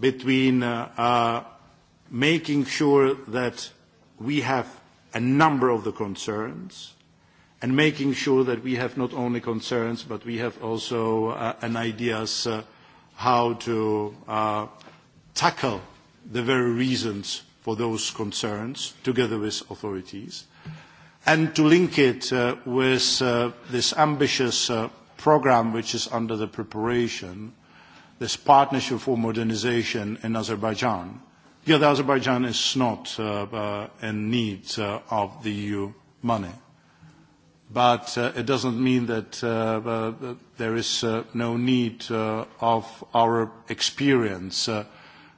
between uh, uh, making sure that we have a number of the concerns and making sure that we have not only concerns, but we have also uh, an ideas how to tackle the very reasons for those concerns together with authorities, and to link it uh, with uh, this ambitious uh, program which is under the preparation this partnership for modernization in Azerbaijan. Yet Azerbaijan is not uh, uh, in need uh, of the EU money. But uh, it doesn't mean that uh, uh, there is uh, no need uh, of our experience, uh,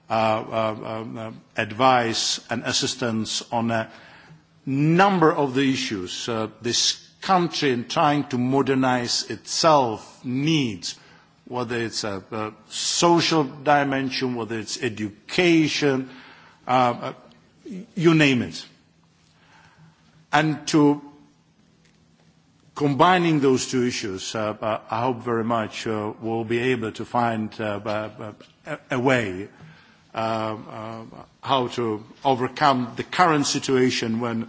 uh, uh, uh, advice and assistance on a number of the issues uh, this country in trying to modernize itself needs whether it's a, a social dimension, whether it's education, uh, uh you name it. And to combining those two issues, uh, uh, I hope very much uh, we'll be able to find uh, a, uh, a way uh, uh, how to overcome the current situation when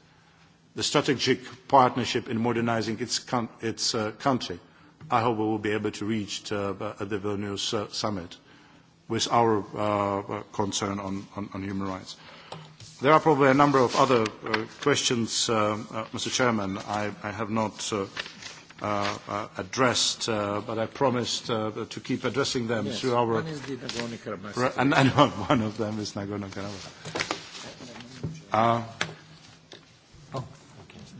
the strategic partnership in modernising its, its uh, country, I hope we will be able to reach uh, uh at the Vilnius uh, summit with our uh, uh, concern on, on, on human rights. There are probably a number of other uh, questions, uh, uh, Mr. Chairman, I, I have not uh, uh, uh, addressed, uh, but I promised uh, to keep addressing them yes, through our... One is the Nagorno-Karabakh. And, and one of them is Nagorno-Karabakh. Uh,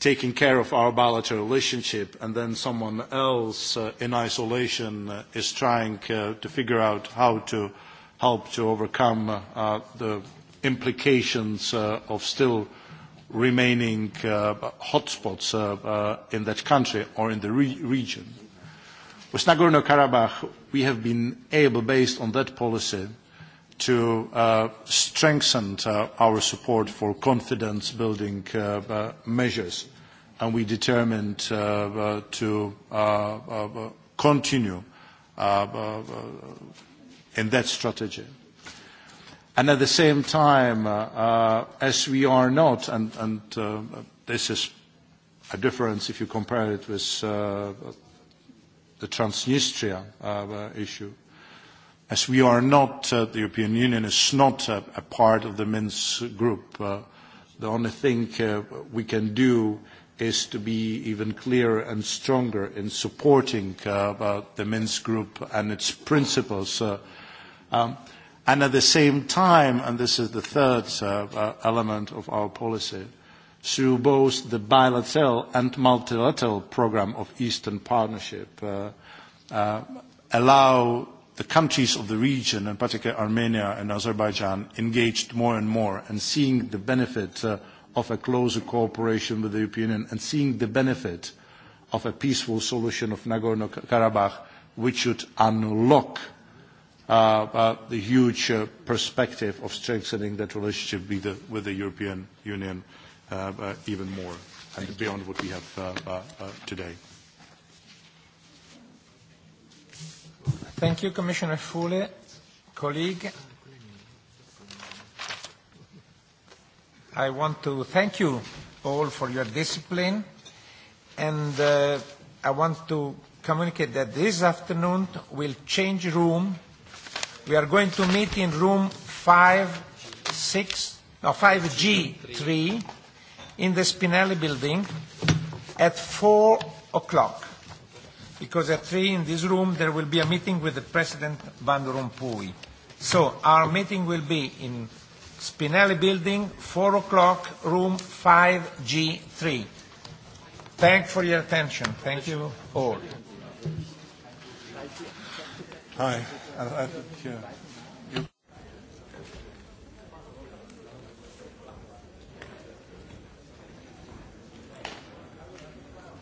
taking care of our bilateral relationship and then someone else uh, in isolation uh, is trying uh, to figure out how to help to overcome uh, the implications uh, of still remaining uh, hotspots in that country or in the re region. With Nagorno-Karabakh, we have been able, based on that policy, to uh, strengthen uh, our support for confidence-building uh, uh, measures, and we determined uh, uh, to continue in that strategy. And At the same time, as we are not, and, and this is a difference if you compare it with the Transnistria issue, as we are not, uh, the European Union is not a, a part of the Minsk group, uh, the only thing uh, we can do is to be even clearer and stronger in supporting uh, uh the Minsk group and its principles. Uh, um, and at the same time, and this is the third uh, uh element of our policy, through both the bilateral and multilateral program of Eastern Partnership, uh, allow the countries of the region, in particular Armenia and Azerbaijan, engaged more and more and seeing the benefit uh, of a closer cooperation with the European Union and seeing the benefit of a peaceful solution of Nagorno-Karabakh, which should unlock uh, uh, the huge uh, perspective of strengthening that relationship with the, with the European Union uh, uh, even more and beyond what we have uh, today. Thank you, Commissioner Fule. Colleague, I want to thank you all for your discipline, and uh, I want to communicate that this afternoon we'll change room. We are going to meet in room 5, 6, no, 5G3 in the Spinelli building at 4 o'clock because at three in this room there will be a meeting with the President Van Rompuy. So our meeting will be in Spinelli Building, four o'clock, room 5G3. Thank for your attention. Thank you all. Hi. I, I think, yeah.